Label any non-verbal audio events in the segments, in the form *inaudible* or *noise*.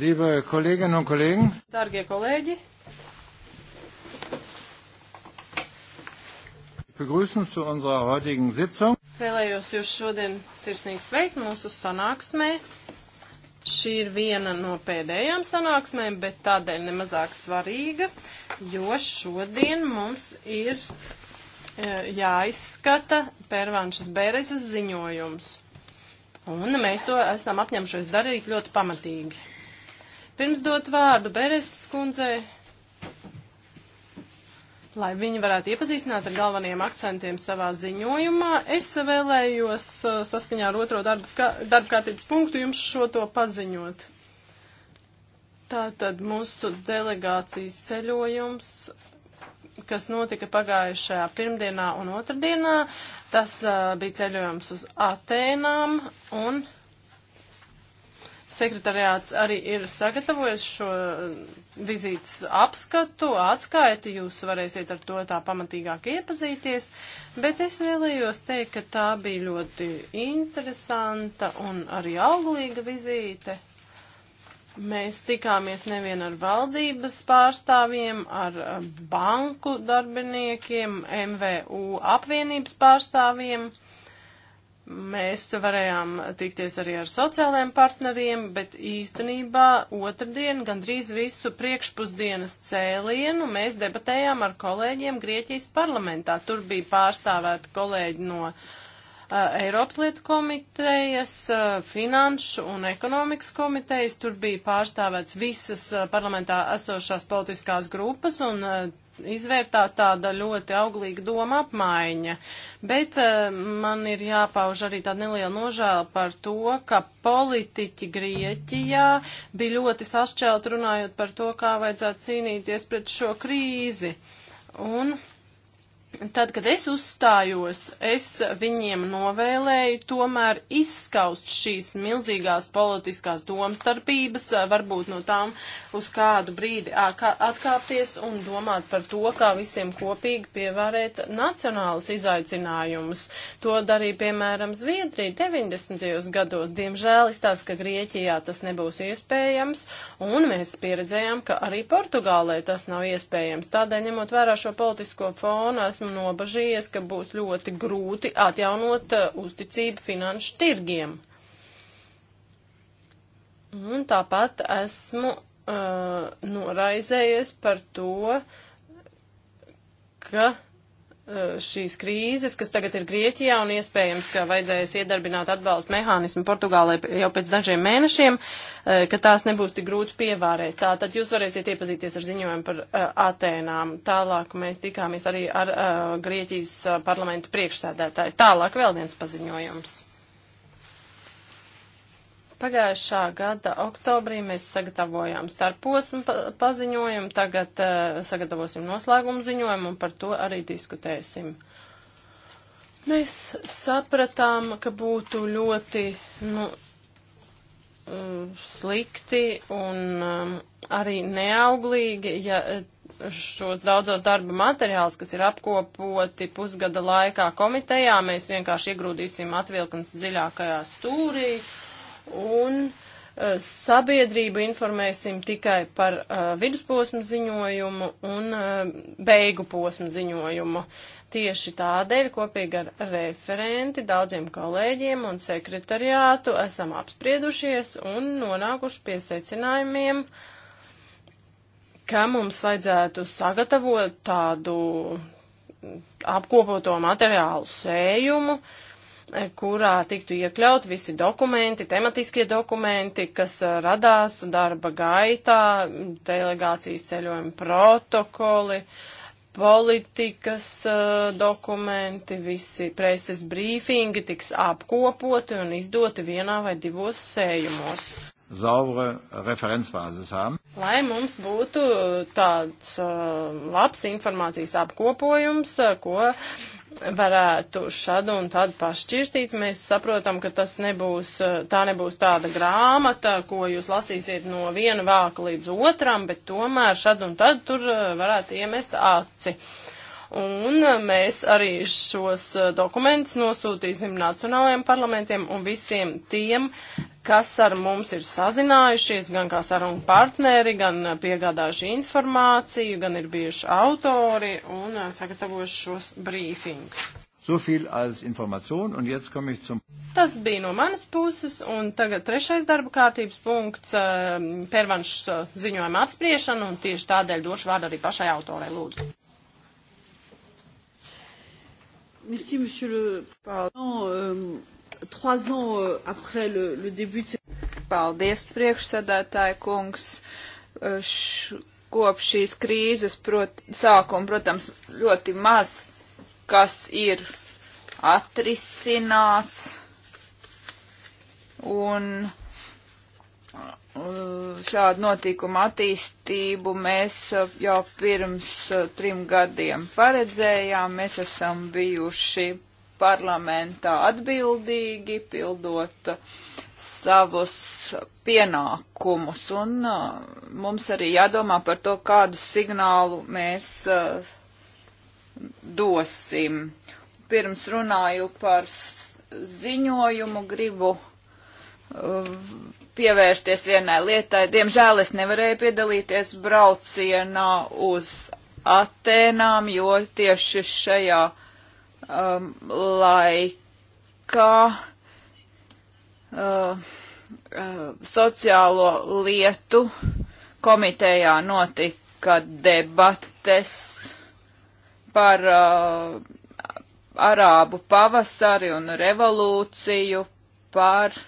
Liebe Kolleginnen un Kollegen. Dargie kolēģi. Begrüßen zu unserer heutigen Sitzung. Vēlējos jūs šodien sirsnīgi sveikt mūsu sanāksmē. Šī ir viena no pēdējām sanāksmēm, bet tādēļ nemazāk svarīga, jo šodien mums ir e, jāizskata Pērvanšas Bēreses ziņojums. Un mēs to esam apņemšies darīt ļoti pamatīgi pirms dot vārdu Bereses kundzei, lai viņi varētu iepazīstināt ar galvenajiem akcentiem savā ziņojumā, es vēlējos uh, saskaņā ar otro darbkārtības punktu jums šo to paziņot. Tātad mūsu delegācijas ceļojums kas notika pagājušajā pirmdienā un otrdienā. Tas uh, bija ceļojums uz Atēnām un Sekretariāts arī ir sagatavojis šo vizītes apskatu, atskaiti, jūs varēsiet ar to tā pamatīgāk iepazīties, bet es vēlējos teikt, ka tā bija ļoti interesanta un arī auglīga vizīte. Mēs tikāmies nevien ar valdības pārstāvjiem, ar banku darbiniekiem, MVU apvienības pārstāvjiem mēs varējām tikties arī ar sociālajiem partneriem, bet īstenībā otrdien gandrīz visu priekšpusdienas cēlienu mēs debatējām ar kolēģiem Grieķijas parlamentā. Tur bija pārstāvēti kolēģi no uh, Eiropas lietu komitejas, uh, finanšu un ekonomikas komitejas. Tur bija pārstāvēts visas uh, parlamentā esošās politiskās grupas un izvērtās tāda ļoti auglīga doma apmaiņa, bet eh, man ir jāpauž arī tāda neliela nožēla par to, ka politiķi Grieķijā bija ļoti sašķelt runājot par to, kā vajadzētu cīnīties pret šo krīzi. Un Tad, kad es uzstājos, es viņiem novēlēju tomēr izskaust šīs milzīgās politiskās domstarpības, eh, varbūt no tām uz kādu brīdi atkāpties un domāt par to, kā visiem kopīgi pievērēt nacionālus izaicinājumus. To darīja, piemēram, Zviedrija 90. gados. Diemžēl izstāsta, ka Grieķijā tas nebūs iespējams, un mēs pieredzējām, ka arī Portugālē tas nav iespējams. Tādēļ, ņemot vērā šo politisko fonu, esmu nobažījies, ka būs ļoti grūti atjaunot eh, uzticību finanšu tirgiem. Un tāpat esmu uh, noraizējies par to, ka Eh, šīs krīzes, kas tagad ir Grieķijā un iespējams, ka vajadzēs iedarbināt atbalstu mehānismu Portugālē jau pēc dažiem mēnešiem, eh, ka tās nebūs tik grūti pievārēt. Tā tad jūs varēsiet iepazīties ar ziņojumu par eh, Atēnām. Tālāk mēs tikāmies arī ar Grieķijas parlamentu priekšsēdētāju. Tālāk vēl viens paziņojums. Pagājušā gada oktobrī mēs sagatavojām starposmu paziņojumu, tagad uh, sagatavosim noslēgumu ziņojumu un par to arī diskutēsim. Mēs sapratām, ka būtu ļoti nu, mm, slikti un um, arī neauglīgi, ja eh, šos daudzos darba materiālus, kas ir apkopoti pusgada laikā komitejā, mēs vienkārši iegrūdīsim atvilknes dziļākajā stūrī un eh, sabiedrību informēsim tikai par uh, eh, vidusposmu ziņojumu un uh, beigu posmu ziņojumu. Tieši tādēļ kopīgi ar referenti, daudziem kolēģiem un sekretariātu esam apspriedušies un nonākuši pie secinājumiem, ka mums vajadzētu sagatavot tādu apkopoto materiālu sējumu, uh, kurā tiktu iekļaut visi dokumenti, tematiskie dokumenti, kas eh, radās darba gaitā, delegācijas ceļojuma protokoli, politikas eh, dokumenti, visi preses brīfingi tiks apkopoti un izdoti vienā vai divos sējumos saure referencbāzes haben. Lai mums būtu eh, tāds uh, labs informācijas apkopojums, ko varētu šādu un tādu pašķirstīt. Mēs saprotam, ka tas nebūs, eh, tā nebūs tāda grāmata, ko jūs lasīsiet no viena vāka līdz otram, bet tomēr šādu un tad tur eh, varētu iemest aci. Uh, Un mēs arī šos eh, dokumentus nosūtīsim nacionālajiem parlamentiem un visiem tiem, kas ar mums ir sazinājušies, gan kā sarunu partneri, gan eh, piegādājuši informāciju, gan ir bijuši autori un eh, sagatavojuši šos brīfingus. So viel als Information und jetzt komme ich zum. Tas bija no manas puses, un tagad trešais darba kārtības punkts uh, - pervanšs uh, ziņojuma apspriešana, un tieši tādēļ došu vārdu arī pašai autorei lūdzu. Merci, monsieur le Président. Euh, trois ans euh, après le, le début de... Paldies, priekšsēdētāja kungs. Euh, š, kopš šīs krīzes prot, sākuma, protams, ļoti maz, kas ir atrisināts. Un Eh, šādu notikumu attīstību mēs eh, jau pirms eh, trim gadiem paredzējām. Mēs esam bijuši parlamentā atbildīgi, pildot savus pienākumus, un mums arī jādomā par to, kādu signālu mēs dosim. Pirms runāju par ziņojumu, gribu pievērsties vienai lietai. Diemžēl es nevarēju piedalīties braucienā uz Atēnām, jo tieši šajā um, laikā uh, uh, sociālo lietu komitejā notika debates par uh, arābu pavasari un revolūciju, par uh,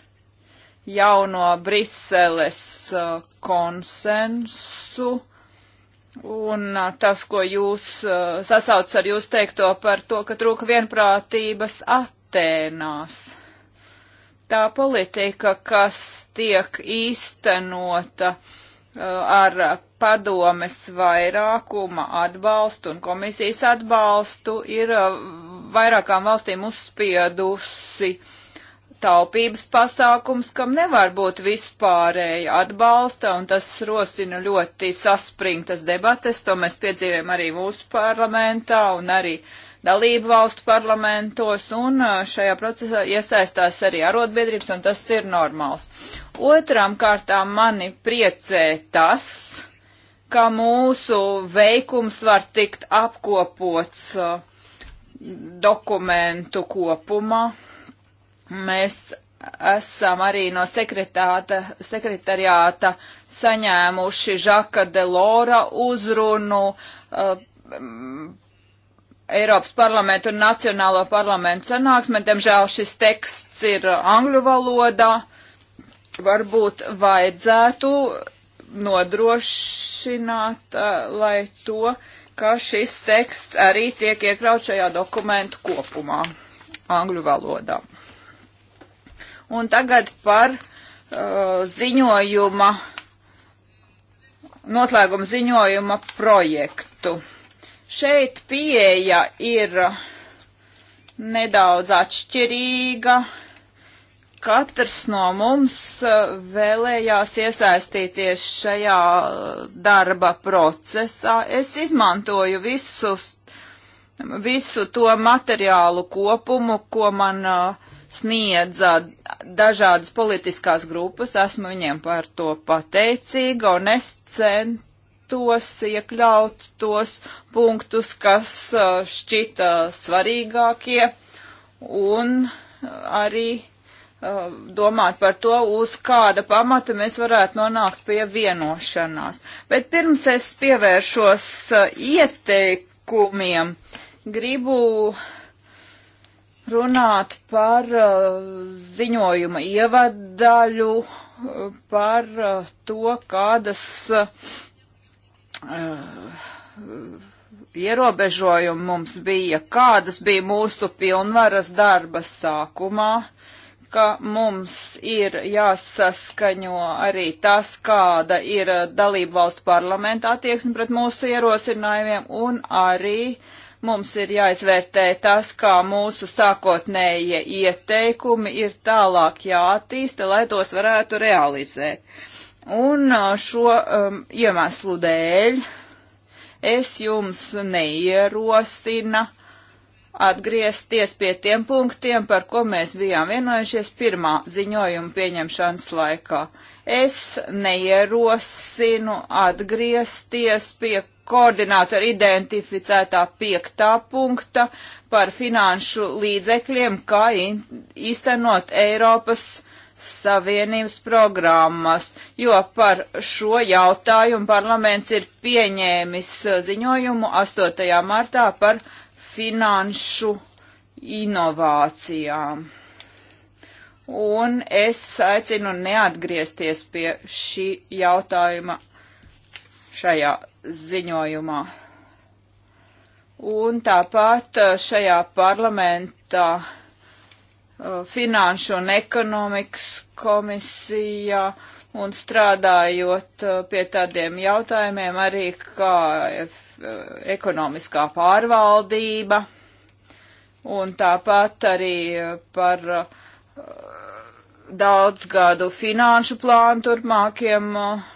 jauno Briseles uh, konsensu. Un uh, tas, ko jūs uh, sasauc ar jūs teikto par to, ka trūka vienprātības Atēnās. Tā politika, kas tiek īstenota ar padomes vairākuma atbalstu un komisijas atbalstu, ir vairākām valstīm uzspiedusi uh, taupības pasākums, kam nevar būt vispārēja atbalsta, un tas rosina ļoti saspringtas debates, to mēs piedzīvējam arī mūsu parlamentā un arī dalību valstu parlamentos, un uh, šajā procesā iesaistās arī arotbiedrības, un tas ir normāls. Otram kārtām mani priecē tas, ka mūsu veikums var tikt apkopots uh, dokumentu kopumā, Mēs esam arī no sekretariāta saņēmuši Žaka Delora uzrunu uh, Eiropas parlamentu un Nacionālo parlamentu sanāksmē. Diemžēl šis teksts ir angļu valodā. Varbūt vajadzētu nodrošināt, uh, lai to, ka šis teksts arī tiek iekļauts šajā dokumentu kopumā angļu valodā. Un tagad par uh, ziņojuma, noslēguma ziņojuma projektu. Šeit pieeja ir nedaudz atšķirīga. Katrs no mums uh, vēlējās iesaistīties šajā darba procesā. Es izmantoju visus, visu to materiālu kopumu, ko man uh, sniedza dažādas politiskās grupas, esmu viņiem par to pateicīga un es centos iekļaut tos punktus, kas šķita svarīgākie un arī domāt par to, uz kāda pamata mēs varētu nonākt pie vienošanās. Bet pirms es pievēršos ieteikumiem, gribu uh, runāt par uh, ziņojuma ievadaļu, uh, par uh, to, kādas ierobežojumi mums bija, kādas bija mūsu pilnvaras darba sākumā, ka mums ir jāsaskaņo arī tas, kāda ir dalību valstu parlamenta attieksme pret mūsu ierosinājumiem un arī uh, Mums ir jāizvērtē tas, kā mūsu sākotnējie ieteikumi ir tālāk jātīsta, lai tos varētu realizēt. Un šo um, iemeslu dēļ es jums neierosina atgriezties pie tiem punktiem, par ko mēs bijām vienojušies pirmā ziņojuma pieņemšanas laikā. Es neierosinu atgriezties pie koordinātori identificētā piektā punkta par finanšu līdzekļiem, kā īstenot Eiropas Savienības programmas, jo par šo jautājumu parlaments ir pieņēmis ziņojumu 8. martā par finanšu inovācijām. Un es aicinu neatgriezties pie šī jautājuma šajā ziņojumā. Un tāpat eh, šajā parlamentā eh, Finanšu un ekonomikas komisijā un strādājot eh, pie tādiem jautājumiem arī kā ekonomiskā pārvaldība un tāpat arī par daudz gadu finanšu plānu turpmākiem uh,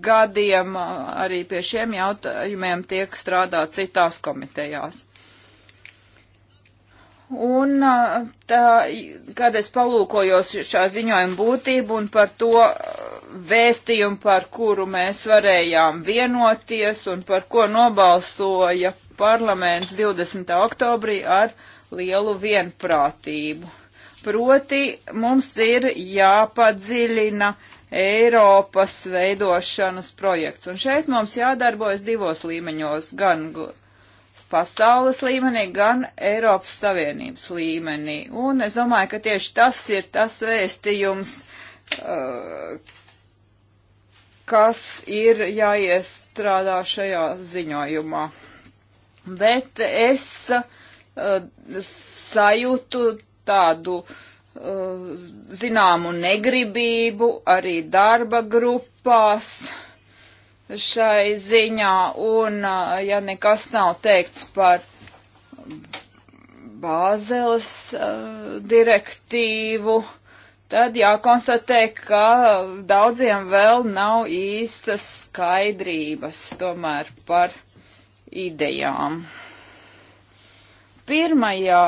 gadiem arī pie šiem jautājumiem tiek strādāt citās komitejās. Un tā, kad es palūkojos šā ziņojuma būtību un par to vēstījumu, par kuru mēs varējām vienoties un par ko nobalsoja parlaments 20. oktobrī ar lielu vienprātību. Proti mums ir jāpadziļina uh, Eiropas veidošanas projekts. Un šeit mums jādarbojas divos līmeņos, gan pasaules līmenī, gan Eiropas Savienības līmenī. Un es domāju, ka tieši tas ir tas vēstījums, uh, kas ir jāiestrādā šajā ziņojumā. Bet es uh, sajūtu tādu uh, Eh, zināmu negribību arī darba grupās šai ziņā, un eh, ja nekas nav teikts par Bāzeles eh, direktīvu, tad jākonstatē, ka daudziem vēl nav īstas skaidrības tomēr par idejām. Pirmajā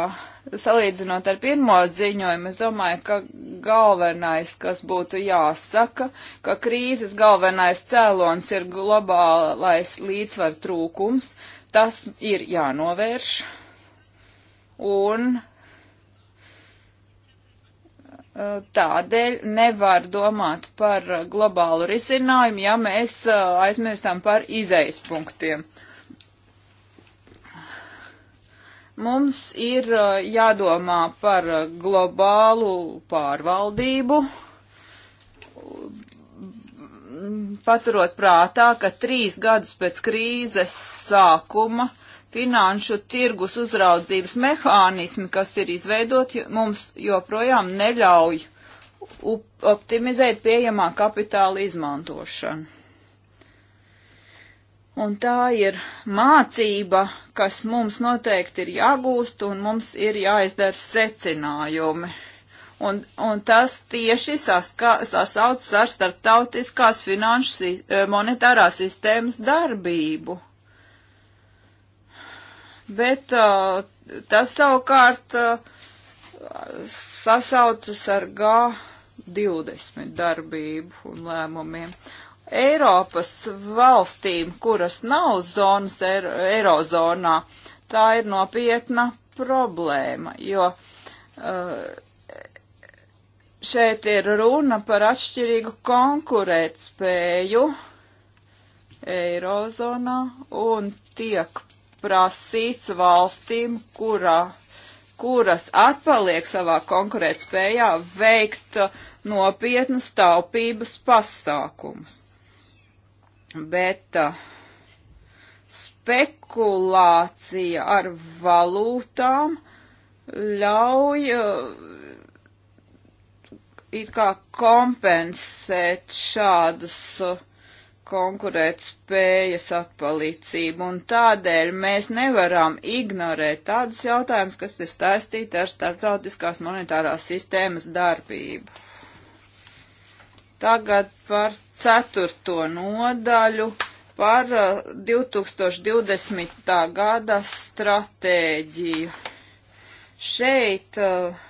salīdzinot ar pirmo ziņojumu, es domāju, ka galvenais, kas būtu jāsaka, ka krīzes galvenais cēlons ir globālais līdzsvar trūkums. Tas ir jānovērš. Un eh, tādēļ nevar domāt par globālu risinājumu, ja mēs eh, aizmirstam par izejas punktiem. Mums ir uh, jādomā par uh, globālu pārvaldību, paturot prātā, ka trīs gadus pēc krīzes sākuma finanšu tirgus uzraudzības mehānismi, kas ir izveidoti, mums joprojām neļauj optimizēt pieejamā kapitāla izmantošanu. Un tā ir mācība, kas mums noteikti ir jāgūst un mums ir jāizdara secinājumi. Un, un tas tieši saska, sasaucas ar starptautiskās finanšu e, monetārās sistēmas darbību. Bet uh, tas savukārt uh, sasaucas ar G20 darbību un lēmumiem. Eiropas valstīm, kuras nav zonas eirozonā, tā ir nopietna problēma, jo uh, šeit ir runa par atšķirīgu konkurētspēju eirozonā un tiek prasīts valstīm, kurā, kuras atpaliek savā konkurētspējā, veikt nopietnus taupības pasākumus bet uh, spekulācija ar valūtām ļauj uh, it kā kompensēt šādus uh, konkurēt spējas atpalīdzību, un tādēļ mēs nevaram ignorēt tādus jautājumus, kas ir saistīti ar starptautiskās monetārās sistēmas darbību. Tagad par ceturto nodaļu par 2020. Uh, gada stratēģiju. Šeit uh,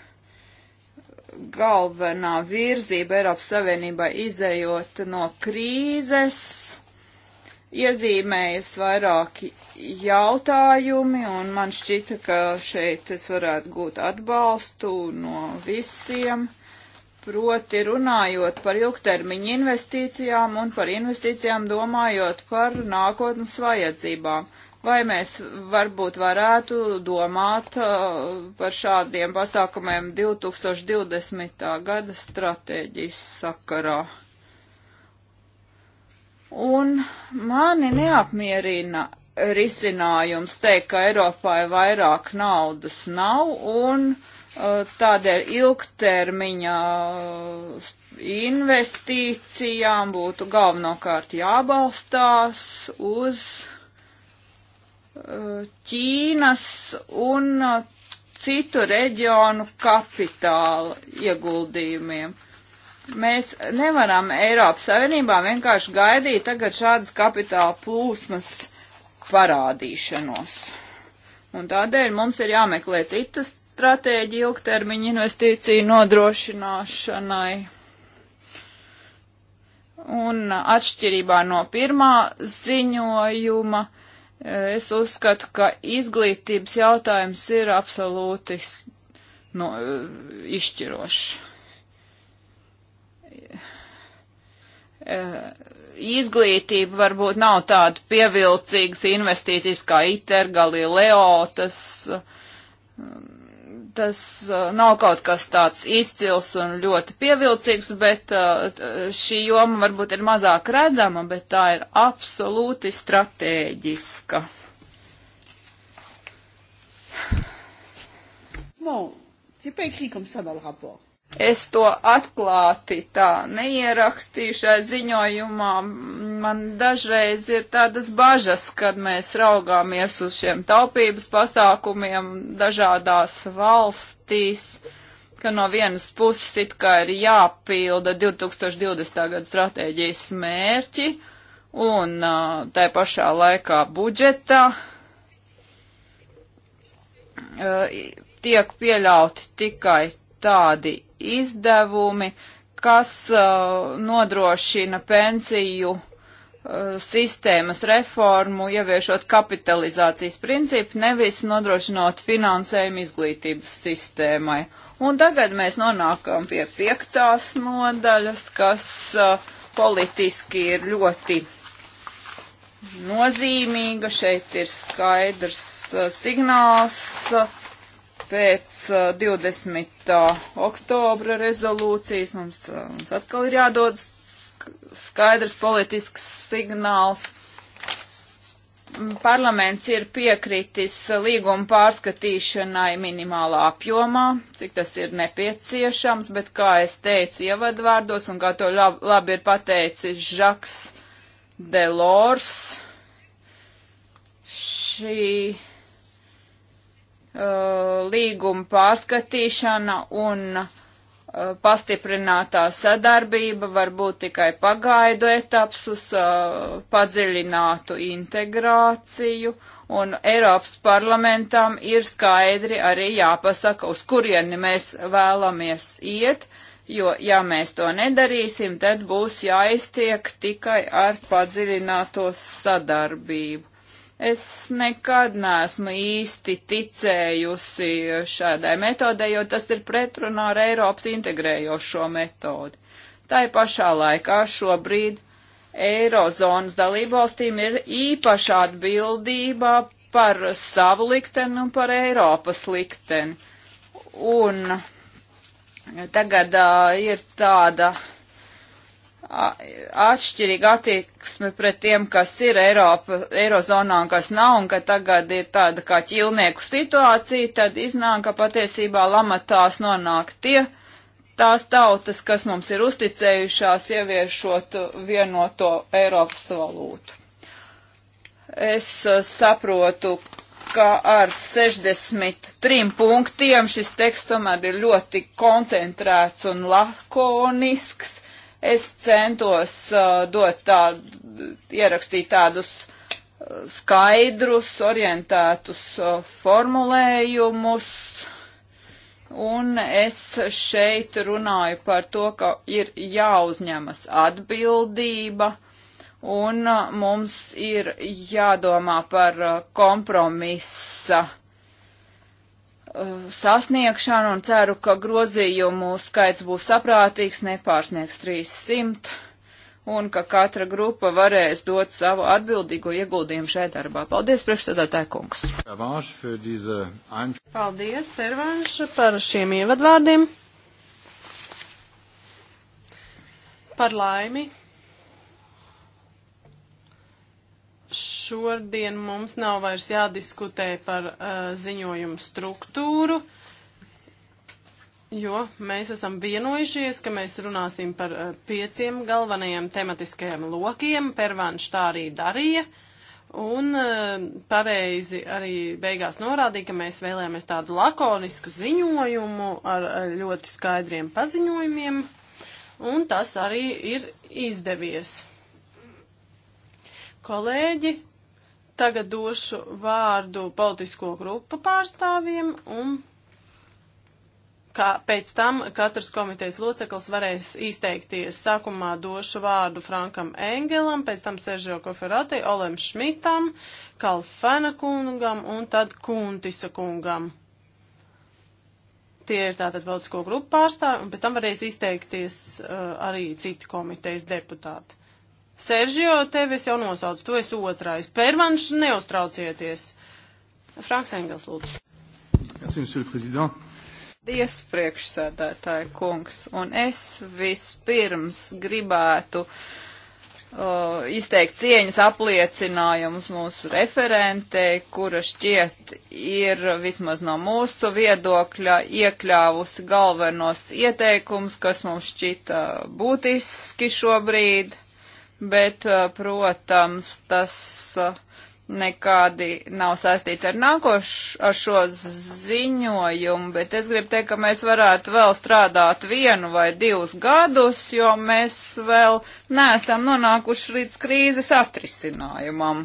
galvenā virzība Eiropas Savienībā izējot no krīzes iezīmējas vairāki jautājumi, un man šķita, ka šeit es varētu gūt atbalstu no visiem proti runājot par ilgtermiņa investīcijām un par investīcijām domājot par nākotnes vajadzībām. Vai mēs varbūt varētu domāt uh, par šādiem pasākumiem 2020. gada stratēģijas sakarā? Un mani neapmierina risinājums teikt, ka Eiropai vairāk naudas nav un uh, Tādēļ ilgtermiņa investīcijām būtu galvenokārt jābalstās uz Ķīnas un citu reģionu kapitāla ieguldījumiem. Mēs nevaram Eiropas Savienībā vienkārši gaidīt tagad šādas kapitāla plūsmas parādīšanos. Un tādēļ mums ir jāmeklē citas stratēģija ilgtermiņa investīciju nodrošināšanai. Un atšķirībā no pirmā ziņojuma, e, es uzskatu, ka izglītības jautājums ir absolūti no, e, izšķirošs. E, izglītība varbūt nav tāda pievilcīgas investīcijas kā ITER, Galileo, tas tas uh, nav kaut kas tāds izcils un ļoti pievilcīgs, bet uh, šī joma varbūt ir mazāk redzama, bet tā ir absolūti stratēģiska. Non, c'est pas écrit comme ça dans le rapport. Es to atklāti tā neierakstīju šai ziņojumā. Man dažreiz ir tādas bažas, kad mēs raugāmies uz šiem taupības pasākumiem dažādās valstīs, ka no vienas puses it kā ir jāpilda 2020. gada stratēģijas mērķi un tā pašā laikā budžetā tiek pieļauti tikai tādi izdevumi, kas uh, nodrošina pensiju uh, sistēmas reformu, ieviešot kapitalizācijas principu, nevis nodrošinot finansējumu izglītības sistēmai. Un tagad mēs nonākam pie piektās nodaļas, kas uh, politiski ir ļoti nozīmīga. Šeit ir skaidrs uh, signāls uh, pēc 20. oktobra rezolūcijas mums, mums atkal ir jādod skaidrs politisks signāls. Mm, parlaments ir piekritis līguma pārskatīšanai minimālā apjomā, cik tas ir nepieciešams, bet, kā es teicu ievadvārdos, un kā to labi, labi ir pateicis Žaks Delors, šī Uh, līguma pārskatīšana un uh, pastiprinātā sadarbība var būt tikai pagaidu etaps uz uh, padziļinātu integrāciju, un Eiropas parlamentam ir skaidri arī jāpasaka, uz kurieni mēs vēlamies iet, jo ja mēs to nedarīsim, tad būs jāiztiek tikai ar padziļināto sadarbību. Es nekad neesmu īsti ticējusi šādai metodei, jo tas ir pretrunā ar Eiropas integrējošo metodi. Tā ir pašā laikā šobrīd Eirozonas dalībvalstīm ir īpaša atbildība par savu likteni un par Eiropas likteni. Un tagad uh, ir tāda uh, atšķirīga attieksme pret tiem, kas ir Eiropa, Eirozonā un kas nav, un ka tagad ir tāda kā ķilnieku situācija, tad iznāk, ka patiesībā lamatās nonāk tie tās tautas, kas mums ir uzticējušās ieviešot vienoto Eiropas valūtu. Es saprotu, ka ar 63 punktiem šis teksts tomēr ir ļoti koncentrēts un lakonisks Es centos uh, dot tādu, ierakstīt tādus uh, skaidrus, orientētus uh, formulējumus, un es šeit runāju par to, ka ir jāuzņemas atbildība, un uh, mums ir jādomā par uh, kompromisa Uh, sasniegšanu un ceru, ka grozījumu skaits būs saprātīgs, nepārsniegs 300 un ka katra grupa varēs dot savu atbildīgo ieguldījumu šai darbā. Paldies, priekšstādātāja kungs! Paldies, Pervanša, par šiem ievadvārdiem. Par laimi šodien mums nav vairs jādiskutē par uh, ziņojumu struktūru, jo mēs esam vienojušies, ka mēs runāsim par uh, pieciem galvenajiem tematiskajiem lokiem. Pervāns tā arī darīja. Un uh, pareizi arī beigās norādīja, ka mēs vēlējāmies tādu lakonisku ziņojumu ar uh, ļoti skaidriem paziņojumiem, un tas arī ir izdevies. Kolēģi, tagad došu vārdu politisko grupu pārstāvjiem un kā pēc tam katrs komitejas loceklis varēs izteikties. Sākumā došu vārdu Frankam Engelam, pēc tam Seržio Koferati, Olem Šmitam, Kalfana kungam un tad Kuntisa kungam. Tie ir tātad valdisko grupu pārstāvi, un pēc tam varēs izteikties uh, arī citi komitejas deputāti. Seržio, tevi es jau nosaucu, tu esi otrais. Pērvanš, neuztraucieties. Franks Engels, lūdzu. Merci, monsieur le président. Paldies, priekšsēdētāja kungs. Un es vispirms gribētu uh, izteikt cieņas apliecinājumus mūsu referentei, kura šķiet ir vismaz no mūsu viedokļa iekļāvusi galvenos ieteikumus, kas mums šķita būtiski šobrīd bet, eh, protams, tas eh, nekādi nav saistīts ar nākošu, ar šo ziņojumu, bet es gribu teikt, ka mēs varētu vēl strādāt vienu vai divus gadus, jo mēs vēl neesam nonākuši līdz krīzes atrisinājumam.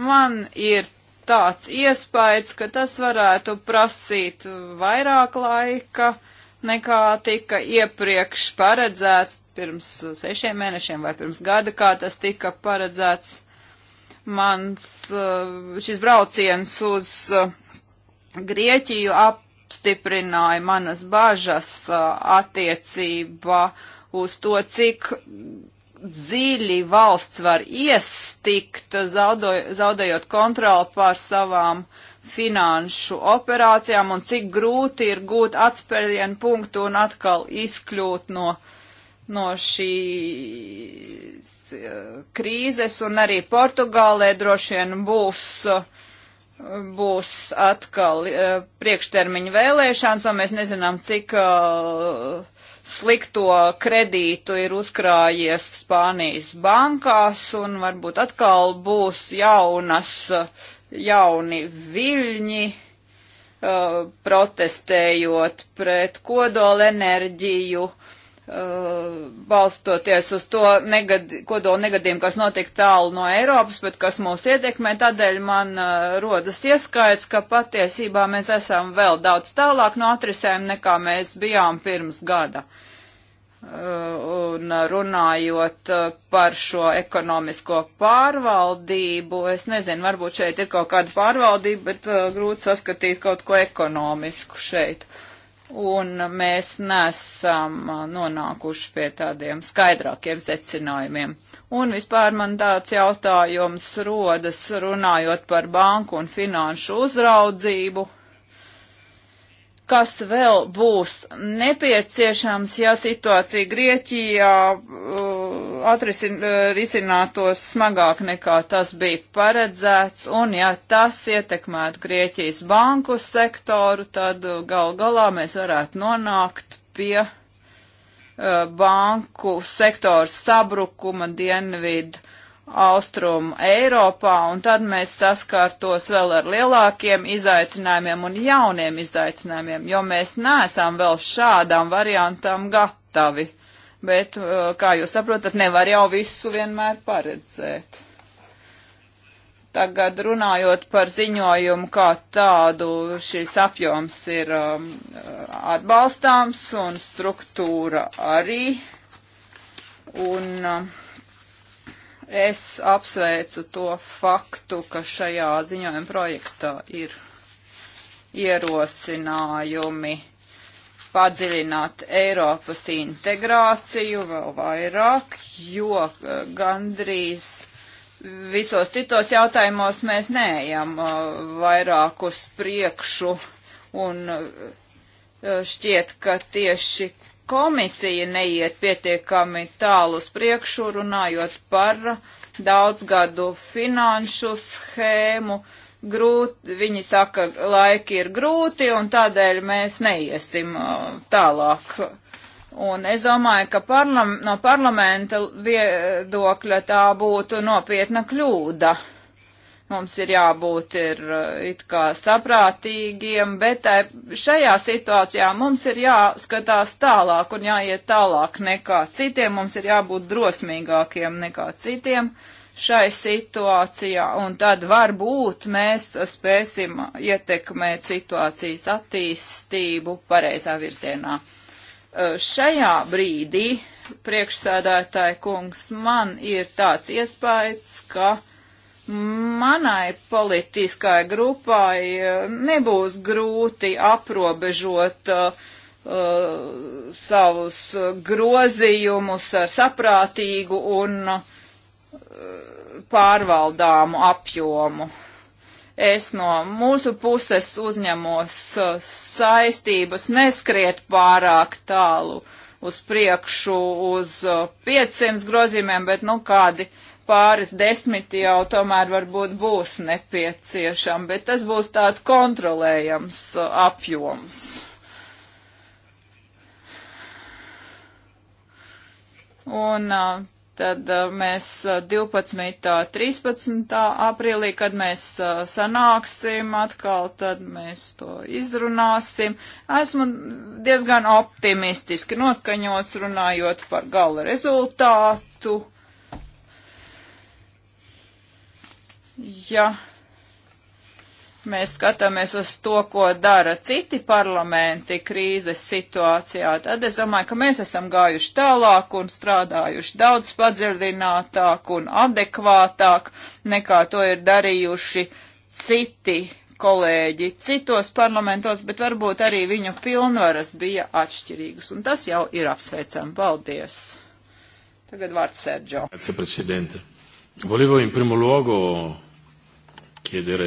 Man ir tāds iespējas, ka tas varētu prasīt vairāk laika nekā tika iepriekš paredzēts pirms sešiem mēnešiem vai pirms gada, kā tas tika paredzēts. Mans eh, šis brauciens uz eh, Grieķiju apstiprināja manas bažas eh, attiecībā uz to, cik dziļi valsts var iestikt, zaudējot kontroli pār savām finanšu operācijām un cik grūti ir gūt atspērienu punktu un atkal izkļūt no, no šīs eh, krīzes un arī Portugālē droši vien būs uh, būs atkal uh, priekštermiņa vēlēšanas, un mēs nezinām, cik uh, slikto kredītu ir uzkrājies Spānijas bankās un varbūt atkal būs jaunas, jauni viļņi uh, protestējot pret kodolenerģiju. enerģiju Uh, balstoties uz to negad, kodola negadījumu, kas notika tālu no Eiropas, bet kas mūs ietekmē. Tādēļ man uh, rodas ieskaits, ka patiesībā mēs esam vēl daudz tālāk no atrisēm, nekā mēs bijām pirms gada. Uh, un runājot uh, par šo ekonomisko pārvaldību, es nezinu, varbūt šeit ir kaut kāda pārvaldība, bet uh, grūti saskatīt kaut ko ekonomisku šeit. Uh, un mēs nesam uh, nonākuši pie tādiem skaidrākiem secinājumiem. Un vispār man tāds jautājums rodas runājot par banku un finanšu uzraudzību kas vēl būs nepieciešams, ja situācija Grieķijā uh, atrisinātos uh, smagāk nekā tas bija paredzēts, un ja tas ietekmētu Grieķijas banku sektoru, tad uh, gal galā mēs varētu nonākt pie uh, banku sektora sabrukuma dienvidu austrumu Eiropā, un tad mēs saskārtos vēl ar lielākiem izaicinājumiem un jauniem izaicinājumiem, jo mēs neesam vēl šādām variantām gatavi. Bet, uh, kā jūs saprotat, nevar jau visu vienmēr paredzēt. Tagad runājot par ziņojumu kā tādu, šis apjoms ir um, atbalstāms un struktūra arī. Un, um, Es apsveicu to faktu, ka šajā ziņojuma projektā ir ierosinājumi padziļināt Eiropas integrāciju vēl vairāk, jo eh, gandrīz visos citos jautājumos mēs neejam eh, vairāk uz priekšu un eh, šķiet, ka tieši komisija neiet pietiekami tālu uz priekšu, runājot par daudzgadu finanšu schēmu. Grūti, viņi saka, laiki ir grūti un tādēļ mēs neiesim tālāk. Un es domāju, ka parlam, no parlamenta viedokļa tā būtu nopietna kļūda. Uh, Mums ir jābūt ir eh, it kā saprātīgiem, bet eh, šajā situācijā mums ir jāskatās tālāk un jāiet tālāk nekā citiem. Mums ir jābūt drosmīgākiem nekā citiem šai situācijā, un tad varbūt mēs spēsim ietekmēt situācijas attīstību pareizā virzienā. Eh, šajā brīdī, priekšsēdētāji kungs, man ir tāds iespējas, ka uh, Manai politiskai grupai eh, nebūs grūti aprobežot uh, savus grozījumus ar saprātīgu un uh, pārvaldāmu apjomu. Es no mūsu puses uzņemos uh, saistības neskriet pārāk tālu uz priekšu uz 500 grozījumiem, bet nu kādi uh, pāris desmit jau tomēr varbūt būs nepieciešama, bet tas būs tāds kontrolējams uh, apjoms. Un uh, tad uh, mēs 12. 13. aprīlī, kad mēs sanāksim atkal, tad mēs to izrunāsim. Esmu diezgan optimistiski noskaņots runājot par gala rezultātu. ja mēs skatāmies uz to, ko dara citi parlamenti krīzes situācijā, tad es domāju, ka mēs esam gājuši tālāk un strādājuši daudz padzirdinātāk un adekvātāk nekā to ir darījuši citi kolēģi citos parlamentos, bet varbūt arī viņu pilnvaras bija atšķirīgas, un tas jau ir apsveicami. Paldies! Tagad vārds Sergio. Grazie, Presidente. Volevo in primo luogo chiedere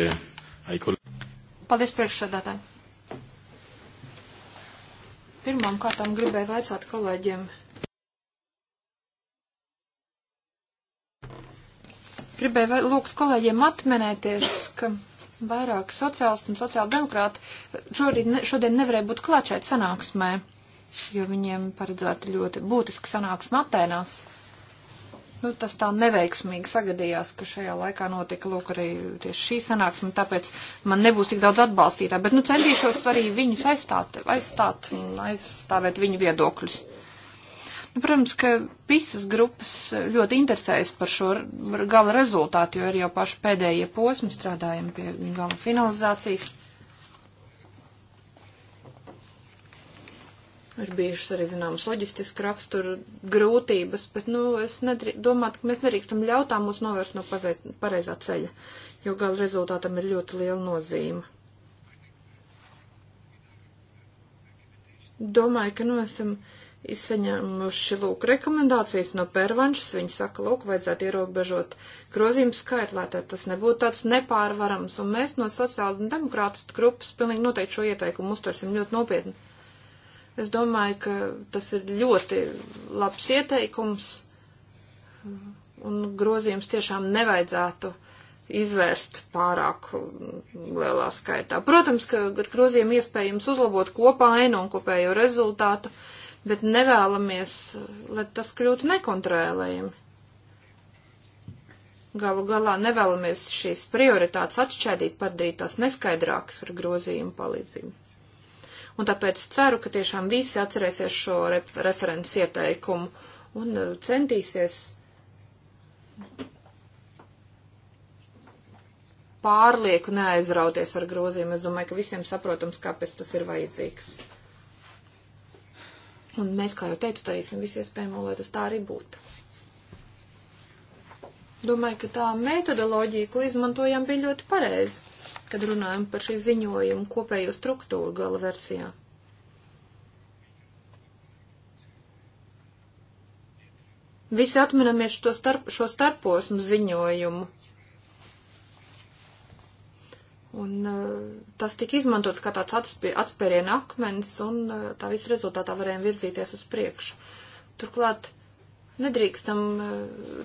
ai colleghi. Paldies priekšsēdētāji. Pirmām kārtām gribēju vaicāt kolēģiem. Gribēju lūgt kolēģiem atminēties, ka vairāk sociālisti un sociāldemokrāti šorīt, šodien nevarēja būt klāt šeit sanāksmē, jo viņiem paredzēta ļoti būtiska sanāksme Atēnās nu, tas tā neveiksmīgi sagadījās, ka šajā laikā notika lūk arī tieši šī sanāksme, tāpēc man nebūs tik daudz atbalstītā, bet nu centīšos arī viņus aizstāt, aizstāt un aizstāvēt viņu viedokļus. Nu, protams, ka visas grupas ļoti interesējas par šo gala rezultātu, jo ir jau paši pēdējie posmi strādājam pie gala finalizācijas. Ir bijušas arī zināmas loģistiski rakstura grūtības, bet, nu, es nedrī, domāju, ka mēs nedrīkstam ļautā mūs novērst no paveiz, pareizā ceļa, jo gala rezultātam ir ļoti liela nozīme. Domāju, ka, nu, esam izsaņēmuši, lūk, rekomendācijas no pervanšas. Viņi saka, lūk, vajadzētu ierobežot grozījumu skaitu, lai tas nebūtu tāds nepārvarams. Un mēs no sociāla demokrātistu grupas pilnīgi noteikti šo ieteikumu uztversim ļoti nopietni Es domāju, ka tas ir ļoti labs ieteikums un grozījums tiešām nevajadzētu izvērst pārāk lielā skaitā. Protams, ka ar grozījumu iespējams uzlabot kopā ainu un kopējo rezultātu, bet nevēlamies, lai tas kļūtu nekontrēlējami. Galu galā nevēlamies šīs prioritātes atšķēdīt, padarīt tās neskaidrākas ar grozījumu palīdzību un tāpēc ceru, ka tiešām visi atcerēsies šo re referents ieteikumu un uh, centīsies pārlieku neaizrauties ar grozīm. Es domāju, ka visiem saprotams, kāpēc tas ir vajadzīgs. Un mēs, kā jau teicu, darīsim visu iespējamo, lai tas tā arī būtu. Domāju, ka tā metodoloģija, ko izmantojam, bija ļoti pareiza kad runājam par šī ziņojuma kopējo struktūru gala versijā. Visi atminamies šo, starp, šo starposmu ziņojumu. Un uh, tas tika izmantots kā tāds atspie, atspēriena akmens, un uh, tā visu rezultātā varējām virzīties uz priekšu. Turklāt uh, Nedrīkstam eh,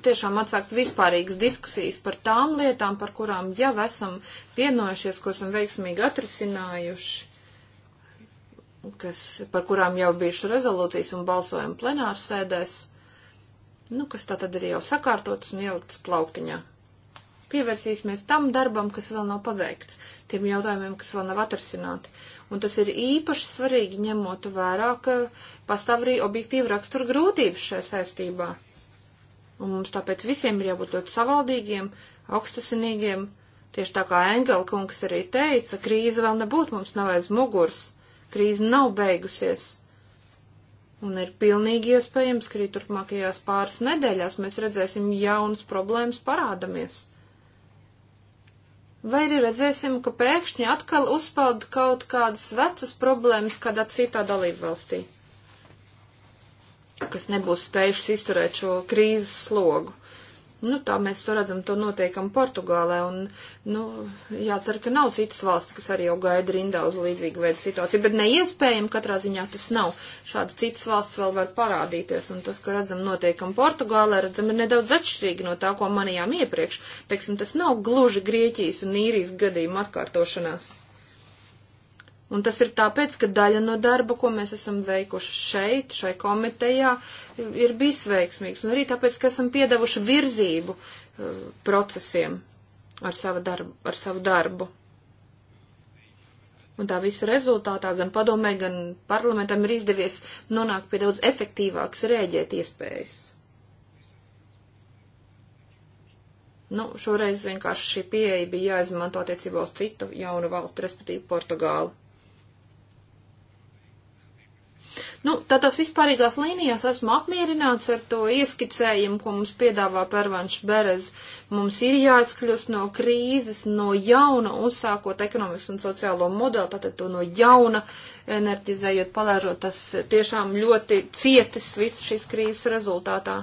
tiešām atsākt vispārīgas diskusijas par tām lietām, par kurām jau esam vienojušies, ko esam veiksmīgi atrisinājuši, kas, par kurām jau bijuši rezolūcijas un balsojumi plenārsēdēs, nu, kas tā tad ir jau sakārtotas un ieliktas plauktiņā. Pievērsīsimies tam darbam, kas vēl nav paveikts, tiem jautājumiem, kas vēl nav atrasināti. Un tas ir īpaši svarīgi ņemot vērā, ka pastāv arī objektīva rakstura grūtības šajā saistībā. Un mums tāpēc visiem ir jābūt ļoti savaldīgiem, augstasinīgiem. Tieši tā kā Engela kungs arī teica, krīze vēl nebūtu mums nav aiz muguras, krīze nav beigusies. Un ir pilnīgi iespējams, ka arī turpmākajās pāris nedēļās mēs redzēsim jaunas problēmas parādamies. Vai arī redzēsim, ka pēkšņi atkal uzpeld kaut kādas vecas problēmas kādā citā dalību valstī, kas nebūs spējušas izturēt šo krīzes slogu. Nu, tā mēs to redzam, to noteikam Portugālē, un, nu, jācer, ka nav citas valsts, kas arī jau gaida rindā uz līdzīgu veidu situāciju, bet neiespējami katrā ziņā tas nav. Šādas citas valsts vēl var parādīties, un tas, ka redzam noteikam Portugālē, redzam, ir nedaudz atšķirīgi no tā, ko manījām iepriekš. Teiksim, tas nav gluži Grieķijas un īrijas gadījuma atkārtošanās. Un tas ir tāpēc, ka daļa no darba, ko mēs esam veikuši šeit, šai komitejā, ir bijis veiksmīgs. Un arī tāpēc, ka esam piedevuši virzību uh, procesiem ar savu darbu. Ar savu darbu. Un tā visa rezultātā gan padomē, gan parlamentam ir izdevies nonākt pie daudz efektīvākas rēģēt iespējas. Nu, šoreiz vienkārši šī pieeja bija jāizmanto attiecībā uz citu jaunu valstu, respektīvi Portugāli. Nu, tātās vispārīgās līnijās esmu apmierināts ar to ieskicējumu, ko mums piedāvā Pervanš Berez. Mums ir jāatskļūst no krīzes, no jauna uzsākot ekonomikas un sociālo modeli, tātad to no jauna enerģizējot, palēžot, tas tiešām ļoti cietis visu šīs krīzes rezultātā.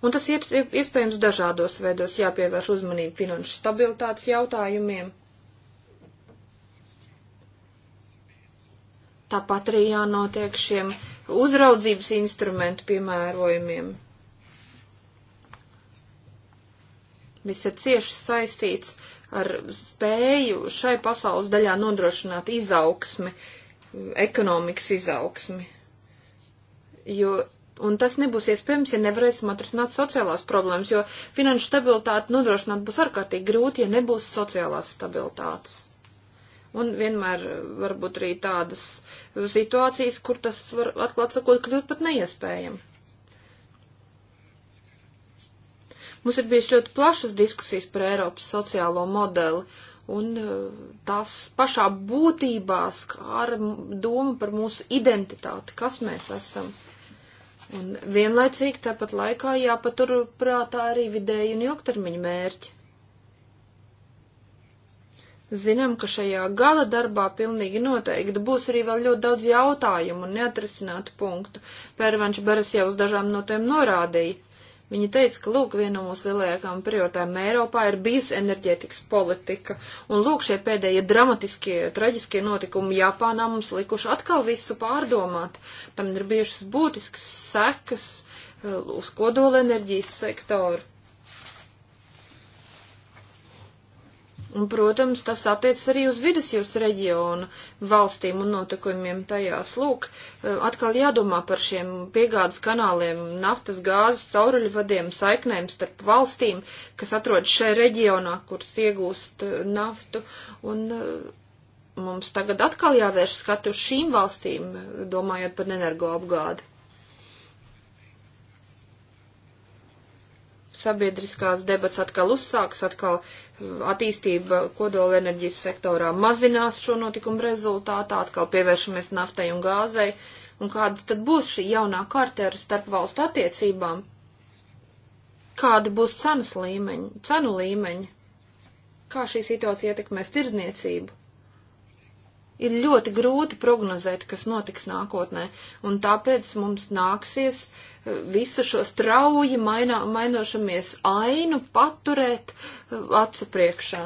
Un tas iespējams dažādos veidos jāpievērš uzmanību finanšu stabilitātes jautājumiem Tāpat arī jānotiek šiem uzraudzības instrumentu piemērojumiem. Viss ir cieši saistīts ar spēju šai pasaules daļā nodrošināt izaugsmi, ekonomikas izaugsmi. Jo, un tas nebūs iespējams, ja nevarēsim atrisināt sociālās problēmas, jo finanšu stabilitāti nodrošināt būs ārkārtīgi grūti, ja nebūs sociālās stabilitātes. Un vienmēr eh, var būt arī tādas situācijas, kur tas var atklāt sakot kļūt pat neiespējami. Mums ir bijušas ļoti plašas diskusijas par Eiropas sociālo modeli, un eh, tās pašā būtībā skāra doma par mūsu identitāti, kas mēs esam. Un vienlaicīgi tāpat laikā jāpatur prātā arī vidēji un ilgtermiņa mērķi. Zinām, ka šajā gala darbā pilnīgi noteikti būs arī vēl ļoti daudz jautājumu un neatrisinātu punktu. Pērvanš Beres jau uz dažām no tiem norādīja. Viņa teica, ka lūk, viena no mūsu lielākām prioritēm Eiropā ir bijusi enerģētikas politika, un lūk, šie pēdējie dramatiskie, traģiskie notikumi Japānā mums likuši atkal visu pārdomāt. Tam ir bijušas būtiskas sekas eh, uz kodolenerģijas sektoru Un, protams, tas attiec arī uz vidusjūras reģionu valstīm un notikumiem tajās. Lūk, eh, atkal jādomā par šiem piegādes kanāliem, naftas, gāzes, cauruļu vadiem, saiknēm starp valstīm, kas atrodas šajā reģionā, kuras iegūst eh, naftu. Un eh, mums tagad atkal jāvērš skatu uz šīm valstīm, domājot par energoapgādi. sabiedriskās debats atkal uzsāks, atkal mm, attīstība kodola enerģijas sektorā mazinās šo notikumu rezultātā, atkal pievēršamies naftai un gāzei, un kāda tad būs šī jaunā kārta ar starp valstu attiecībām? Kāda būs cenas līmeņa, cenu līmeņa? Kā šī situācija ietekmēs tirdzniecību? ir ļoti grūti prognozēt, kas notiks nākotnē, un tāpēc mums nāksies eh, visu šo strauji mainā, mainošamies ainu paturēt eh, acu priekšā.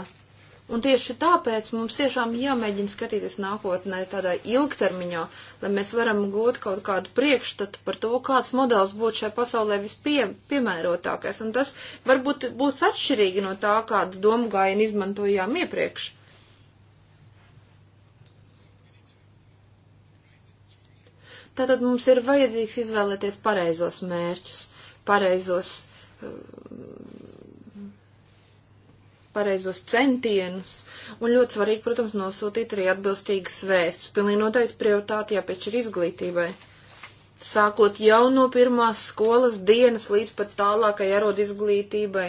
Un tieši tāpēc mums tiešām jāmēģina skatīties nākotnē tādā ilgtermiņā, lai mēs varam gūt kaut kādu priekšstatu par to, kāds modelis būtu šai pasaulē vispiemērotākais. Un tas varbūt būs atšķirīgi no tā, kādas domu gājienu izmantojām iepriekš. Tātad mums ir vajadzīgs izvēlēties pareizos mērķus, pareizos, um, pareizos centienus, un ļoti svarīgi, protams, nosūtīt arī atbilstīgas vēstis. Pilnīgi noteikti prioritāti jāpiešķir ir izglītībai sākot jau no pirmās skolas dienas līdz pat tālākai arod izglītībai,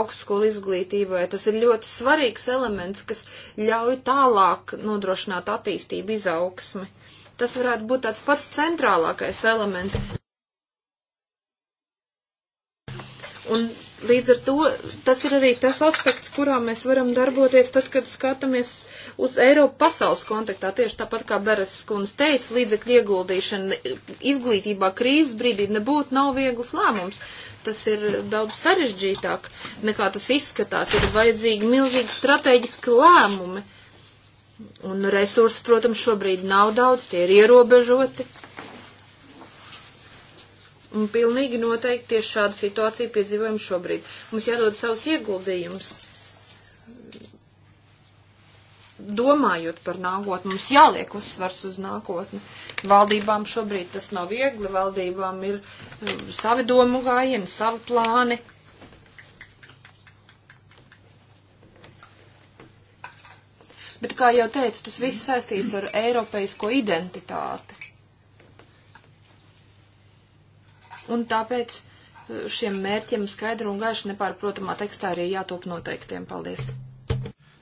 augstskolu izglītībai. Tas ir ļoti svarīgs elements, kas ļauj tālāk nodrošināt attīstību, izaugsmi. Tas varētu būt tāds pats centrālākais elements. Un līdz ar to tas ir arī tas aspekts, kurā mēs varam darboties tad, kad skatāmies uz Eiropu pasaules kontaktā. Tieši tāpat kā Beres skundze teica, līdzekļu ieguldīšana izglītībā krīzes brīdī nebūtu nav viegls lēmums. Tas ir daudz sarežģītāk nekā tas izskatās. Ir vajadzīgi milzīgi strateģiski lēmumi Un resursi, protams, šobrīd nav daudz, tie ir ierobežoti. Un pilnīgi noteikti tieši šāda situācija piedzīvojam šobrīd. Mums jādod savus ieguldījumus. Domājot par nākotni, mums jāliek uzsvars uz nākotni. Valdībām šobrīd tas nav viegli, valdībām ir um, savi domu gājieni, savi plāni, bet, kā jau teicu, tas viss saistīts ar eiropeisko identitāti. Un tāpēc uh, šiem mērķiem skaidru un gaišu nepārprotamā tekstā arī jātop noteiktiem. Paldies!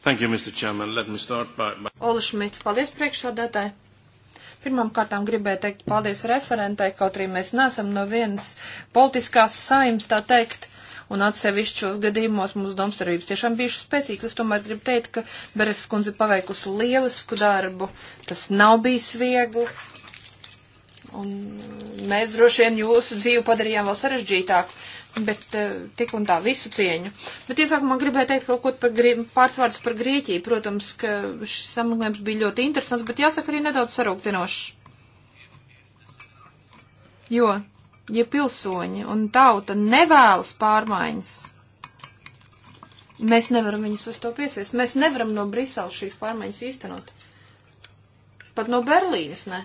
Thank you, Mr. Chairman. Let me start by... by... Ola Šmits, paldies priekšādātāji! Pirmām kārtām gribēju teikt paldies referentai, kaut arī mēs nesam no vienas politiskās saimas, tā teikt, un atsevišķos gadījumos mūsu domstarības tiešām bijušas spēcīgas. Es tomēr gribu teikt, ka Beres kundze paveikusi lielisku darbu, tas nav bijis viegli. Un mēs droši vien jūsu dzīvi padarījām vēl sarežģītāku, bet eh, tik un tā visu cieņu. Bet iesākumā gribēju teikt kaut ko par pārsvārds par Grieķiju. Protams, ka šis samaglējums bija ļoti interesants, bet jāsaka arī nedaudz sarūktinošs. Jo ja pilsoņi un tauta nevēlas pārmaiņas, mēs nevaram viņus uz to piespiest. Mēs nevaram no Briseles šīs pārmaiņas īstenot. Pat no Berlīnes ne.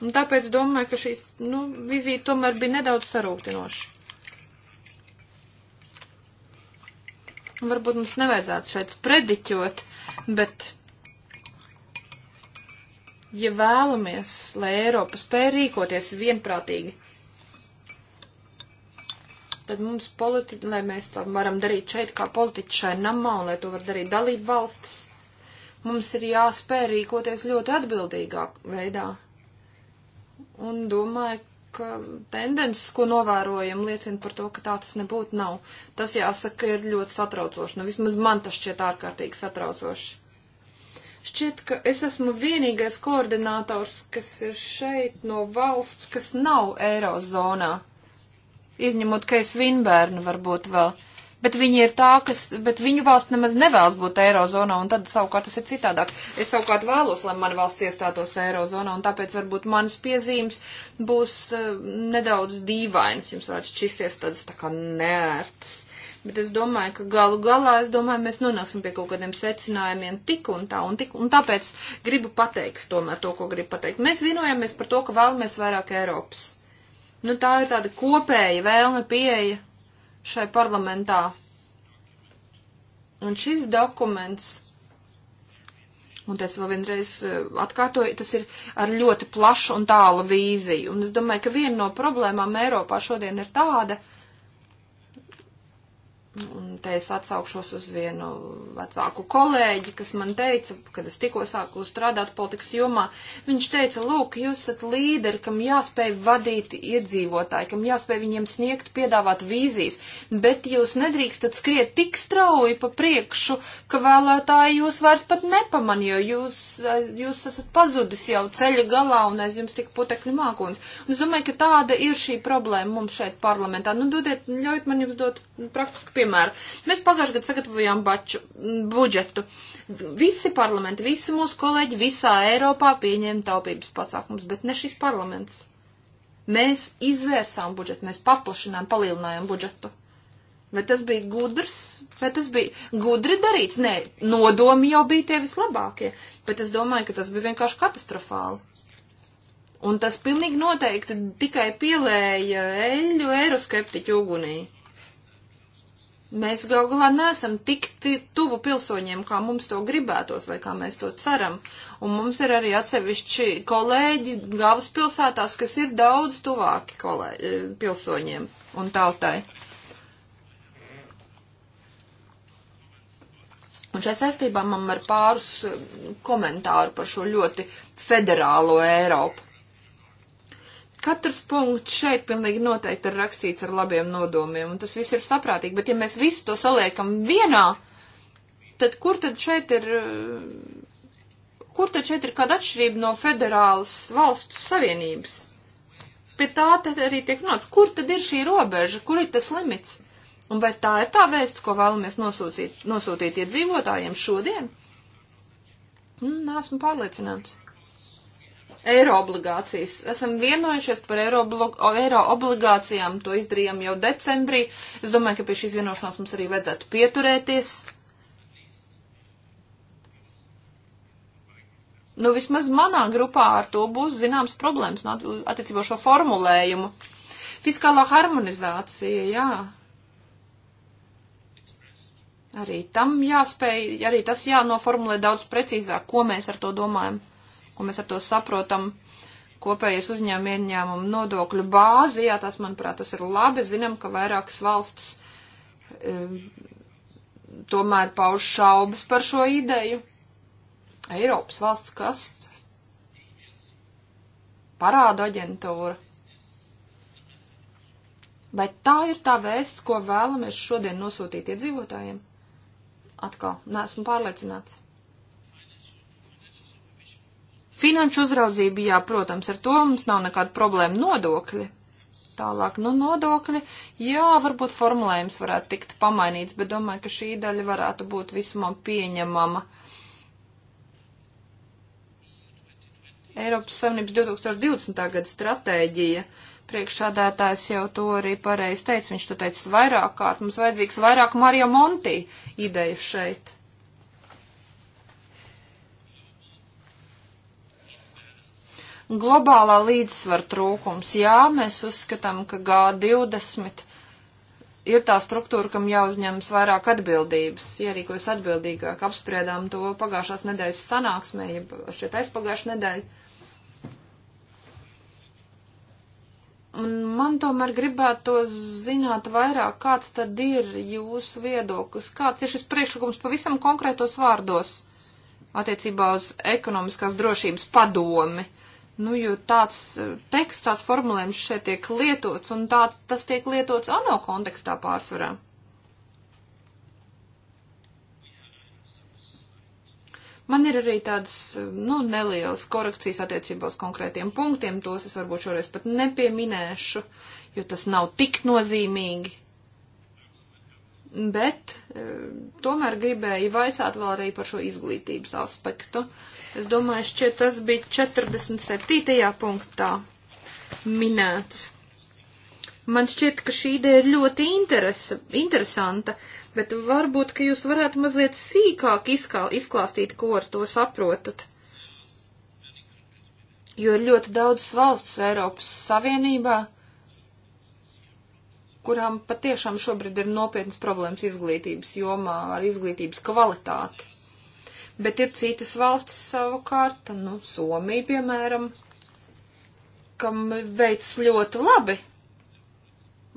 Un tāpēc domāju, ka šīs nu, vizīte tomēr bija nedaudz sarūktinoša. Varbūt mums nevajadzētu šeit prediķot, bet ja vēlamies, lai Eiropa spēja rīkoties vienprātīgi, tad mums politiķi, lai mēs to varam darīt šeit kā politiķi šai namā un lai to var darīt dalību valstis, mums ir jāspēj rīkoties ļoti atbildīgāk veidā. Un domāju, ka tendences, ko novērojam, liecina par to, ka tā tas nebūtu nav. Tas jāsaka ir ļoti satraucoši. Nu, vismaz man tas šķiet ārkārtīgi satraucoši. Šķiet, ka es esmu vienīgais koordinators, kas ir šeit no valsts, kas nav Eirozonā. Izņemot, ka es Vinbērnu varbūt vēl. Bet viņi ir tā, kas, bet viņu valsts nemaz nevēlas būt Eirozonā, un tad savukārt tas ir citādāk. Es savukārt vēlos, lai mana valsts iestātos Eirozonā, un tāpēc varbūt manas piezīmes būs uh, nedaudz dīvainas, jums varētu šķisties tādas tā kā nērtas. Uh, bet es domāju, ka galu galā, es domāju, mēs nonāksim pie kaut kādiem secinājumiem tik un tā un tik, un tāpēc gribu pateikt tomēr to, ko gribu pateikt. Mēs vienojamies par to, ka vēlamies vairāk Eiropas. Nu, tā ir tāda kopēja vēlme pieeja šai parlamentā. Un šis dokuments Un tas vēl vienreiz eh, atkārtoju, tas ir ar ļoti plašu un tālu vīziju. Un es domāju, ka viena no problēmām Eiropā šodien ir tāda, Un te es atsaukšos uz vienu vecāku kolēģi, kas man teica, kad es tikko sāku strādāt politikas jomā, viņš teica, lūk, jūs esat līderi, kam jāspēj vadīt iedzīvotāji, kam jāspēj viņiem sniegt, piedāvāt vīzijas, bet jūs nedrīkstat skriet tik strauji pa priekšu, ka vēlētāji jūs vairs pat nepaman, jo jūs, jūs esat pazudis jau ceļa galā un aiz jums tik putekļu mākons. Un es domāju, ka tāda ir šī problēma mums šeit parlamentā. Nu, dodiet, ļaujiet man jums dot praktiski piemēru piemēru. Mēs pagājušajā gadā sagatavojām baču, budžetu. Visi parlamenti, visi mūsu kolēģi visā Eiropā pieņēma taupības pasākums, bet ne šis parlaments. Mēs izvērsām budžetu, mēs paplašinām, palielinājām budžetu. Vai tas bija gudrs, vai tas bija gudri darīts? Nē, nodomi jau bija tie vislabākie, bet es domāju, ka tas bija vienkārši katastrofāli. Un tas pilnīgi noteikti tikai pielēja eļu eiroskeptiķu ugunī. Mēs gal galā neesam tik tuvu pilsoņiem, kā mums to gribētos vai kā mēs to ceram. Un mums ir arī atsevišķi kolēģi galvaspilsētās, kas ir daudz tuvāki kolēģi, e, pilsoņiem un tautai. Un šajā saistībā man ir pāris e, komentāru par šo ļoti federālo Eiropu. Katrs punkts šeit pilnīgi noteikti ir rakstīts ar labiem nodomiem, un tas viss ir saprātīgi, bet ja mēs visu to saliekam vienā, tad kur tad šeit ir, kur tad šeit ir kāda atšķirība no federālas valstu savienības? Pie tā tad arī tiek nāc, kur tad ir šī robeža, kur ir tas limits? Un vai tā ir tā vēsts, ko vēlamies nosūtīt, nosūtīt iedzīvotājiem šodien? Mm, nu, esmu pārliecināts eiro obligācijas. Esam vienojušies par eiro, eiro obligācijām, to izdarījām jau decembrī. Es domāju, ka pie šīs vienošanās mums arī vajadzētu pieturēties. Nu, vismaz manā grupā ar to būs zināms problēmas nu, attiecībā šo formulējumu. Fiskālā harmonizācija, jā. Arī tam jāspēj, arī tas jānoformulē daudz precīzāk, ko mēs ar to domājam un mēs ar to saprotam kopējas uzņēmuma ieņēmuma nodokļu bāzi. Jā, tas, manuprāt, tas ir labi. Zinām, ka vairākas valstis e, tomēr pauž šaubas par šo ideju. Eiropas valsts kas? Parāda aģentūra. Vai tā ir tā vēsts, ko vēlamies šodien nosūtīt iedzīvotājiem? Atkal, neesmu pārliecināts. Finanšu uzraudzība, jā, protams, ar to mums nav nekāda problēma nodokļi. Tālāk, nu, nodokļi, jā, varbūt formulējums varētu tikt pamainīts, bet domāju, ka šī daļa varētu būt visumā pieņemama. Eiropas Savienības 2020. gada stratēģija priekšādātājs jau to arī pareizi teica, viņš to teica vairāk kārt, mums vajadzīgs vairāk Mario Monti ideju šeit. Globālā līdzsvar trūkums. Jā, mēs uzskatām, ka G20 ir tā struktūra, kam jāuzņemas vairāk atbildības, jārīkojas atbildīgāk. Apspriedām to pagājušās nedēļas sanāksmē, ja šeit aizpagājušā nedēļa. Un man tomēr gribētu zināt vairāk, kāds tad ir jūsu viedoklis, kāds ir šis priekšlikums pavisam konkrētos vārdos attiecībā uz ekonomiskās drošības padomi. Nu, jo tāds eh, teksts, tās formulējums šeit tiek lietots, un tā, tas tiek lietots ANO kontekstā pārsvarā. Man ir arī tādas, eh, nu, nelielas korekcijas attiecībā uz konkrētiem punktiem, tos es varbūt šoreiz pat nepieminēšu, jo tas nav tik nozīmīgi. Bet eh, tomēr gribēju vaicāt vēl arī par šo izglītības aspektu. Uh, Es domāju, šķiet tas bija 47. punktā minēts. Man šķiet, ka šī ideja ir ļoti interesa, interesanta, bet varbūt, ka jūs varētu mazliet sīkāk izkā, izklāstīt, ko ar to saprotat. Jo ir ļoti daudz valsts Eiropas Savienībā, kurām patiešām šobrīd ir nopietnas problēmas izglītības jomā ar izglītības kvalitāti bet ir citas valstis savukārt, nu, Somija, piemēram, kam veids ļoti labi.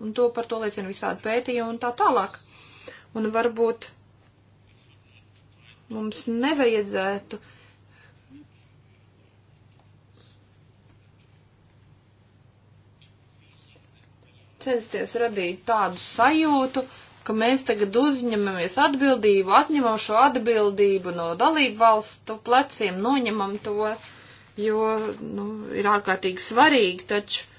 Un to par to liecina visādi pētījumi un tā tālāk. Un varbūt mums nevajadzētu. censties radīt tādu sajūtu, ka mēs tagad uzņemamies atbildību, atņemam šo atbildību no dalību valstu pleciem, noņemam to, jo nu, ir ārkārtīgi svarīgi, taču,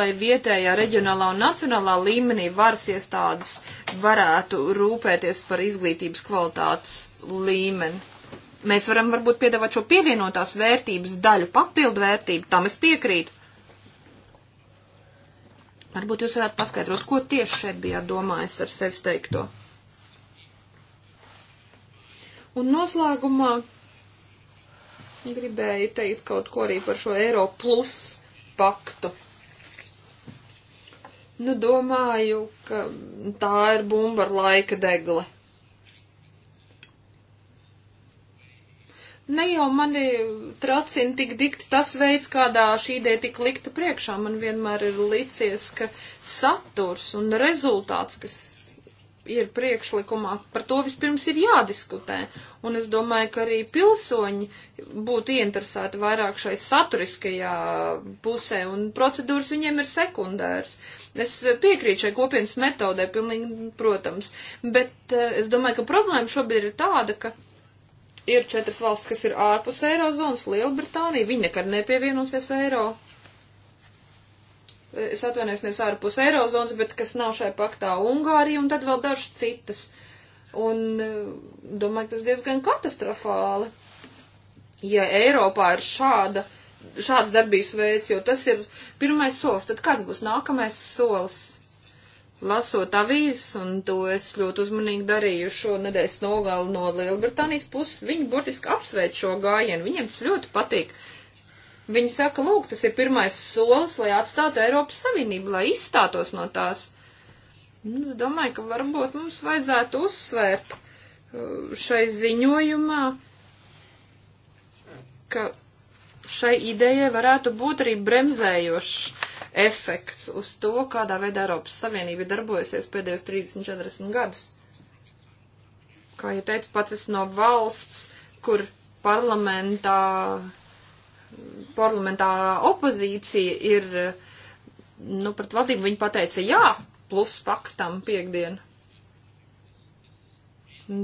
lai vietējā, reģionālā un nacionālā līmenī varas iestādes varētu rūpēties par izglītības kvalitātes līmeni. Mēs varam varbūt piedāvāt šo pievienotās vērtības daļu, papildu vērtību, tam es piekrītu, Varbūt jūs varētu paskaidrot, ko tieši šeit bijāt domājis ar sevis teikto. Un noslēgumā gribēju teikt kaut ko arī par šo Eiro plus paktu. Nu, domāju, ka tā ir bumba ar laika degli. Ne jau mani tracina tik dikti tas veids, kādā šī ideja tika likta priekšā. Man vienmēr ir licies, ka saturs un rezultāts, kas ir priekšlikumā, par to vispirms ir jādiskutē. Un es domāju, ka arī pilsoņi būtu ieinteresēti vairāk šai saturiskajā pusē, un procedūras viņiem ir sekundārs. Es piekrītu šai kopienas metodē, pilnīgi, protams, bet eh, es domāju, ka problēma šobrīd ir tāda, ka ir četras valsts, kas ir ārpus Eirozonas, Lielbritānija, viņa nekad nepievienosies Eiro. Es atvainojos nevis ārpus Eirozonas, bet kas nav šai paktā Ungārija un tad vēl dažas citas. Un eh, domāju, tas diezgan katastrofāli, ja Eiropā ir šāda, šāds darbības veids, jo tas ir pirmais solis. Tad kāds būs nākamais solis? lasot avīzes, un to es ļoti uzmanīgi darīju šo nedēļas nogalu no Lielbritānijas puses, viņi burtiski apsveic šo gājienu, viņiem tas ļoti patīk. Viņi saka, lūk, tas ir pirmais solis, lai atstātu Eiropas Savienību, lai izstātos no tās. Nu, es domāju, ka varbūt mums vajadzētu uzsvērt uh, šai ziņojumā, ka šai idejai varētu būt arī bremzējošs efekts uz to, kādā veidā Eiropas Savienība darbojasies pēdējos 30-40 gadus. Kā jau teicu, pats es no valsts, kur parlamentā, parlamentārā opozīcija ir, nu, pret valdību viņi pateica jā, plus paktam piekdienu.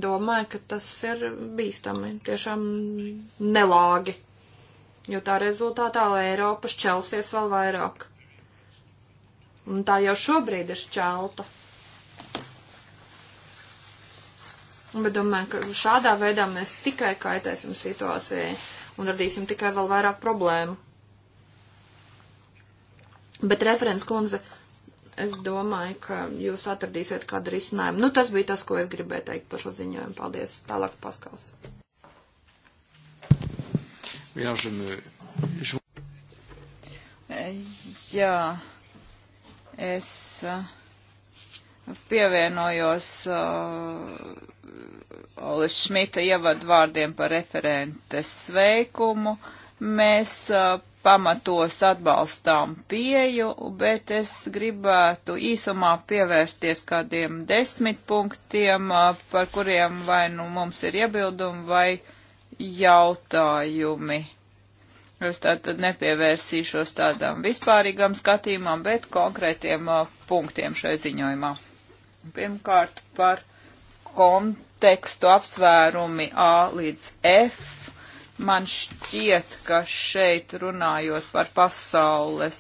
Domāju, ka tas ir bīstami, tiešām nelāgi, jo tā rezultātā Eiropa šķelsies vēl vairāk. Un tā jau šobrīd ir šķelta. Bet domāju, ka šādā veidā mēs tikai kaitēsim situācijai un radīsim tikai vēl vairāk problēmu. Bet referents kundze, es domāju, ka jūs atradīsiet kādu risinājumu. Nu, tas bija tas, ko es gribēju teikt par šo ziņojumu. Paldies. Tālāk paskals. Jā. Es uh, pievienojos uh, Olis Šmita ievadvārdiem par referentes sveikumu. Mēs uh, pamatos atbalstām pieju, bet es gribētu īsumā pievērsties kādiem desmit punktiem, uh, par kuriem vai nu mums ir iebildumi vai jautājumi. Es tātad nepievērsīšos tādām vispārīgām skatījumam, bet konkrētiem uh, punktiem šai ziņojumā. Pirmkārt par kontekstu apsvērumi A līdz F. Man šķiet, ka šeit runājot par pasaules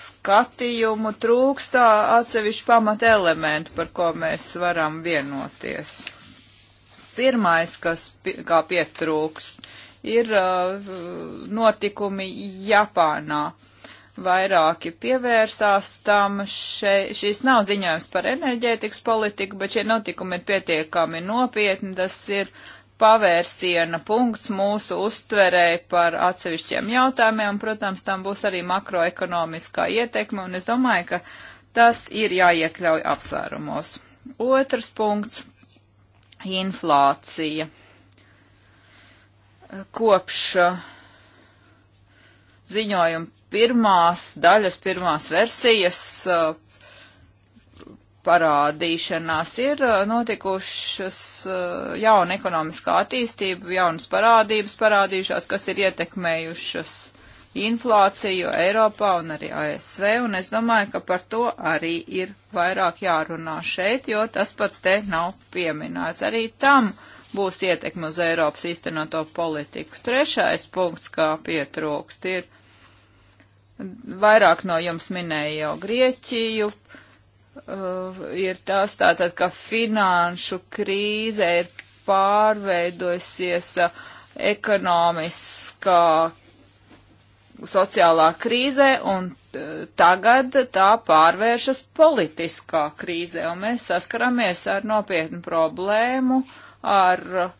skatījumu trūkstā atsevišķi pamata elementi, par ko mēs varam vienoties. Pirmais, kas kā pietrūkst, ir uh, notikumi Japānā. Vairāki pievērsās tam, še, šis nav ziņojums par enerģētikas politiku, bet šie notikumi ir pietiekami nopietni, tas ir pavērsiena punkts mūsu uztverē par atsevišķiem jautājumiem, un, protams, tam būs arī makroekonomiskā ietekme, un es domāju, ka tas ir jāiekļauj apsvērumos. Otrs punkts - inflācija kopš uh, ziņojuma pirmās daļas, pirmās versijas uh, parādīšanās ir uh, notikušas jauna ekonomiskā attīstība, jaunas parādības parādījušās, kas ir ietekmējušas inflāciju Eiropā un arī ASV, un es domāju, ka par to arī ir vairāk jārunā šeit, jo tas pats te nav pieminēts. Arī tam uh, būs ietekme uz Eiropas īstenoto politiku. Trešais punkts, kā pietrūkst, ir vairāk no jums minēja jau Grieķiju. Uh, ir tas tātad, ka finanšu krīze ir pārveidojusies uh, ekonomiskā sociālā krīzē un uh, tagad tā pārvēršas politiskā krīzē un mēs saskaramies ar nopietnu problēmu uh, ar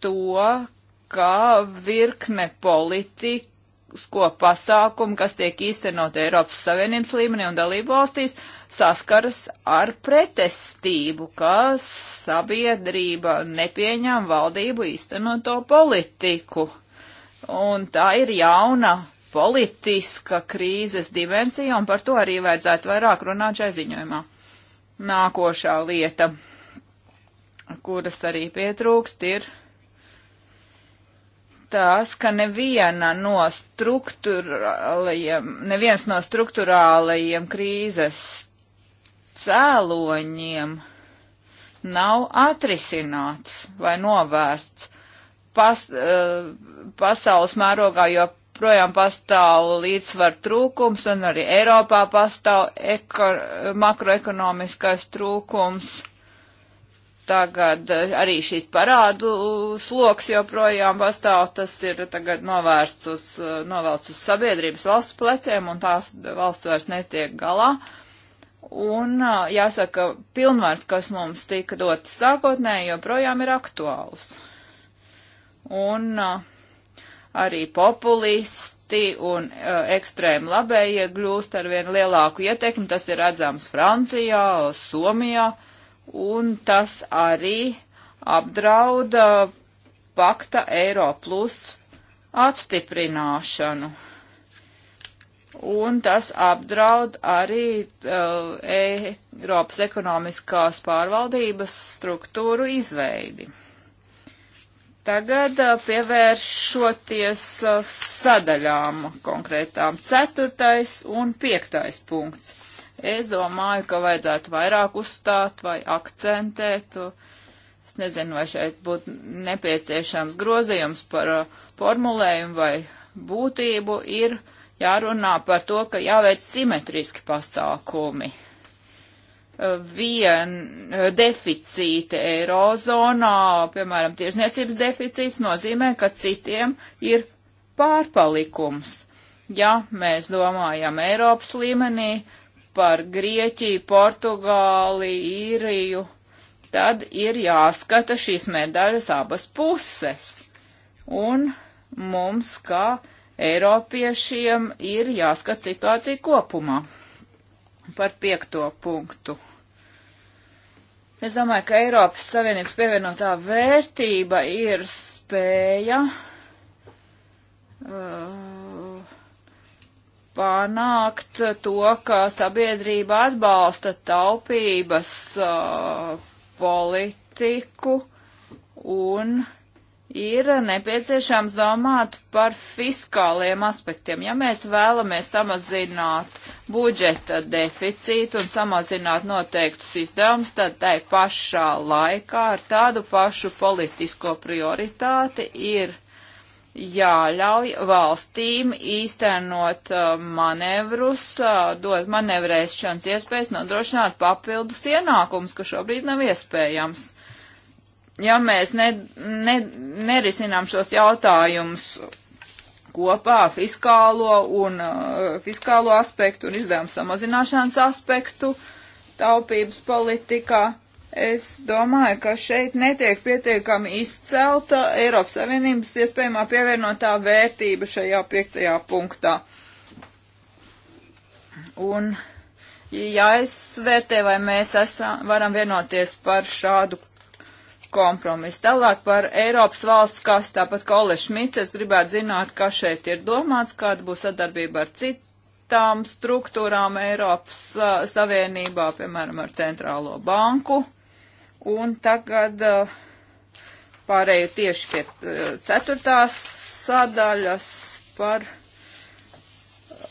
to, ka virkne politisko pasākumu, kas tiek īstenot Eiropas Savienības līmenī un dalību valstīs, saskaras ar pretestību, ka sabiedrība nepieņem valdību īstenoto politiku. Un tā ir jauna politiska krīzes dimensija, un par to arī vajadzētu vairāk runāt šai ziņojumā. Nākošā lieta kuras arī pietrūkst, ir tās, ka neviena no struktūrālajiem, neviens no struktūrālajiem krīzes cēloņiem nav atrisināts vai novērsts pas, eh, pasaules mērogā, jo projām pastāv līdzsvar trūkums un arī Eiropā pastāv eko, makroekonomiskais trūkums tagad eh, arī šīs parādu sloks joprojām pastāv, tas ir tagad novērsts uz, eh, novērsts uz sabiedrības valsts pleciem un tās valsts vairs netiek galā. Un eh, jāsaka, pilnvārds, kas mums tika dots sākotnēji, joprojām ir aktuāls. Un arī populisti un ekstrēmi labējie gļūst ar vien lielāku ietekmi, tas ir redzams Francijā, Somijā un tas arī apdrauda pakta Eiro plus apstiprināšanu. Un tas apdraud arī uh, e, Eiropas ekonomiskās pārvaldības struktūru izveidi. Tagad uh, pievēršoties uh, sadaļām konkrētām. Ceturtais un piektais punkts. Es domāju, ka vajadzētu vairāk uzstāt vai akcentēt. Es nezinu, vai šeit būtu nepieciešams grozījums par uh, formulējumu vai būtību. Ir jārunā par to, ka jāveic simetriski pasākumi. Uh, vien uh, deficīti eirozonā, piemēram, tirzniecības deficīts, nozīmē, ka citiem ir pārpalikums. Ja mēs domājam Eiropas līmenī, par Grieķiju, Portugāli, Īriju, tad ir jāskata šīs medaļas abas puses. Un mums, kā Eiropiešiem, ir jāskata situācija kopumā. Par piekto punktu. Es domāju, ka Eiropas Savienības pievienotā vērtība ir spēja uh, panākt to, ka sabiedrība atbalsta taupības uh, politiku un ir nepieciešams domāt par fiskāliem aspektiem. Ja mēs vēlamies samazināt budžeta deficītu un samazināt noteiktus izdevumus, tad tai pašā laikā ar tādu pašu politisko prioritāti ir jāļauj valstīm īstenot uh, manevrus, uh, dot manevrēšanas iespējas, nodrošināt papildus ienākumus, kas šobrīd nav iespējams. Ja mēs ne, ne, nerisinām šos jautājumus kopā fiskālo un uh, fiskālo aspektu un izdevumu samazināšanas aspektu taupības politikā, Es domāju, ka šeit netiek pietiekami izcelta Eiropas Savienības iespējamā pievienotā vērtība šajā piektajā punktā. Un jāizvērtē, vai mēs esam, varam vienoties par šādu kompromisu. Tālāk par Eiropas valsts kas, tāpat kā Ole Šmits, es gribētu zināt, kas šeit ir domāts, kāda būs sadarbība ar citām struktūrām Eiropas uh, Savienībā, piemēram, ar Centrālo banku Un tagad eh, pārēju tieši pie eh, ceturtās sadaļas par eh,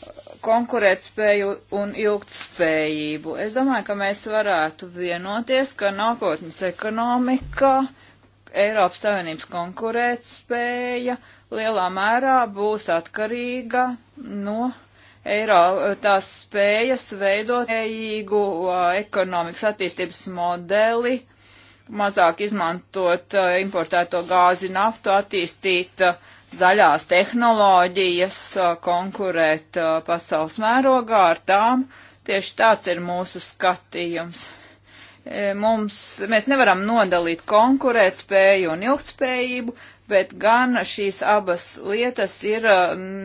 konkurētspēju un ilgtspējību. Es domāju, ka mēs varētu vienoties, ka nākotnes ekonomika, Eiropas Savienības konkurētspēja lielā mērā būs atkarīga no Eiro, tās spējas veidot spējīgu ekonomikas attīstības modeli, uh, mazāk izmantot eh, importēto gāzi, naftu, attīstīt eh, zaļās tehnoloģijas, eh, konkurēt pasaules mērogā ar tām. Tieši tāds ir mūsu skatījums. E, mums, mēs nevaram nodalīt konkurēt spēju un ilgtspējību, bet gan šīs abas lietas ir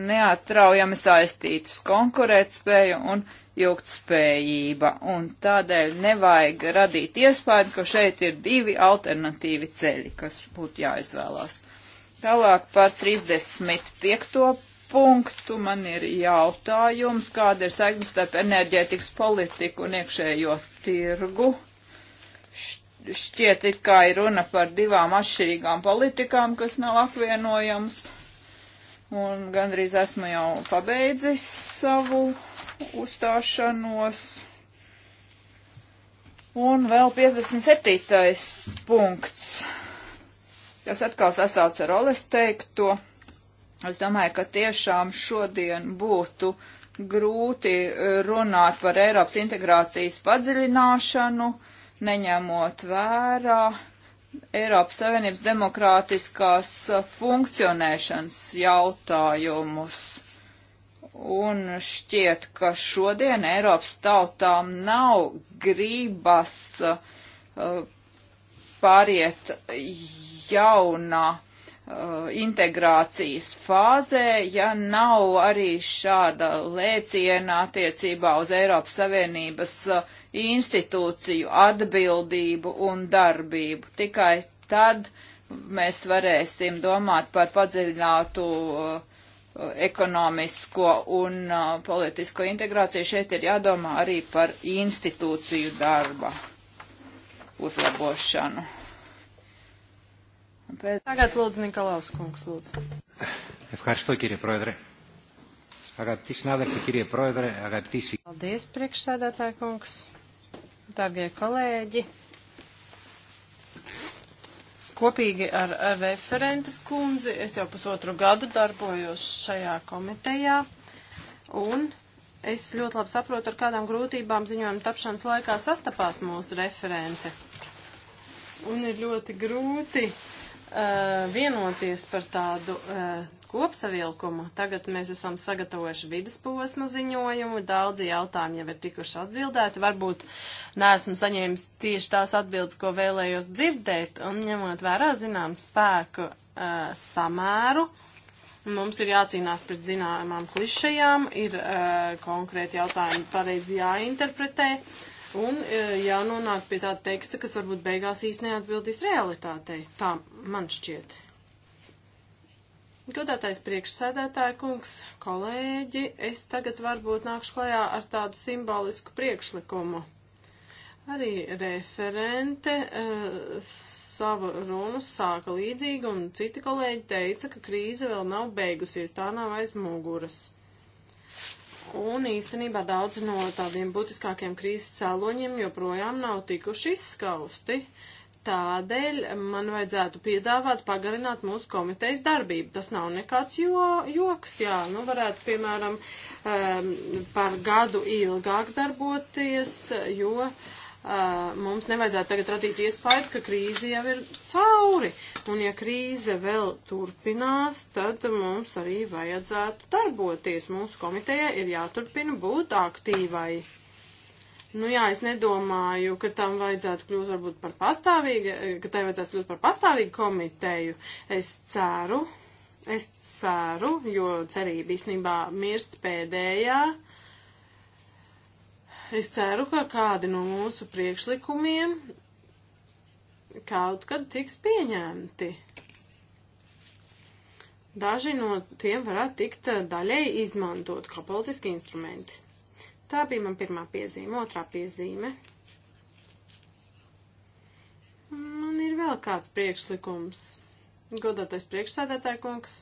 neatraujami saistītas - konkurēt spēju un ilgtspējību ilgtspējība, un tādēļ nevajag radīt iespēju, ka šeit ir divi alternatīvi ceļi, kas būtu jāizvēlās. Tālāk par 35. punktu man ir jautājums, kāda ir saikne starp enerģētikas politiku un iekšējo tirgu. Šķiet, kā ir runa par divām atšķirīgām politikām, kas nav apvienojams. Un gandrīz esmu jau pabeidzis savu uzstāšanos. Un vēl 57. punkts, kas atkal sasauc ar Oles teikto. Es domāju, ka tiešām šodien būtu grūti runāt par Eiropas integrācijas padziļināšanu, neņemot vērā Eiropas Savienības demokrātiskās funkcionēšanas jautājumus. Un šķiet, ka šodien Eiropas tautām nav gribas uh, pāriet jaunā uh, integrācijas fāzē, ja nav arī šāda lēciena attiecībā uz Eiropas Savienības uh, institūciju atbildību un darbību. Tikai tad mēs varēsim domāt par padziļinātu uh, ekonomisko un uh, politisko integrāciju, šeit ir jādomā arī par institūciju darba uzlabošanu. Pēc... Tagad lūdzu Nikolaus kungs, lūdzu. Ευχαριστώ κύριε Πρόεδρε. Αγαπητοί συνάδελφοι, κύριε Πρόεδρε, αγαπητοί συνάδελφοι. Paldies, priekšsēdētāj kungs, darbie kolēģi. Kopīgi ar, ar referentes kundzi es jau pusotru gadu darbojos šajā komitejā un es ļoti labi saprotu, ar kādām grūtībām ziņojuma tapšanas laikā sastapās mūsu referente. Un ir ļoti grūti uh, vienoties par tādu uh, kopsavilkumu. Tagad mēs esam sagatavojuši vidusposma ziņojumu, daudzi jautājumi jau ir tikuši atbildēti, varbūt neesmu saņēmis tieši tās atbildes, ko vēlējos dzirdēt, un ņemot vērā zinām spēku uh, samēru, Mums ir jācīnās pret zināmām klišajām, ir uh, konkrēti jautājumi pareizi jāinterpretē un uh, jānonāk pie tāda teksta, kas varbūt beigās īsti neatbildīs realitātei. Tā man šķiet. Godātais priekšsēdētāja kungs, kolēģi, es tagad varbūt nākšu klajā ar tādu simbolisku priekšlikumu. Arī referente uh, savu runu sāka līdzīgi, un citi kolēģi teica, ka krīze vēl nav beigusies, tā nav aiz muguras. Un īstenībā daudz no tādiem būtiskākiem krīzes cēloņiem joprojām nav tikuši izskausti. Uh, Tādēļ man vajadzētu piedāvāt pagarināt mūsu komitejas darbību. Tas nav nekāds jo, joks, jā. Nu, varētu, piemēram, um, par gadu ilgāk darboties, jo uh, mums nevajadzētu tagad radīt iespēju, ka krīze jau ir cauri. Un ja krīze vēl turpinās, tad mums arī vajadzētu darboties. Mūsu komitejai ir jāturpina būt aktīvai. Nu jā, es nedomāju, ka tam vajadzētu kļūt varbūt par pastāvīgu, ka tai vajadzētu kļūt par pastāvīgu komiteju. Es ceru, es ceru, jo cerība īstenībā mirst pēdējā. Es ceru, ka kādi no mūsu priekšlikumiem kaut kad tiks pieņemti. Daži no tiem varētu tikt daļai izmantot kā politiski instrumenti. Tā bija man pirmā piezīme. Otrā piezīme. Man ir vēl kāds priekšlikums. Godātais priekšsēdētāja kungs,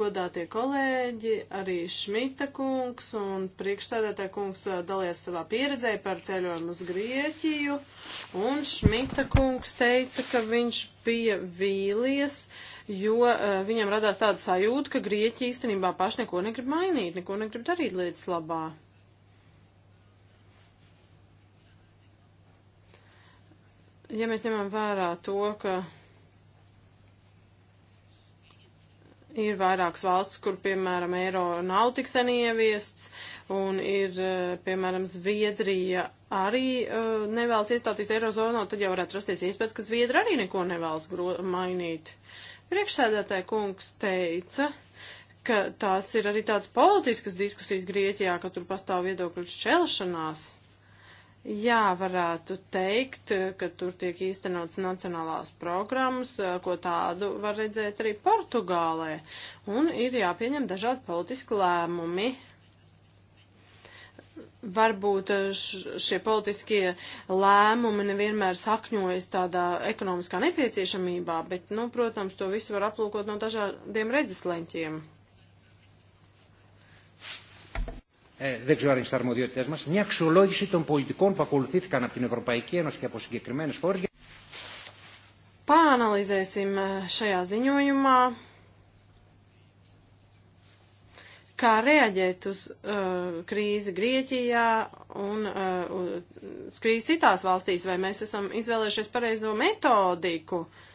godātie kolēģi, arī Šmita kungs un priekšsēdētāja kungs eh, dalījās savā pieredzē par ceļojumu uz Grieķiju. Un Šmita kungs teica, ka viņš bija vīlies, jo uh, viņam radās tāda sajūta, ka Grieķija īstenībā paši neko negrib mainīt, neko negrib darīt lietas labā. Ja mēs ņemam vērā to, ka ir vairākas valsts, kur, piemēram, eiro nav tik sen ieviests, un ir, eh, piemēram, Zviedrija arī uh, nevēlas iestāties eirozonā, tad jau varētu rasties iespējas, ka Zviedra arī neko nevēlas mainīt. Priekšsēdētāja kungs teica, ka tās ir arī tādas politiskas diskusijas Grieķijā, ka tur pastāv viedokļu šķelšanās. Jā, varētu teikt, ka tur tiek īstenots nacionālās programmas, ko tādu var redzēt arī Portugālē. Un ir jāpieņem dažādi politiski lēmumi. Varbūt šie politiskie lēmumi nevienmēr sakņojas tādā ekonomiskā nepieciešamībā, bet, nu, protams, to visu var aplūkot no dažādiem redzesleņķiem. ε, δεν ξέρω αν είναι στα αρμοδιότητές μας, μια αξιολόγηση των πολιτικών που ακολουθήθηκαν από την Ευρωπαϊκή Ένωση και από συγκεκριμένες χώρες. Pāranalizēsim šajā ziņojumā, kā reaģēt uz uh, krīzi Grieķijā un uh, e, uz krīzi citās valstīs, vai mēs esam izvēlējušies pareizo metodiku. Uh,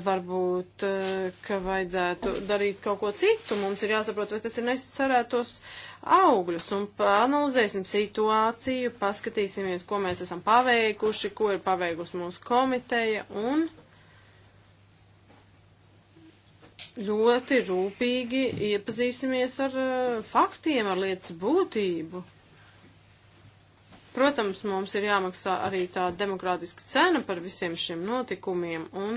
varbūt, eh, ka vajadzētu darīt kaut ko citu. Mums ir jāsaprot, vai tas ir nescerētos augļus un analizēsim situāciju, paskatīsimies, ko mēs esam paveikuši, ko ir paveikusi mūsu komiteja un ļoti rūpīgi iepazīsimies ar eh, faktiem, ar lietas būtību. Protams, mums ir jāmaksā arī tā demokrātiska cena par visiem šiem notikumiem, un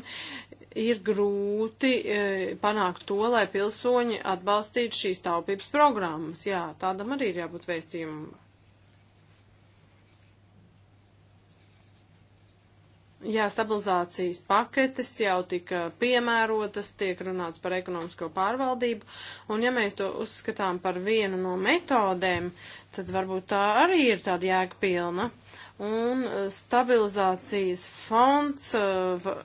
ir grūti e, panākt to, lai pilsoņi atbalstītu šīs taupības programmas. Jā, tādam arī ir jābūt vēstījumam. Jā, stabilizācijas paketes jau tika piemērotas, tiek runāts par ekonomisko pārvaldību, un ja mēs to uzskatām par vienu no metodēm, tad varbūt tā arī ir tāda jēgpilna. Un e, stabilizācijas fonds e,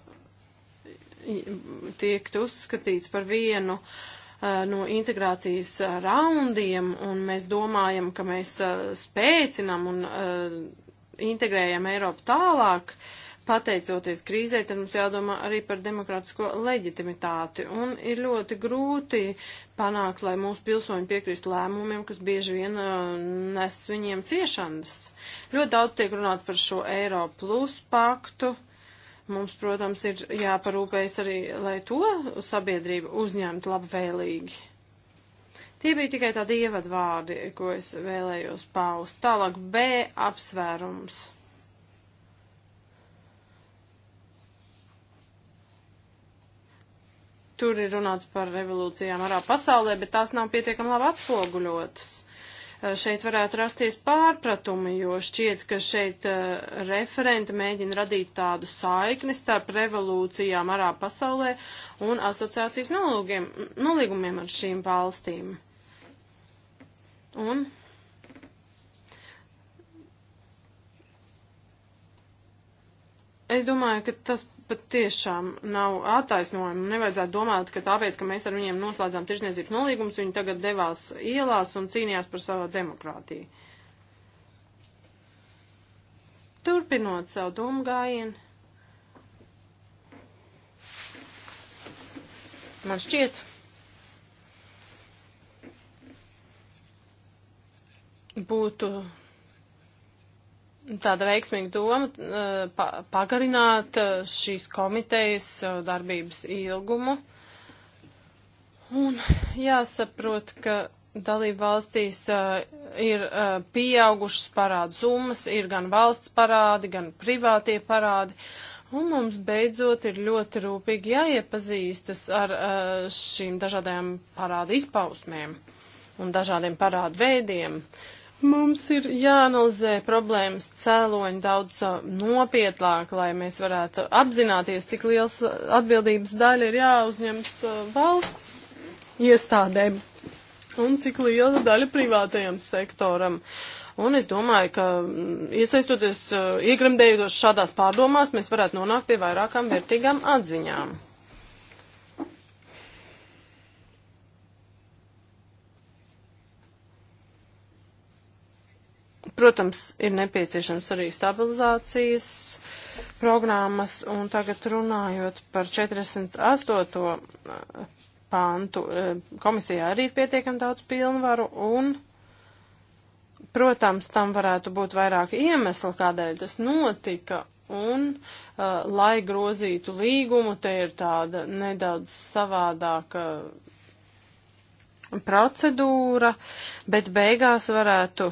tiek uzskatīts par vienu e, no integrācijas raundiem, un mēs domājam, ka mēs spēcinam un integrējam Eiropu tālāk. Uh, pateicoties krīzē, tad mums jādomā arī par demokrātisko leģitimitāti. Un ir ļoti grūti panākt, lai mūsu pilsoņi piekrist lēmumiem, kas bieži vien uh, nes viņiem ciešanas. Ļoti daudz tiek runāts par šo Eiro plus paktu. Mums, protams, ir jāparūpējas arī, lai to sabiedrība uzņemtu labvēlīgi. Tie bija tikai tādi ievadvārdi, ko es vēlējos paust. Tālāk B apsvērums. Tur ir runāts par revolūcijām arā pasaulē, bet tās nav pietiekami labi atspoguļotas. Eh, šeit varētu rasties pārpratumi, jo šķiet, ka šeit eh, referenti mēģina radīt tādu saikni starp revolūcijām arā pasaulē un asociācijas nolīgumiem ar šīm valstīm. Un Es domāju, ka tas pat tiešām nav attaisnojumi. Nevajadzētu domāt, ka tāpēc, ka mēs ar viņiem noslēdzām tirzniecības nolīgumus, viņi tagad devās ielās un cīnījās par savu demokrātiju. Turpinot savu domu gājienu. Man šķiet, būtu tāda veiksmīga doma eh, pa, pagarināt eh, šīs komitejas eh, darbības ilgumu. Un jāsaprot, ka dalību valstīs ir pieaugušas parādu summas, ir gan valsts parādi, gan privātie parādi. Un mums beidzot ir ļoti rūpīgi jāiepazīstas ar šīm dažādajām parādu izpausmēm un dažādiem parādu veidiem. Uh, Mums ir jāanalizē problēmas cēloņi daudz uh, nopietnāk, lai mēs varētu apzināties, cik liels uh, atbildības daļa ir jāuzņems uh, valsts iestādēm un cik liela daļa privātajam sektoram. Un es domāju, ka mm, iesaistoties, iegremdējoties šādās pārdomās, mēs varētu nonākt pie vairākām vērtīgām atziņām. Protams, ir nepieciešams arī stabilizācijas programmas, un tagad runājot par 48. Eh, pāntu, eh, komisijā arī ir pietiekami daudz pilnvaru, un, protams, tam varētu būt vairāk iemesli, kādēļ tas notika, un, uh, lai grozītu līgumu, te ir tāda nedaudz savādāka procedūra, bet beigās varētu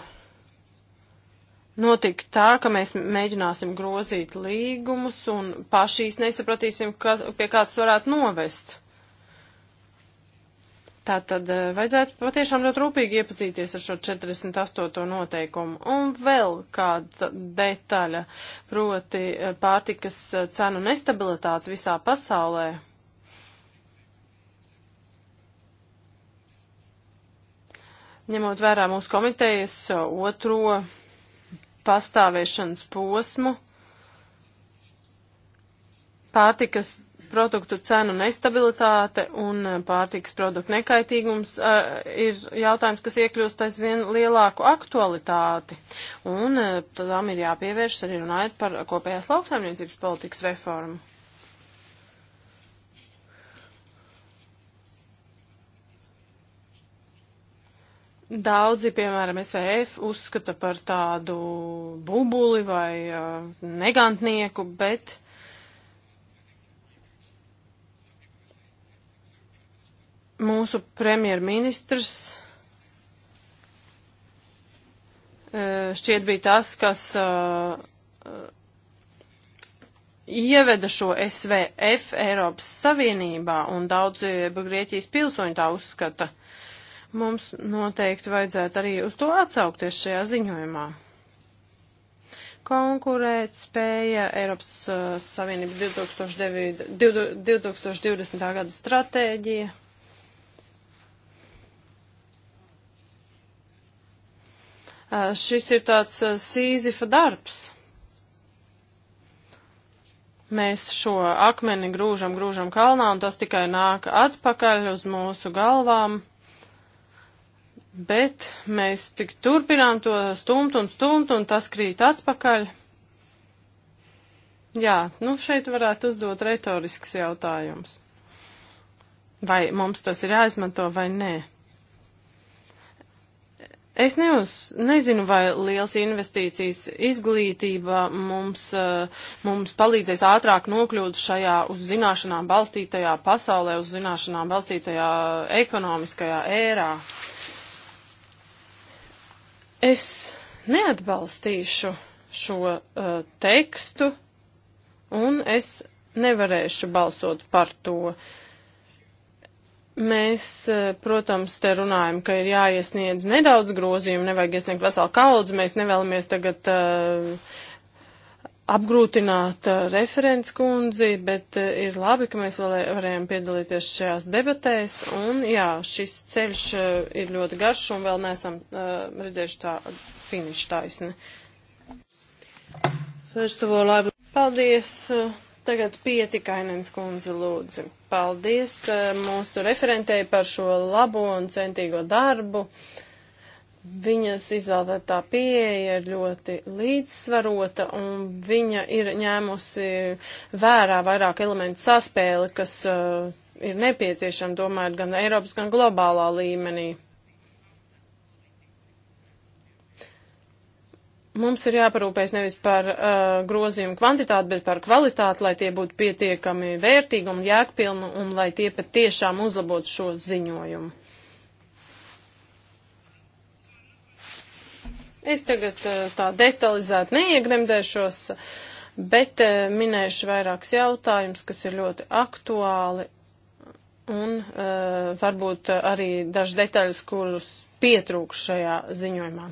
notika tā, ka mēs mēģināsim grozīt līgumus un pašīs nesapratīsim, ka, pie kāds varētu novest. Tā tad eh, vajadzētu patiešām ļoti rūpīgi iepazīties ar šo 48. noteikumu. Un vēl kāda detaļa, proti eh, pārtikas eh, cenu nestabilitāte visā pasaulē. Ņemot vērā mūsu komitejas otro pastāvēšanas posmu, pārtikas produktu cenu nestabilitāte un pārtikas produktu nekaitīgums uh, ir jautājums, kas iekļūst aizvien lielāku aktualitāti. Un uh, tam ir jāpievēršas arī runājot par kopējās lauksaimniecības politikas reformu. Daudzi, piemēram, SVF uzskata par tādu bubuli vai uh, negantnieku, bet mūsu premjerministrs uh, šķiet bija tas, kas uh, uh ieveda šo SVF Eiropas Savienībā, un daudzi Grieķijas pilsoņi tā uzskata. Uh, Mums noteikti vajadzētu arī uz to atsaukties šajā ziņojumā. Konkurēt spēja Eiropas uh, Savienības 2009, 2020. gada stratēģija. Uh, šis ir tāds uh, sīzifa darbs mēs šo akmeni grūžam, grūžam kalnā, un tas tikai nāk atpakaļ uz mūsu galvām bet mēs tik turpinām to stumt un stumt, un tas krīt atpakaļ. Jā, nu šeit varētu uzdot retorisks jautājums. Vai mums tas ir jāizmanto vai nē? Es neuz, nezinu, vai liels investīcijas izglītība mums, eh, mums palīdzēs ātrāk nokļūt šajā uz zināšanām balstītajā pasaulē, uz zināšanām balstītajā ekonomiskajā ērā. Uh, Es neatbalstīšu šo uh, tekstu, un es nevarēšu balsot par to. Mēs, uh, protams, te runājam, ka ir jāiesniedz nedaudz grozījumu, nevajag iesniegt veselu kaudzi, mēs nevēlamies tagad uh, apgrūtināt eh, referents kundzi, bet eh, ir labi, ka mēs vēl varējām piedalīties šajās debatēs. Un jā, šis ceļš eh, ir ļoti garš un vēl neesam uh, redzējuši tā finišu taisni. Paldies! Tagad pietikainens kundze lūdzi. Paldies mūsu referentei par šo labo un centīgo darbu. Uh, Viņas izvēlētā pieeja ir ļoti līdzsvarota, un viņa ir ņēmusi vērā vairāk elementu saspēli, kas uh, ir nepieciešama, domājot, gan Eiropas, gan globālā līmenī. Mums ir jāparūpēs nevis par uh, grozījumu kvantitāti, bet par kvalitāti, lai tie būtu pietiekami vērtīgi un jēgpilni, un lai tie pat tiešām uzlabotu šo ziņojumu. Es tagad eh, tā detalizēti neiegremdēšos, bet eh, minēšu vairākus jautājumus, kas ir ļoti aktuāli un eh, varbūt arī daži detaļas, kurus pietrūks šajā ziņojumā.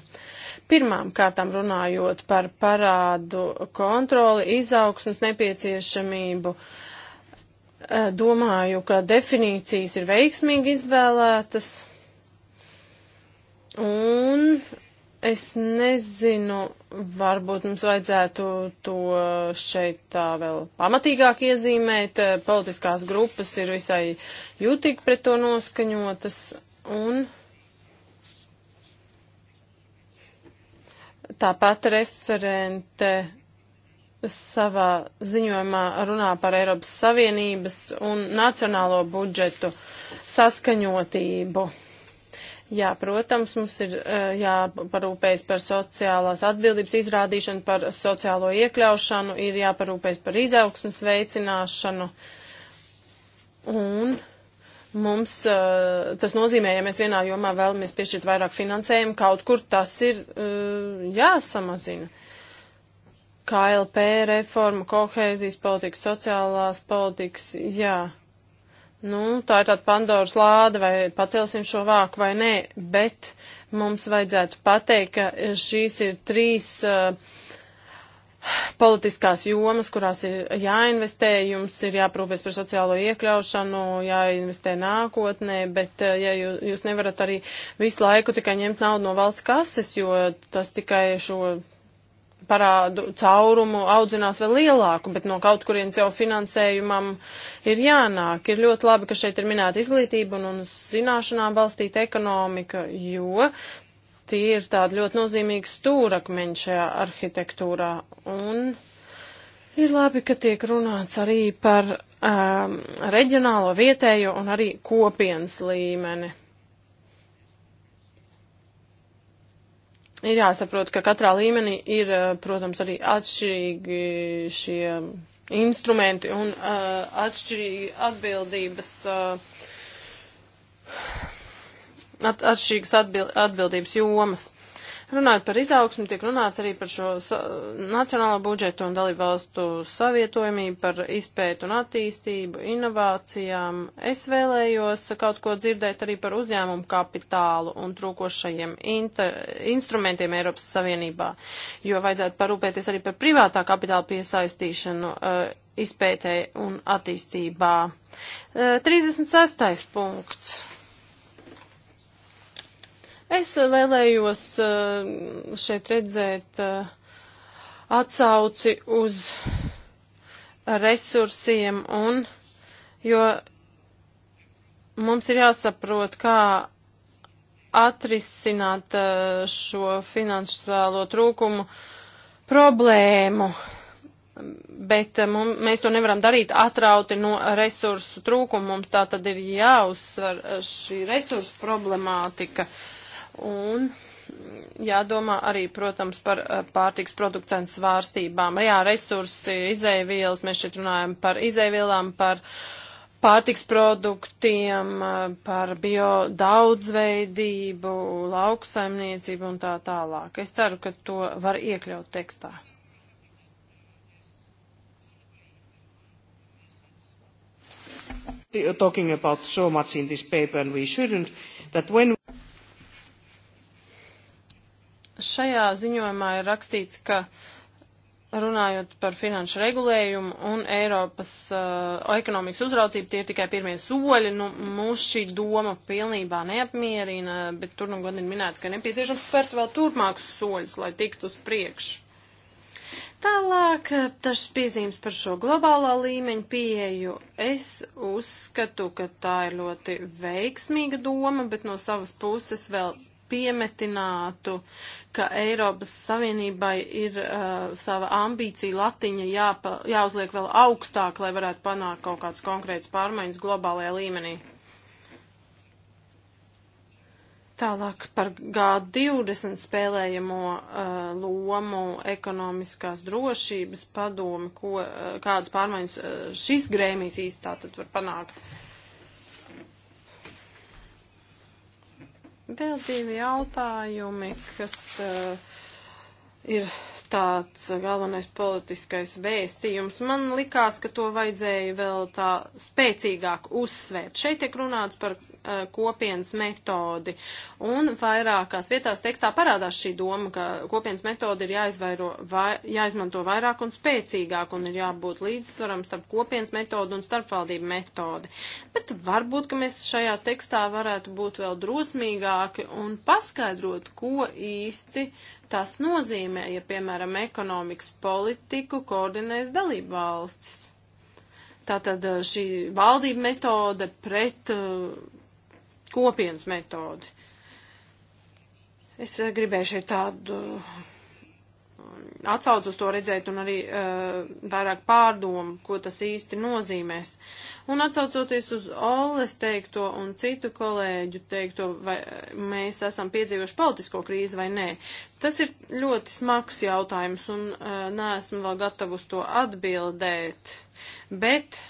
Pirmām kārtām runājot par parādu kontroli, izaugsmas nepieciešamību, domāju, ka definīcijas ir veiksmīgi izvēlētas. Un Es nezinu, varbūt mums vajadzētu to šeit tā vēl pamatīgāk iezīmēt. Politiskās grupas ir visai jūtīgi pret to noskaņotas un tāpat referente savā ziņojumā runā par Eiropas Savienības un nacionālo budžetu saskaņotību. Jā, protams, mums ir eh, jāparūpējas par sociālās atbildības izrādīšanu, par sociālo iekļaušanu, ir jāparūpējas par izaugsmas veicināšanu. Un mums eh, tas nozīmē, ja mēs vienā jomā vēlamies piešķirt vairāk finansējumu, kaut kur tas ir eh, jāsamazina. KLP reforma, kohēzijas politika, sociālās politikas, jā nu, tā ir tāda Pandoras lāde, vai pacelsim šo vāku vai nē, bet mums vajadzētu pateikt, ka šīs ir trīs uh, politiskās jomas, kurās ir jāinvestē, jums ir jāprūpēs par sociālo iekļaušanu, jāinvestē nākotnē, bet uh, ja jūs, jūs nevarat arī visu laiku tikai ņemt naudu no valsts kases, jo tas tikai šo parādu caurumu audzinās vēl lielāku, bet no kaut kurienes jau finansējumam ir jānāk. Ir ļoti labi, ka šeit ir minēta izglītība un, un zināšanām balstīta ekonomika, jo tie ir tādi ļoti nozīmīgi stūrakmeņi šajā arhitektūrā. Un ir labi, ka tiek runāts arī par um, reģionālo, vietējo un arī kopienas līmeni. ir jāsaprot, ka katrā līmenī ir, eh, protams, arī atšķirīgi šie instrumenti un uh, atšķirīgi atbildības. Uh, At, atšķirīgas atbild, atbildības jomas. Runājot par izaugsmu, tiek runāts arī par šo nacionālo budžetu un dalību valstu savietojumību, par izpētu un attīstību, inovācijām. Es vēlējos kaut ko dzirdēt arī par uzņēmumu kapitālu un trūkošajiem inter, instrumentiem Eiropas Savienībā, jo vajadzētu parūpēties arī par privātā kapitāla piesaistīšanu. Uh, izpētē un attīstībā. 36. Eh, punkts. Es eh, vēlējos eh, šeit redzēt eh, atsauci uz resursiem un, jo mums ir jāsaprot, kā atrisināt šo finansiālo trūkumu problēmu bet mum, mēs to nevaram darīt atrauti no resursu trūkuma. Mums tā tad ir jāuzsver šī resursu problemātika. Uh, Un jādomā arī, protams, par eh, pārtiks produktu cenu svārstībām. Jā, resursi, izēvielas, mēs šeit runājam par izēvielām, par pārtiks produktiem, eh, par bio daudzveidību, lauksaimniecību un tā tālāk. Es ceru, ka to var iekļaut tekstā. Talking about so much in this paper, and we shouldn't, that when Šajā ziņojumā ir rakstīts, ka runājot par finanšu regulējumu un Eiropas uh, ekonomikas uzraudzību, tie ir tikai pirmie soļi. Nu, mūs šī doma pilnībā neapmierina, bet tur nu gan ir minēts, ka nepieciešams spērt vēl turpmākus soļus, lai tiktu uz priekšu. Tālāk, uh, dažas piezīmes par šo globālā līmeņa pieeju. Es uzskatu, ka tā ir ļoti veiksmīga doma, bet no savas puses vēl piemetinātu, ka Eiropas Savienībai ir uh, sava ambīcija latiņa jāpa, jāuzliek vēl augstāk, lai varētu panākt kaut kādas konkrētas pārmaiņas globālajā līmenī. Tālāk par G20 spēlējamo uh, lomu ekonomiskās drošības padomi, ko, uh, kādas pārmaiņas uh, šis grēmijs īstā tad var panākt. Uh, Vēl divi jautājumi, kas uh, ir tāds galvenais politiskais vēstījums. Man likās, ka to vajadzēja vēl tā spēcīgāk uzsvērt. Šeit tiek runāts par Eh, kopienas metodi. Un vairākās vietās tekstā parādās šī doma, ka kopienas metodi ir jāizvairo, vai, jāizmanto vairāk un spēcīgāk un ir jābūt līdzsvaram starp kopienas metodu un starpvaldību metodi. Bet varbūt, ka mēs šajā tekstā varētu būt vēl drosmīgāki un paskaidrot, ko īsti tas nozīmē, ja, piemēram, ekonomikas politiku koordinēs dalību valstis. Tātad eh, šī valdība metode pret uh, kopienas metodi. Es eh, gribēju šeit tādu atsaucu uz to redzēt un arī uh, vairāk pārdomu, ko tas īsti nozīmēs. Un atsaucoties uz Oles teikto un citu kolēģu teikto, vai mēs esam piedzīvojuši politisko krīzi vai nē, tas ir ļoti smags jautājums un uh, neesmu vēl gatavs to atbildēt. Bet uh,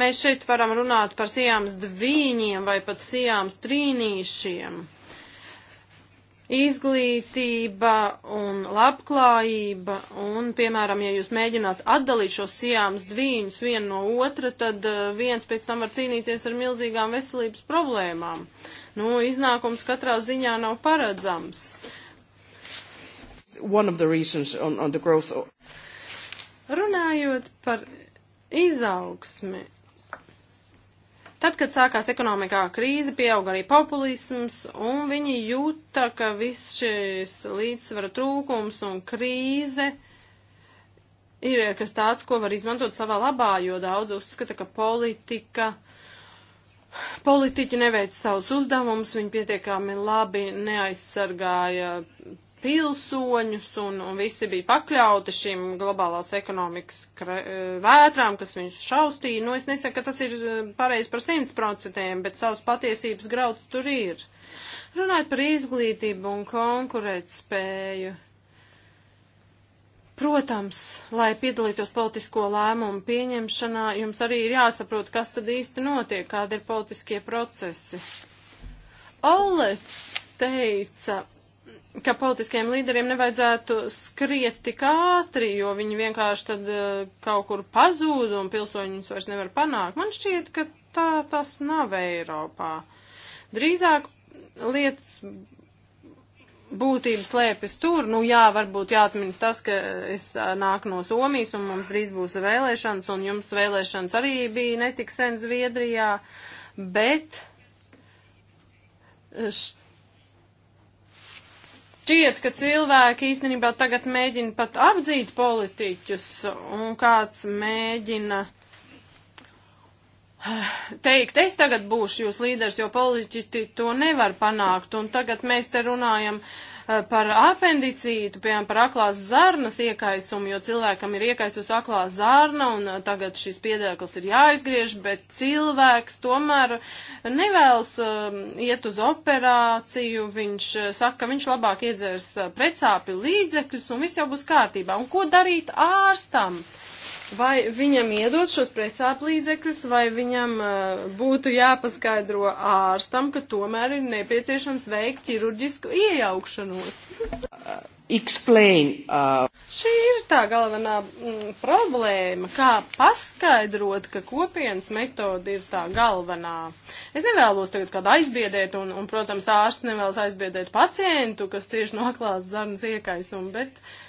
Mēs šeit varam runāt par sijāms dvīņiem vai pat sijāms trīnīšiem. Izglītība un labklājība, un, piemēram, ja jūs mēģināt atdalīt šos sijāms dvīņus vienu no otra, tad eh, viens pēc tam var cīnīties ar milzīgām veselības problēmām. Nu, iznākums katrā ziņā nav paredzams. On, on growth... Runājot par izaugsmi, Tad, kad sākās ekonomikā krīze, pieauga arī populisms, un viņi jūta, ka viss šis līdzsvara trūkums un krīze ir kas tāds, ko var izmantot savā labā, jo daudz uzskata, ka politika, politiķi neveic savus uzdevumus, viņi pietiekami labi neaizsargāja pilsoņus un, un visi bija pakļauti šīm globālās ekonomikas e, vētrām, kas viņus šaustīja. Nu, es nesaku, ka tas ir e, pareizi par 100%, bet savas patiesības grauds tur ir. Runājot par izglītību un konkurētspēju. Protams, lai piedalītos politisko lēmumu pieņemšanā, jums arī ir jāsaprot, kas tad īsti notiek, kādi ir politiskie procesi. Ole teica, ka politiskiem līderiem nevajadzētu skriet tik ātri, jo viņi vienkārši tad eh, kaut kur pazūd un pilsoņus vairs nevar panākt. Man šķiet, ka tā tas nav Eiropā. Drīzāk lietas būtība slēpjas tur. Nu jā, varbūt jāatminas tas, ka es eh, nāku no Somijas un mums drīz būs vēlēšanas un jums vēlēšanas arī bija netik sen Zviedrijā, bet. Eh, št šķiet, ka cilvēki īstenībā tagad mēģina pat apdzīt politiķus un kāds mēģina teikt, es tagad būšu jūs līderis, jo politiķi to nevar panākt. Un tagad mēs te runājam uh, Eh, par apendicītu, piemēram, par aklās zarnas iekaisumu, jo cilvēkam ir iekaisus aklā zarna un eh, tagad šis piedēklis ir jāizgriež, bet cilvēks tomēr nevēlas eh, iet uz operāciju, viņš saka, ka viņš labāk iedzers precāpju līdzekļus un viss jau būs kārtībā. Un ko darīt ārstam? vai viņam iedot šos precāplīdzekļus, vai viņam uh, būtu jāpaskaidro ārstam, ka tomēr ir nepieciešams veikt ķirurģisku iejaukšanos. Uh, explain. Uh... Šī ir tā galvenā mm, problēma, kā paskaidrot, ka kopienas metode ir tā galvenā. Es nevēlos tagad kādu aizbiedēt, un, un protams, ārsts nevēlas aizbiedēt pacientu, kas cieši noklāts zarnas iekaisumu, bet uh,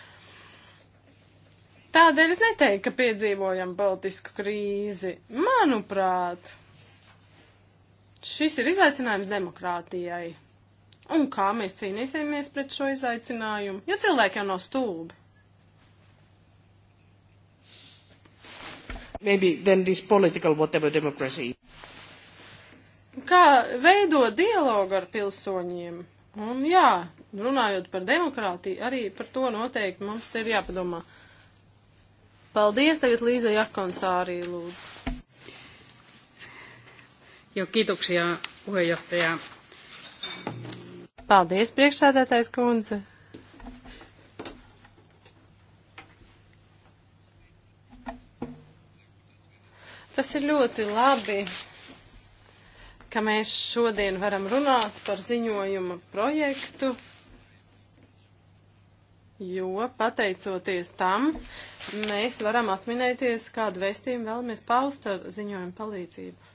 Tādēļ es neteiktu, ka piedzīvojam politisku krīzi. Manuprāt, šis ir izaicinājums demokrātijai. Un kā mēs cīnīsimies pret šo izaicinājumu, jo cilvēki jau nav stulbi. Maybe then this political whatever democracy. Kā veidot dialogu ar pilsoņiem? Un jā, runājot par demokrātiju, arī par to noteikti mums ir jāpadomā. Uh, Paldies, tagad Līza Jakonsārī lūdzu. Jo, kiitoksia, puheenjohtaja. Paldies, priekšsēdētājs kundze. Tas ir ļoti labi, ka mēs šodien varam runāt par ziņojuma projektu jo pateicoties tam, mēs varam atminēties, kādu vēstījumu vēlamies paust ar ziņojumu palīdzību.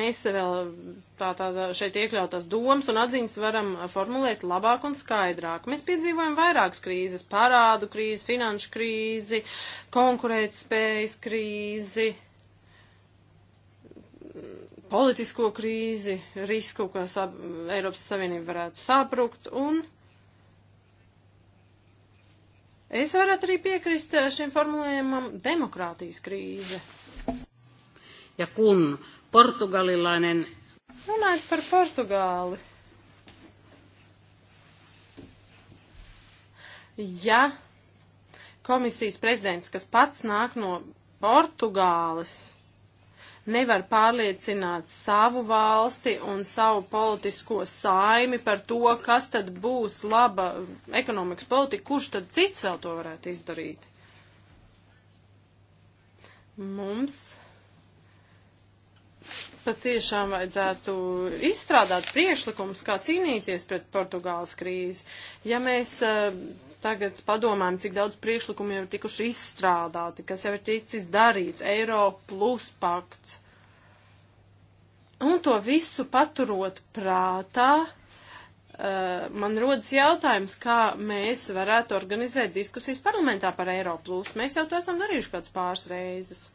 Mēs vēl tā, tā, šeit iekļautās domas un atziņas varam formulēt labāk un skaidrāk. Mēs piedzīvojam vairākas krīzes - parādu krīzi, finanšu krīzi, konkurētspējas krīzi, politisko krīzi, risku, ka Eiropas Savienība varētu saprukt un. Es varētu arī piekrist eh, šim formulējumam demokrātijas krīze. Ja kun portugalilainen... Runājot par Portugāli. Ja komisijas prezidents, kas pats nāk no Portugāles, nevar pārliecināt savu valsti un savu politisko saimi par to, kas tad būs laba ekonomikas politika, kurš tad cits vēl to varētu izdarīt. Mums patiešām vajadzētu izstrādāt priekšlikumus, kā cīnīties pret Portugāles krīzi. Ja mēs uh, tagad padomājam, cik daudz priekšlikumu jau ir tikuši izstrādāti, kas jau ir ticis darīts, Eiro plus pakts. Un to visu paturot prātā, eh, man rodas jautājums, kā mēs varētu organizēt diskusijas parlamentā par Eiro plus. Mēs jau to esam darījuši kāds pāris reizes.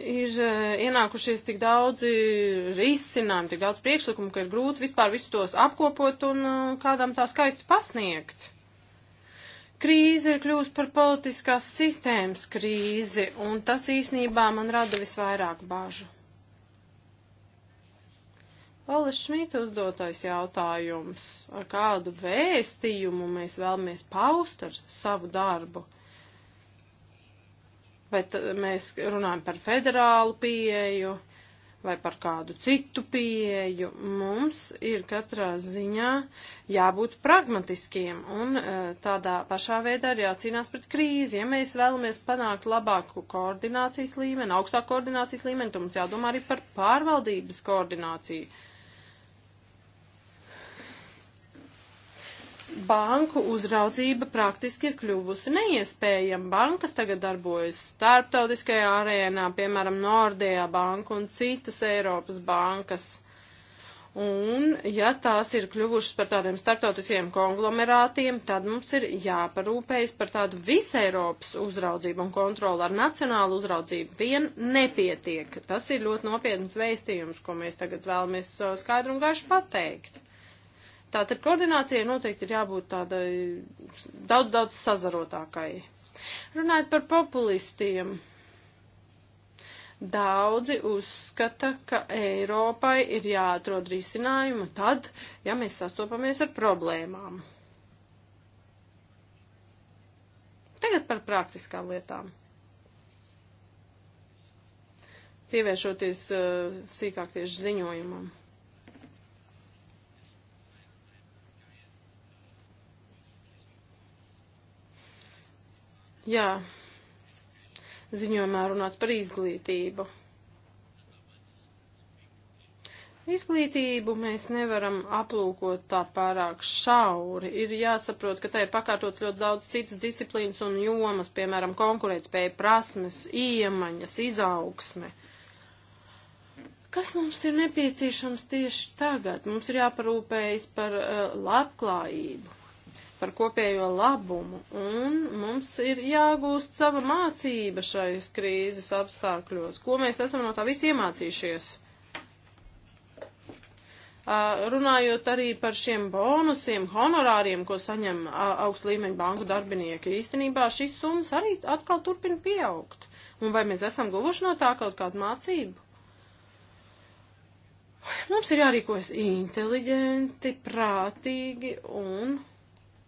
ir e, ienākušies tik daudzi risinājumi, tik daudz priekšlikumu, ka ir grūti vispār visus tos apkopot un e, kādam tā skaisti pasniegt. Krīze ir kļūst par politiskās sistēmas krīzi, un tas īsnībā man rada visvairāk bažu. Olis Šmita uzdotais jautājums, ar kādu vēstījumu mēs vēlamies paust ar savu darbu – vai uh, mēs runājam par federālu pieeju vai par kādu citu pieeju. Mums ir katrā ziņā jābūt pragmatiskiem un uh, tādā pašā veidā arī jācīnās pret krīzi. Ja mēs vēlamies panākt labāku koordinācijas līmeni, augstāku koordinācijas līmeni, tad mums jādomā arī par pārvaldības koordināciju. banku uzraudzība praktiski ir kļuvusi neiespējama. Bankas tagad darbojas starptautiskajā arēnā, piemēram, Nordea banka un citas Eiropas bankas. Un, ja tās ir kļuvušas par tādiem starptautiskiem konglomerātiem, tad mums ir jāparūpējas par tādu visu Eiropas uzraudzību un kontroli ar nacionālu uzraudzību. Vien nepietiek. Tas ir ļoti nopietns veistījums, ko mēs tagad vēlamies uh, skaidru un gaišu pateikt. Tātad koordinācijai noteikti ir jābūt tādai daudz, daudz sazarotākai. Runājot par populistiem. Daudzi uzskata, ka Eiropai ir jāatrod risinājuma tad, ja mēs sastopamies ar problēmām. Tagad par praktiskām lietām. Pievēršoties uh, sīkāk tieši ziņojumam. Jā, ziņojumā runāts par izglītību. Izglītību mēs nevaram aplūkot tā pārāk šauri. Ir jāsaprot, ka tā ir pakārtot ļoti daudz citas disciplīnas un jomas, piemēram, konkurētspēja, prasmes, iemaņas, izaugsme. Kas mums ir nepieciešams tieši tagad? Mums ir jāparūpējas par uh, labklājību par kopējo labumu, un mums ir jāgūst sava mācība šais krīzes apstākļos, ko mēs esam no tā visi iemācījušies. Runājot arī par šiem bonusiem, honorāriem, ko saņem augstu līmeņu banku darbinieki, īstenībā šīs summas arī atkal turpina pieaugt. Un vai mēs esam guvuši no tā kaut kādu mācību? Mums ir jārīkojas inteliģenti, prātīgi un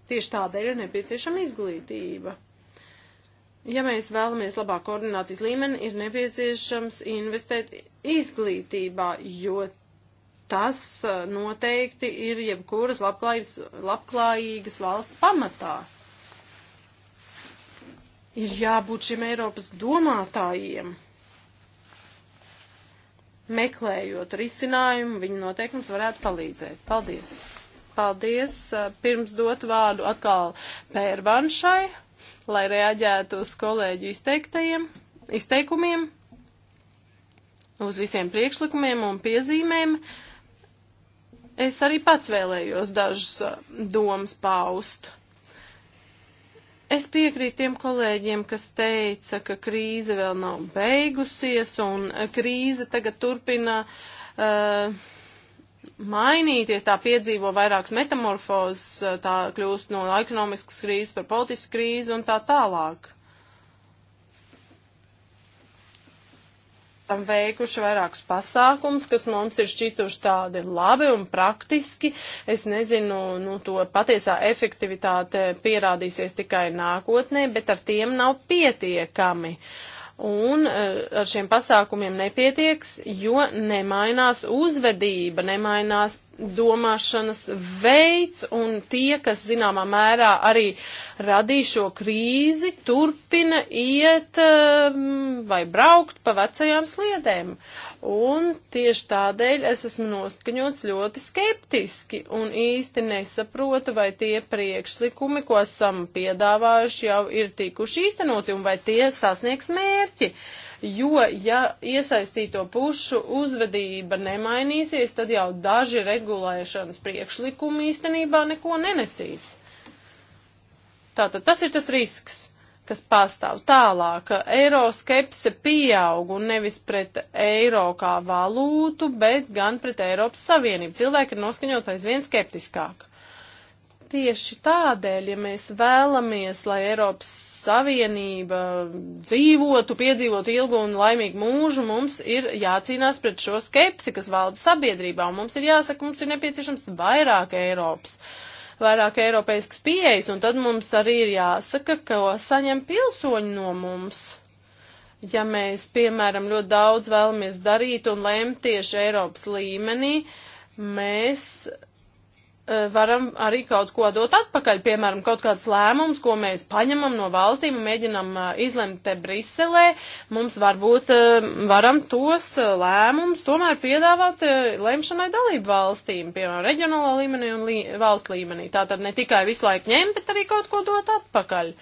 Tieši tādēļ ir nepieciešama izglītība. Ja mēs vēlamies labāk koordinācijas līmeni, ir nepieciešams investēt izglītībā, jo tas uh, noteikti ir jebkuras labklājīgas valsts pamatā. Ir jābūt šiem Eiropas domātājiem. Meklējot risinājumu, viņu noteikums varētu palīdzēt. Paldies! Paldies. Pirms dot vārdu atkal Pērvanšai, lai reaģētu uz kolēģu izteiktajiem, izteikumiem, uz visiem priekšlikumiem un piezīmēm. Es arī pats vēlējos dažas eh, domas paust. Es piekrītu tiem kolēģiem, kas teica, ka krīze vēl nav beigusies un krīze tagad turpina uh, mainīties, tā piedzīvo vairākas metamorfozes, tā kļūst no ekonomiskas krīzes par politisku krīzi un tā tālāk. tam veikuši vairākus pasākums, kas mums ir šķituši tādi labi un praktiski. Es nezinu, nu, to patiesā efektivitāte pierādīsies tikai nākotnē, bet ar tiem nav pietiekami. Uh, un e, ar šiem pasākumiem nepietieks, jo nemainās uzvedība, nemainās domāšanas veids, un tie, kas zināmā mērā arī radīja šo krīzi, turpina iet e, vai braukt pa vecajām sliedēm. Un tieši tādēļ es esmu noskaņots ļoti skeptiski un īsti nesaprotu, vai tie priekšlikumi, ko esam piedāvājuši, jau ir tikuši īstenoti un vai tie sasniegs mērķi. Jo, ja iesaistīto pušu uzvedība nemainīsies, tad jau daži regulēšanas priekšlikumi īstenībā neko nenesīs. Tātad tas ir tas risks kas pastāv tālāk. Eiroskepse pieaug un nevis pret eiro kā valūtu, bet gan pret Eiropas Savienību. Cilvēki ir noskaņot aizvien skeptiskāk. Tieši tādēļ, ja mēs vēlamies, lai Eiropas Savienība dzīvotu, piedzīvotu ilgu un laimīgu mūžu, mums ir jācīnās pret šo skepsi, kas valda sabiedrībā, un mums ir jāsaka, mums ir nepieciešams vairāk Eiropas. Uh, vairāk eiropeisks pieejas, un tad mums arī ir jāsaka, ko saņem pilsoņi no mums. Ja mēs, piemēram, ļoti daudz vēlamies darīt un lemt tieši Eiropas līmenī, mēs Eh, varam arī kaut ko dot atpakaļ, piemēram, kaut kāds lēmums, ko mēs paņemam no valstīm un mēģinam eh, izlemt te Briselē, mums varbūt eh, varam tos lēmumus tomēr piedāvāt lemšanai dalību valstīm, piemēram, reģionālā līmenī un lī, valsts līmenī. Tātad ne tikai visu laiku ņemt, bet arī kaut ko dot atpakaļ.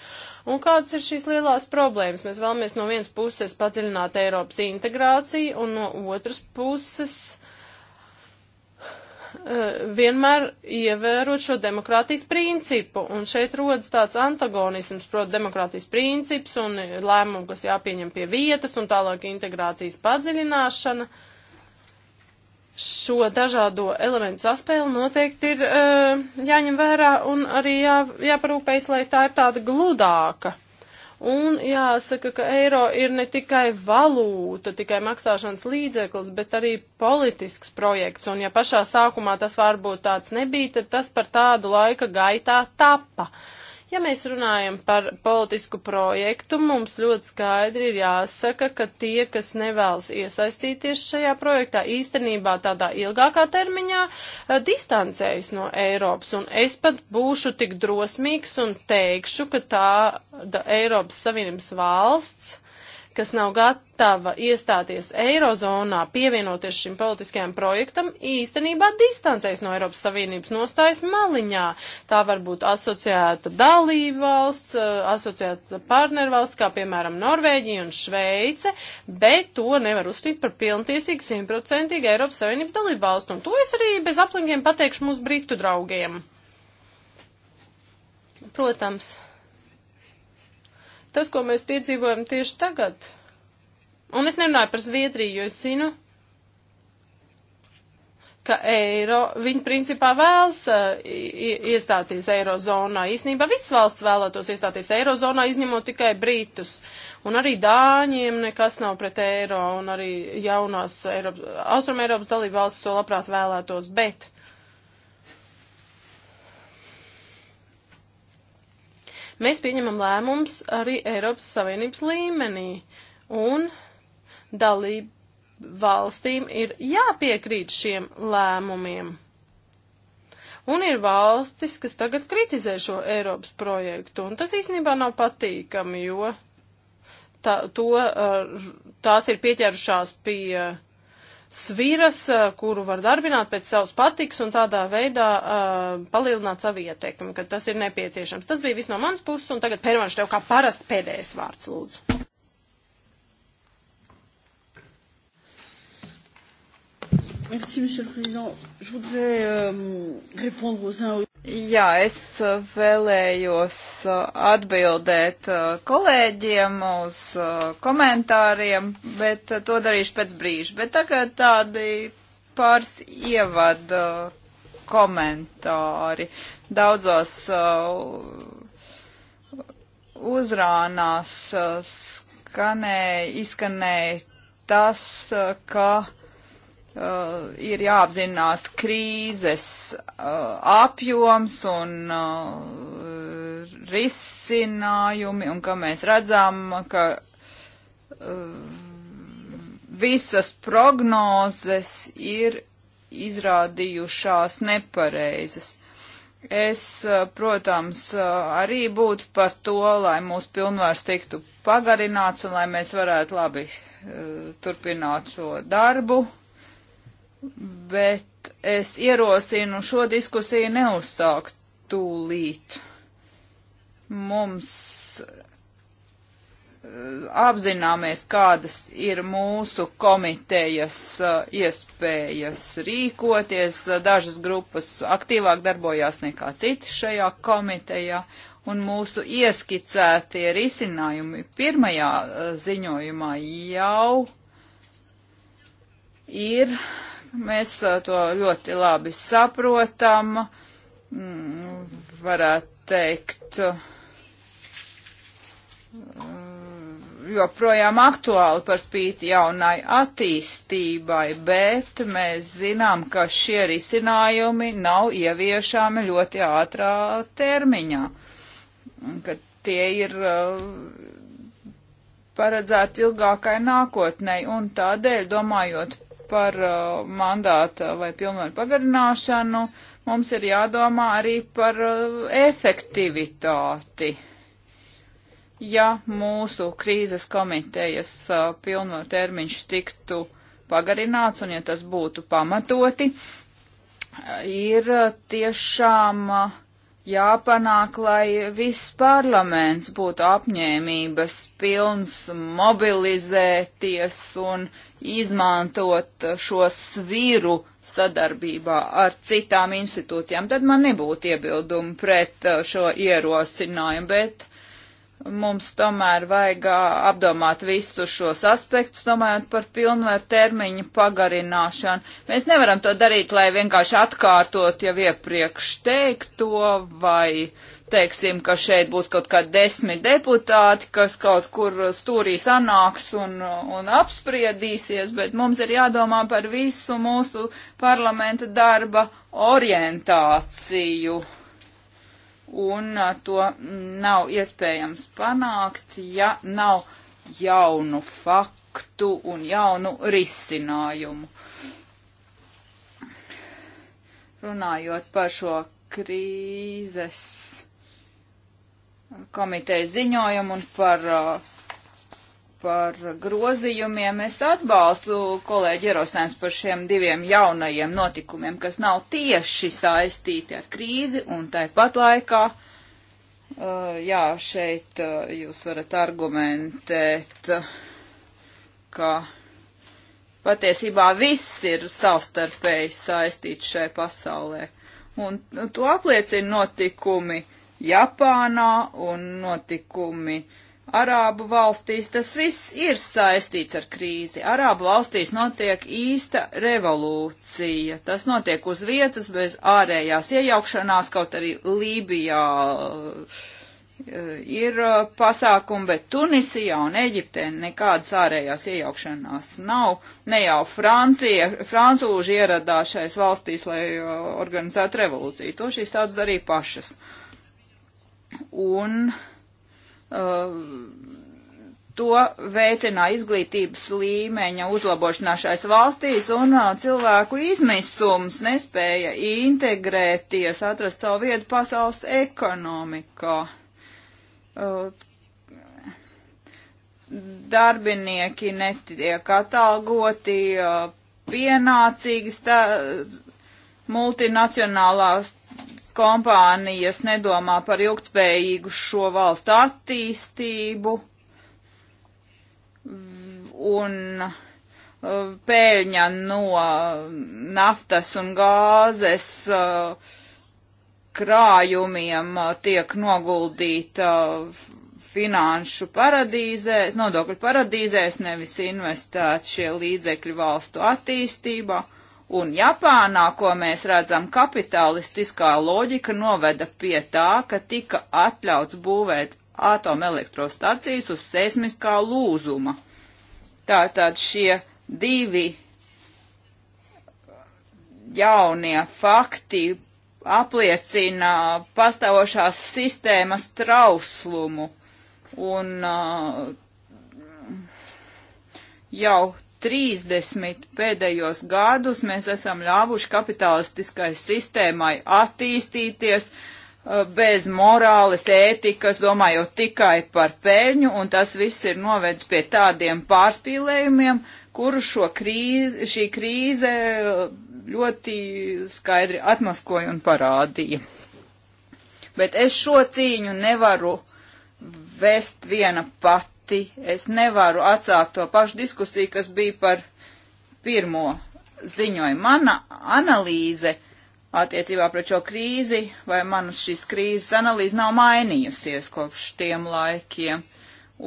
Un kādas ir šīs lielās problēmas? Mēs vēlamies no vienas puses padziļināt Eiropas integrāciju un no otras puses Eh, vienmēr ievērot šo demokrātijas principu, un šeit rodas tāds antagonisms, proti, demokrātijas princips un lēmumu, kas jāpieņem pie vietas, un tālāk integrācijas padziļināšana. Šo dažādo elementu saspēli noteikti ir uh, jāņem vērā un arī jā, jāparūpējas, lai tā ir tāda gludāka. Un jāsaka, ka eiro ir ne tikai valūta, tikai maksāšanas līdzeklis, bet arī politisks projekts. Un ja pašā sākumā tas varbūt tāds nebija, tad tas par tādu laika gaitā tappa. Uh, Ja mēs runājam par politisku projektu, mums ļoti skaidri ir jāsaka, ka tie, kas nevēlas iesaistīties šajā projektā, īstenībā tādā ilgākā termiņā eh, distancējas no Eiropas. Un es pat būšu tik drosmīgs un teikšu, ka tā da, Eiropas Savienības valsts kas nav gatava iestāties Eirozonā, pievienoties šim politiskajam projektam, īstenībā distancēs no Eiropas Savienības nostājas maliņā. Tā var būt asociēta dalībvalsts, eh, asociēta partnervalsts, kā piemēram Norvēģija un Šveice, bet to nevar uzstīt par pilntiesīgu simtprocentīgu Eiropas Savienības dalībvalstu. Un to es arī bez aplinkiem pateikšu mūsu britu draugiem. Protams, tas, ko mēs piedzīvojam tieši tagad. Un es nerunāju par Zviedriju, jo es zinu, ka eiro, viņi principā vēlas uh, iestāties eirozonā. Īsnībā visas valsts vēlētos iestāties eirozonā, izņemot tikai Brītus. Un arī Dāņiem nekas nav pret eiro, un arī jaunās Eiropas, Austrum Eiropas dalība valsts to labprāt vēlētos, bet uh, Mēs pieņemam lēmums arī Eiropas Savienības līmenī. Un dalību valstīm ir jāpiekrīt šiem lēmumiem. Un ir valstis, kas tagad kritizē šo Eiropas projektu, un tas īstenībā nav patīkami, jo tā, to, uh, tās ir pieķerušās pie sviras, eh, kuru var darbināt pēc savas patiks un tādā veidā uh, palielināt savu ieteikumu, kad tas ir nepieciešams. Tas bija viss no manas puses, un tagad Pērvanš tev kā parasti pēdējais vārds lūdzu. Merci, Monsieur le Président. Je voudrais euh, répondre aux uns. Jā, es uh, vēlējos uh, atbildēt uh, kolēģiem uz komentāriem, bet to darīšu pēc brīža. Bet tagad tādi pāris ievada komentāri. Daudzos uzrānās skanēja, izskanēja tas, ka Uh, ir jāapzinās krīzes uh, apjoms un uh, risinājumi, un ka mēs redzam, ka uh, visas prognozes ir izrādījušās nepareizas. Es, uh, protams, uh, arī būtu par to, lai mūsu pilnvars tiktu pagarināts un lai mēs varētu labi turpināt šo darbu bet es ierosinu šo diskusiju neuzsākt tūlīt. Mums eh, apzināmies, kādas ir mūsu komitejas eh, iespējas rīkoties. Dažas grupas aktīvāk darbojās nekā citas šajā komitejā, un mūsu ieskicētie risinājumi pirmajā eh, ziņojumā jau ir uh, Mēs uh, to ļoti labi saprotam, mm, varētu teikt, uh, joprojām aktuāli par spīti jaunai attīstībai, bet mēs zinām, ka šie risinājumi nav ieviešami ļoti ātrā termiņā, ka tie ir uh, paredzēti ilgākai nākotnei, un tādēļ, domājot par uh, mandāta vai pilnvaru pagarināšanu, mums ir jādomā arī par uh, efektivitāti. Ja mūsu krīzes komitejas uh, pilnvaru termiņš tiktu pagarināts un ja tas būtu pamatoti, ir uh, tiešām uh, jāpanāk, lai viss parlaments būtu apņēmības pilns mobilizēties un izmantot uh, šo svīru sadarbībā ar citām institūcijām, tad man nebūtu iebildumi pret uh, šo ierosinājumu, bet mums tomēr vajag uh, apdomāt visus šos aspektus, domājot par pilnvaru termiņu pagarināšanu. Mēs nevaram to darīt, lai vienkārši atkārtot jau iepriekš teikto vai teiksim, ka šeit būs kaut kādi desmit deputāti, kas kaut kur stūrī sanāks un, un apspriedīsies, bet mums ir jādomā par visu mūsu parlamenta darba orientāciju. Un to nav iespējams panākt, ja nav jaunu faktu un jaunu risinājumu. Runājot par šo krīzes komiteja ziņojumu un par, uh, par grozījumiem. Es atbalstu kolēģi ierosinājums par šiem diviem jaunajiem notikumiem, kas nav tieši saistīti ar krīzi un tāpat laikā. Uh, jā, šeit uh, jūs varat argumentēt, ka patiesībā viss ir savstarpēji saistīts šai pasaulē. Un, un nu, to apliecina notikumi Japānā un notikumi Arābu valstīs. Tas viss ir saistīts ar krīzi. Arābu valstīs notiek īsta revolūcija. Tas notiek uz vietas bez ārējās iejaukšanās, kaut arī Lībijā eh, ir eh, pasākumi, bet Tunisijā un Eģiptē nekādas ārējās iejaukšanās nav. Ne jau Francija, francūži ieradās šais valstīs, lai eh, organizētu revolūciju. To šīs tautas darīja pašas. Uh, un uh, to veicinā izglītības līmeņa uzlabošanā šais valstīs, un uh, cilvēku izmisums nespēja integrēties, atrast savu vietu pasaules ekonomikā. Uh, darbinieki netiek atalgoti uh, pienācīgi, multinacionālās kompānijas nedomā par ilgtspējīgu šo valstu attīstību un uh, pēļņa no naftas un gāzes uh, krājumiem uh, tiek noguldīta finanšu paradīzēs, nodokļu paradīzēs, nevis investēt šie līdzekļi valstu attīstībā. Uh, un Japānā, ko mēs redzam, kapitalistiskā loģika noveda pie tā, ka tika atļauts būvēt atomelektrostacijas uz seismiskā lūzuma. Tātad šie divi jaunie fakti apliecina pastāvošās sistēmas trauslumu un uh, jau 30 pēdējos gadus mēs esam ļāvuši kapitalistiskai sistēmai attīstīties uh, bez morāles, ētikas, domājot tikai par peļņu, un tas viss ir novedis pie tādiem pārspīlējumiem, kuru šo krīze, šī krīze uh, ļoti skaidri atmaskoja un parādīja. Bet es šo cīņu nevaru vest viena pati īsti es nevaru atsākt to pašu diskusiju, kas bija par pirmo ziņojumu. Mana analīze attiecībā pret šo krīzi vai manas šīs krīzes analīze nav mainījusies kopš tiem laikiem.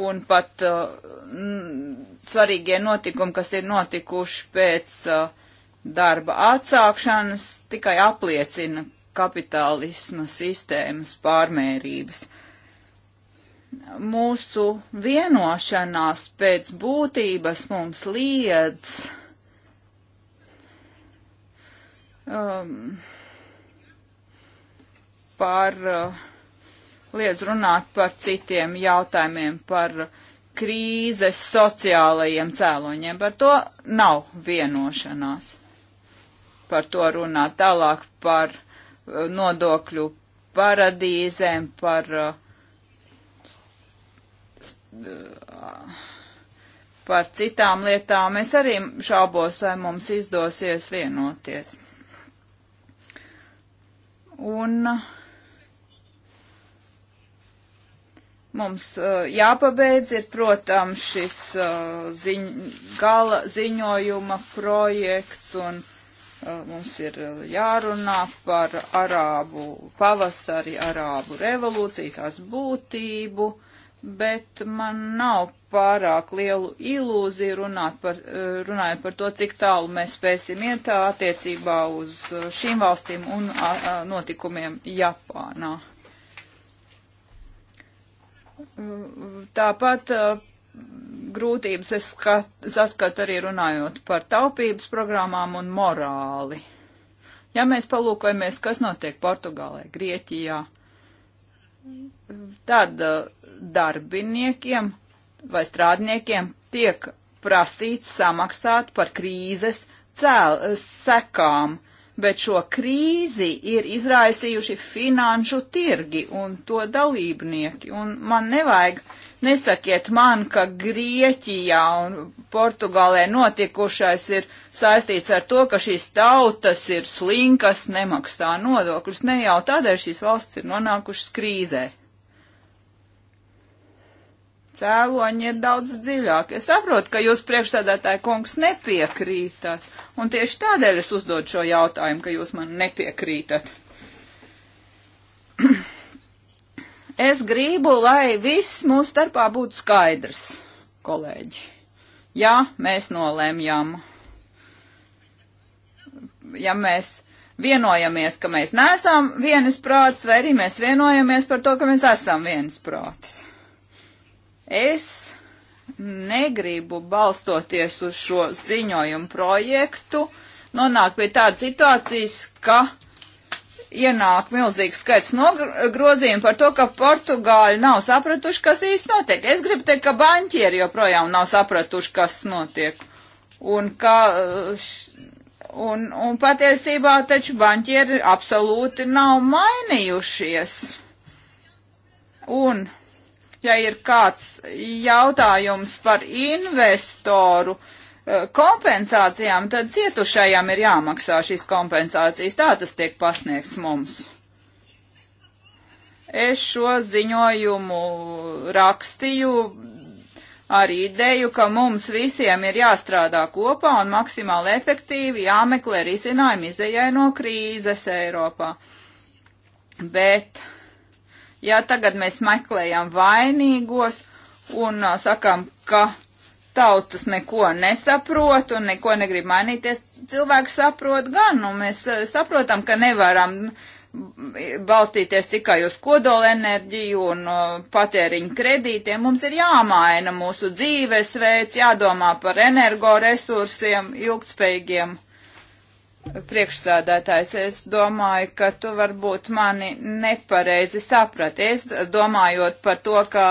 Un pat uh, svarīgie notikumi, kas ir notikuši pēc uh, darba atsākšanas, tikai apliecina kapitalisma sistēmas pārmērības mūsu vienošanās pēc būtības mums liedz um, par uh, liedz runāt par citiem jautājumiem, par krīzes sociālajiem cēloņiem. Par to nav vienošanās. Par to runāt tālāk par uh, nodokļu paradīzēm, par uh, par citām lietām es arī šaubos, vai mums izdosies vienoties. Un mums jāpabeidz ir, protams, šis ziņ, gala ziņojuma projekts un mums ir jārunā par arābu pavasari, arābu revolūciju, tās būtību bet man nav pārāk lielu ilūziju runāt par, eh, runājot par to, cik tālu mēs spēsim iet attiecībā uz eh, šīm valstīm un notikumiem Japānā. Eh, tāpat grūtības es skat, saskatu arī runājot par taupības programmām un morāli. Ja mēs palūkojamies, kas notiek Portugālē, Grieķijā, tad uh, darbiniekiem vai strādniekiem tiek prasīts samaksāt par krīzes cēl, sekām, bet šo krīzi ir izraisījuši finanšu tirgi un to dalībnieki. Un man nevajag, nesakiet man, ka Grieķijā un Portugālē notikušais ir saistīts ar to, ka šīs tautas ir slinkas, nemaksā nodokļus. Ne jau tādēļ šīs valsts ir nonākušas krīzē cēloņi ir daudz dziļāki. Es saprotu, ka jūs priekšsēdētāji kungs nepiekrītat, un tieši tādēļ es uzdodu šo jautājumu, ka jūs man nepiekrītat. *clears throat* Es gribu, lai viss mūsu starpā būtu skaidrs, kolēģi. Jā, mēs nolēmjam. Ja mēs vienojamies, ka mēs neesam vienas prāts, vai arī mēs vienojamies par to, ka mēs esam vienas prāts. Es negribu balstoties uz šo ziņojumu projektu nonākt pie tādas situācijas, ka ienāk milzīgs skaits nogrozījumu par to, ka portugāļi nav sapratuši, kas īsti notiek. Es gribu teikt, ka banķieri joprojām nav sapratuši, kas notiek. Un ka š, Un, un patiesībā taču banķieri absolūti nav mainījušies. Un ja ir kāds jautājums par investoru eh, kompensācijām, tad cietušajām ir jāmaksā šīs kompensācijas. Tā tas tiek pasniegts mums. Es šo ziņojumu rakstīju ar ideju, ka mums visiem ir jāstrādā kopā un maksimāli efektīvi jāmeklē risinājumi izējai no krīzes Eiropā. Bet uh, Ja tagad mēs meklējam vainīgos un uh, sakam, ka tautas neko nesaprot un neko negrib mainīties, cilvēki saprot gan, un mēs uh, saprotam, ka nevaram balstīties tikai uz kodolenerģiju un uh, patēriņu kredītiem. Mums ir jāmaina mūsu dzīvesveids, jādomā par energoresursiem, ilgspējīgiem priekšsādātājs, es domāju, ka tu varbūt mani nepareizi saprati. Es domājot par to, ka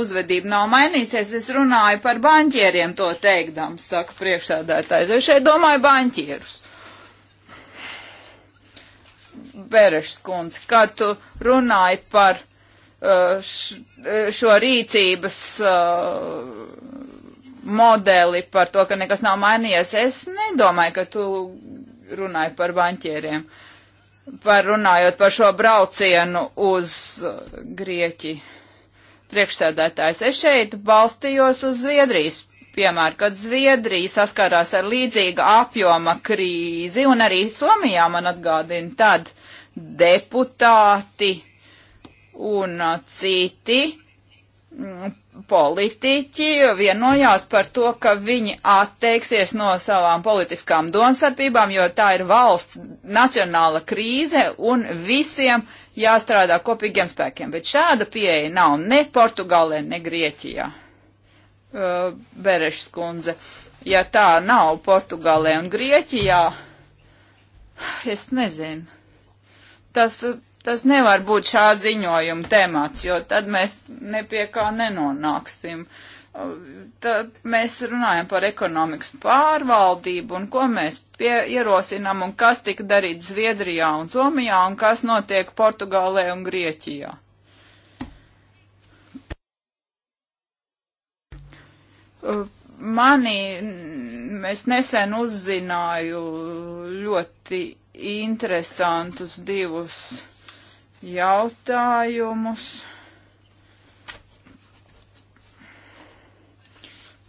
uzvedība nav mainīsies, es runāju par baņķieriem to teikdams, saka priekšsādātājs. Es šeit domāju baņķierus. Berešs kundze, kad tu runāji par uh, šo rīcības uh, modeli par to, ka nekas nav mainījies. Es nedomāju, ka tu runāju par baņķieriem, par runājot par šo braucienu uz uh, Grieķi. Priekšsēdētājs, es šeit balstījos uz Zviedrijas piemēru, kad Zviedrija saskārās ar līdzīga apjoma krīzi, un arī Somijā man atgādina tad deputāti un uh, citi mm, politiķi vienojās par to, ka viņi atteiksies no savām politiskām donstarpībām, jo tā ir valsts nacionāla krīze un visiem jāstrādā kopīgiem spēkiem. Bet šāda pieeja nav ne Portugālē, ne Grieķijā. Uh, Berešs kundze, ja tā nav Portugālē un Grieķijā, *sighs* es nezinu. Tas Tas nevar būt šā ziņojuma temats, jo tad mēs nepie kā nenonāksim. Uh, tad mēs runājam par ekonomikas pārvaldību un ko mēs pie, ierosinām un kas tika darīts Zviedrijā un Somijā un kas notiek Portugālē un Grieķijā. Uh, mani, mēs nesen uzzināju ļoti interesantus divus jautājumus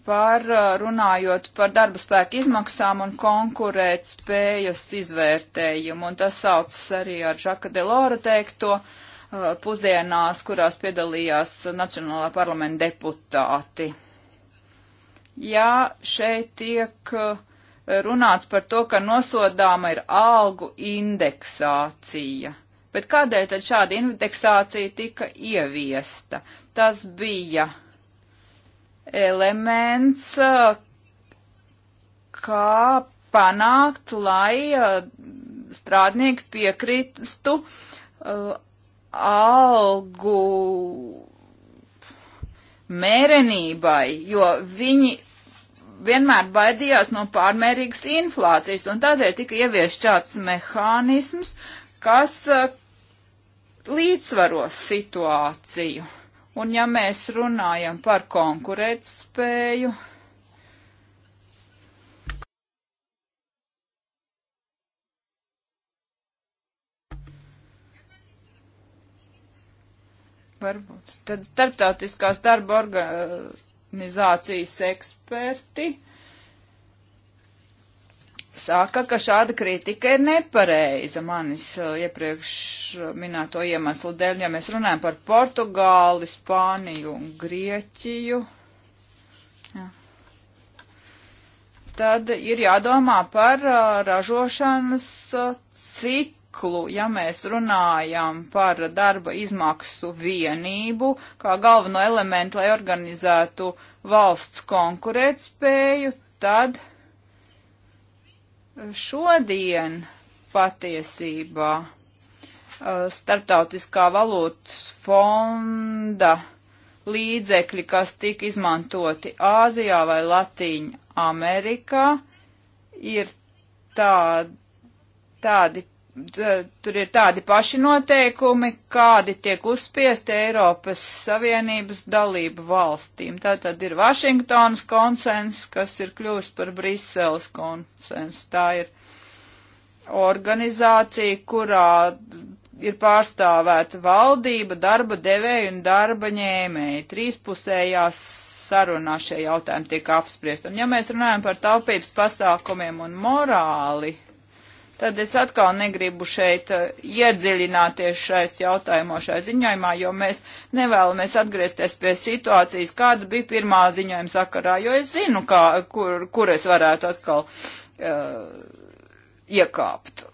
par uh, runājot par darba spēku izmaksām un konkurēt spējas izvērtējumu. Un tas saucas arī ar Žaka Delora teikto uh, pusdienās, kurās piedalījās Nacionālā parlamenta deputāti. Jā, šeit tiek uh, runāts par to, ka nosodāma ir algu indeksācija. Uh, Bet kādēļ tad šāda indeksācija tika ieviesta? Tas bija elements, eh, kā panākt, lai eh, strādnieki piekrītu uh, eh, algu mērenībai, jo viņi vienmēr baidījās no pārmērīgas inflācijas, un tādēļ tika ieviest šāds mehānisms, kas uh, līdzsvaros situāciju. Un ja mēs runājam par konkurētspēju, varbūt tad starptautiskās darba organizācijas eksperti saka, ka šāda kritika ir nepareiza manis uh, iepriekš uh, minēto iemeslu dēļ, ja mēs runājam par Portugāli, Spāniju un Grieķiju. Jā. Tad ir jādomā par uh, ražošanas citu ciklu, ja mēs runājam par darba izmaksu vienību, kā galveno elementu, lai organizētu valsts konkurētspēju, tad Šodien patiesībā uh, Startautiskā valūtas fonda līdzekļi, kas tika izmantoti Āzijā vai Latīņa Amerikā, ir tādi, tādi tur ir tādi paši noteikumi, kādi tiek uzspiesti Eiropas Savienības dalību valstīm. Tātad ir Vašingtonas konsens, kas ir kļuvis par Briseles konsensu. Tā ir organizācija, kurā ir pārstāvēta valdība, darba devēja un darba ņēmēja. Trīspusējās sarunā šie jautājumi tiek apspriest. Un ja mēs runājam par taupības pasākumiem un morāli, tad es atkal negribu šeit eh, iedziļināties šais jautājumā, šai ziņojumā, jo mēs nevēlamies atgriezties pie situācijas, kāda bija pirmā ziņojuma sakarā, jo es zinu, kā, kur, kur es varētu atkal uh, iekāpt.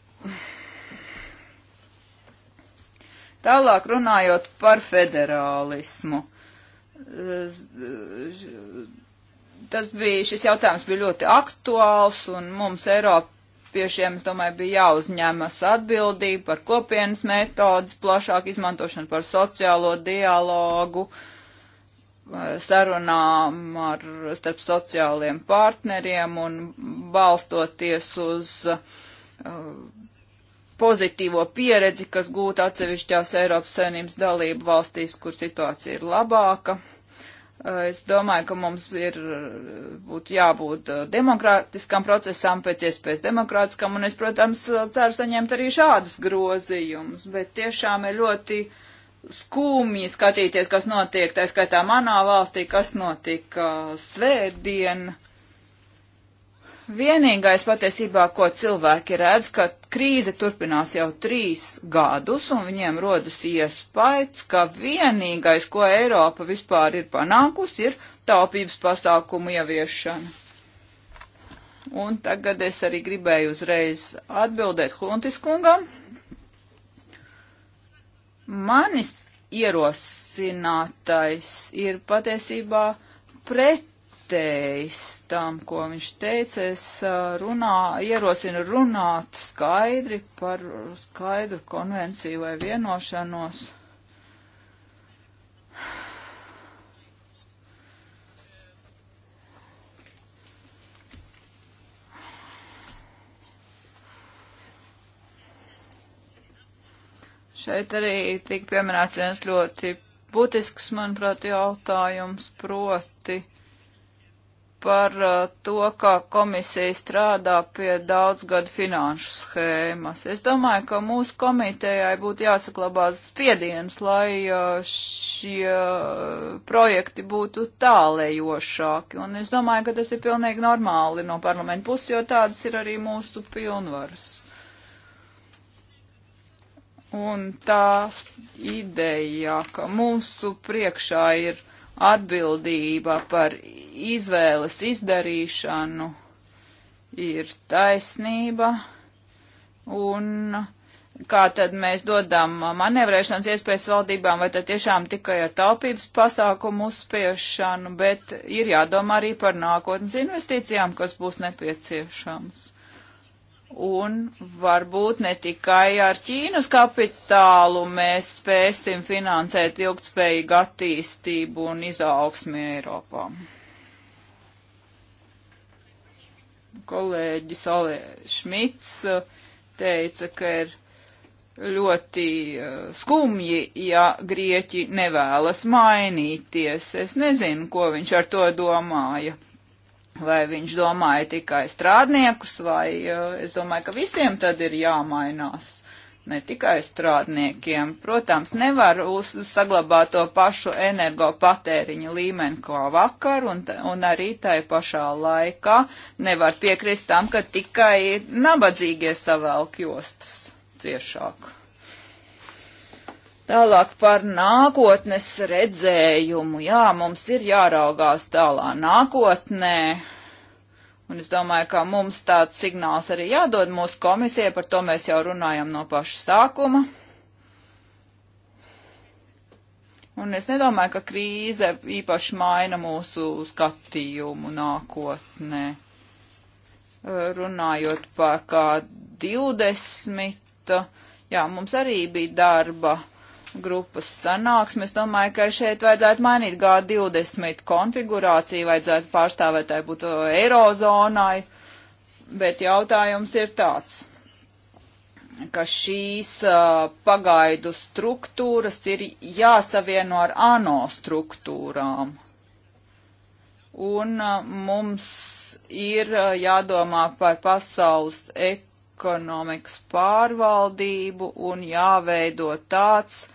Tālāk runājot par federālismu. Tas bija, šis jautājums bija ļoti aktuāls un mums Eiropa Eiropiešiem, es domāju, bija jāuzņemas atbildība par kopienas metodas plašāku izmantošanu, par sociālo dialogu, eh, sarunām ar, starp sociāliem partneriem un balstoties uz uh, pozitīvo pieredzi, kas gūta atsevišķās Eiropas saimnības dalību valstīs, kur situācija ir labāka. Es domāju, ka mums ir būtu jābūt uh, demokrātiskam procesam, pēc iespējas demokrātiskam, un es, protams, uh, ceru saņemt arī šādus grozījumus, bet tiešām ir ļoti skumji skatīties, kas notiek, tā skaitā manā valstī, kas notika uh, svētdien. Uh, Vienīgais patiesībā, ko cilvēki redz, ka krīze turpinās jau trīs gadus, un viņiem rodas iespējas, ka vienīgais, ko Eiropa vispār ir panākusi, ir taupības pasākumu ieviešana. Un tagad es arī gribēju uzreiz atbildēt Huntis kungam. Manis ierosinātais ir patiesībā pret pretējs tam, ko viņš teica. Es runā, ierosinu runāt skaidri par skaidru konvenciju vai vienošanos. Šeit arī tika pieminēts viens ļoti būtisks, manuprāt, jautājums proti par uh, to, kā komisija strādā pie daudzgadu finanšu schēmas. Es domāju, ka mūsu komitejai būtu jāsaklabās spiediens, lai uh, šie projekti būtu tālējošāki. Un es domāju, ka tas ir pilnīgi normāli no parlamenta puses, jo tādas ir arī mūsu pilnvaras. Un tā ideja, ka mūsu priekšā ir atbildība par izvēles izdarīšanu ir taisnība un kā tad mēs dodam manevrēšanas iespējas valdībām, vai tad tiešām tikai ar taupības pasākumu uzspiešanu, bet ir jādomā arī par nākotnes investīcijām, kas būs nepieciešams un varbūt ne tikai ar Ķīnas kapitālu mēs spēsim finansēt ilgtspējīgu attīstību un izaugsmi Eiropā. Kolēģis Olē Šmits uh, teica, ka ir ļoti uh, skumji, ja Grieķi nevēlas mainīties. Es nezinu, ko viņš ar to domāja Vai viņš domāja tikai strādniekus, vai eh, es domāju, ka visiem tad ir jāmainās, ne tikai strādniekiem. Protams, nevar uz, saglabāt to pašu energopatēriņu līmeni kā vakar, un, un arī tai pašā laikā nevar piekrist tam, ka tikai nabadzīgie savelk jostas ciešāk. Tālāk par nākotnes redzējumu. Jā, mums ir jāraugās tālā nākotnē. Un es domāju, ka mums tāds signāls arī jādod mūsu komisijai, par to mēs jau runājam no paša sākuma. Un es nedomāju, ka krīze īpaši maina mūsu skatījumu nākotnē. Runājot par kā 20, jā, mums arī bija darba grupas sanāksmi. Es domāju, ka šeit vajadzētu mainīt G20 konfigurāciju, vajadzētu pārstāvētāji būt eirozonai, bet jautājums ir tāds, ka šīs uh, pagaidu struktūras ir jāsavieno ar ANO struktūrām. Un uh, mums ir uh, jādomā par pasaules ekonomikas pārvaldību un jāveido tāds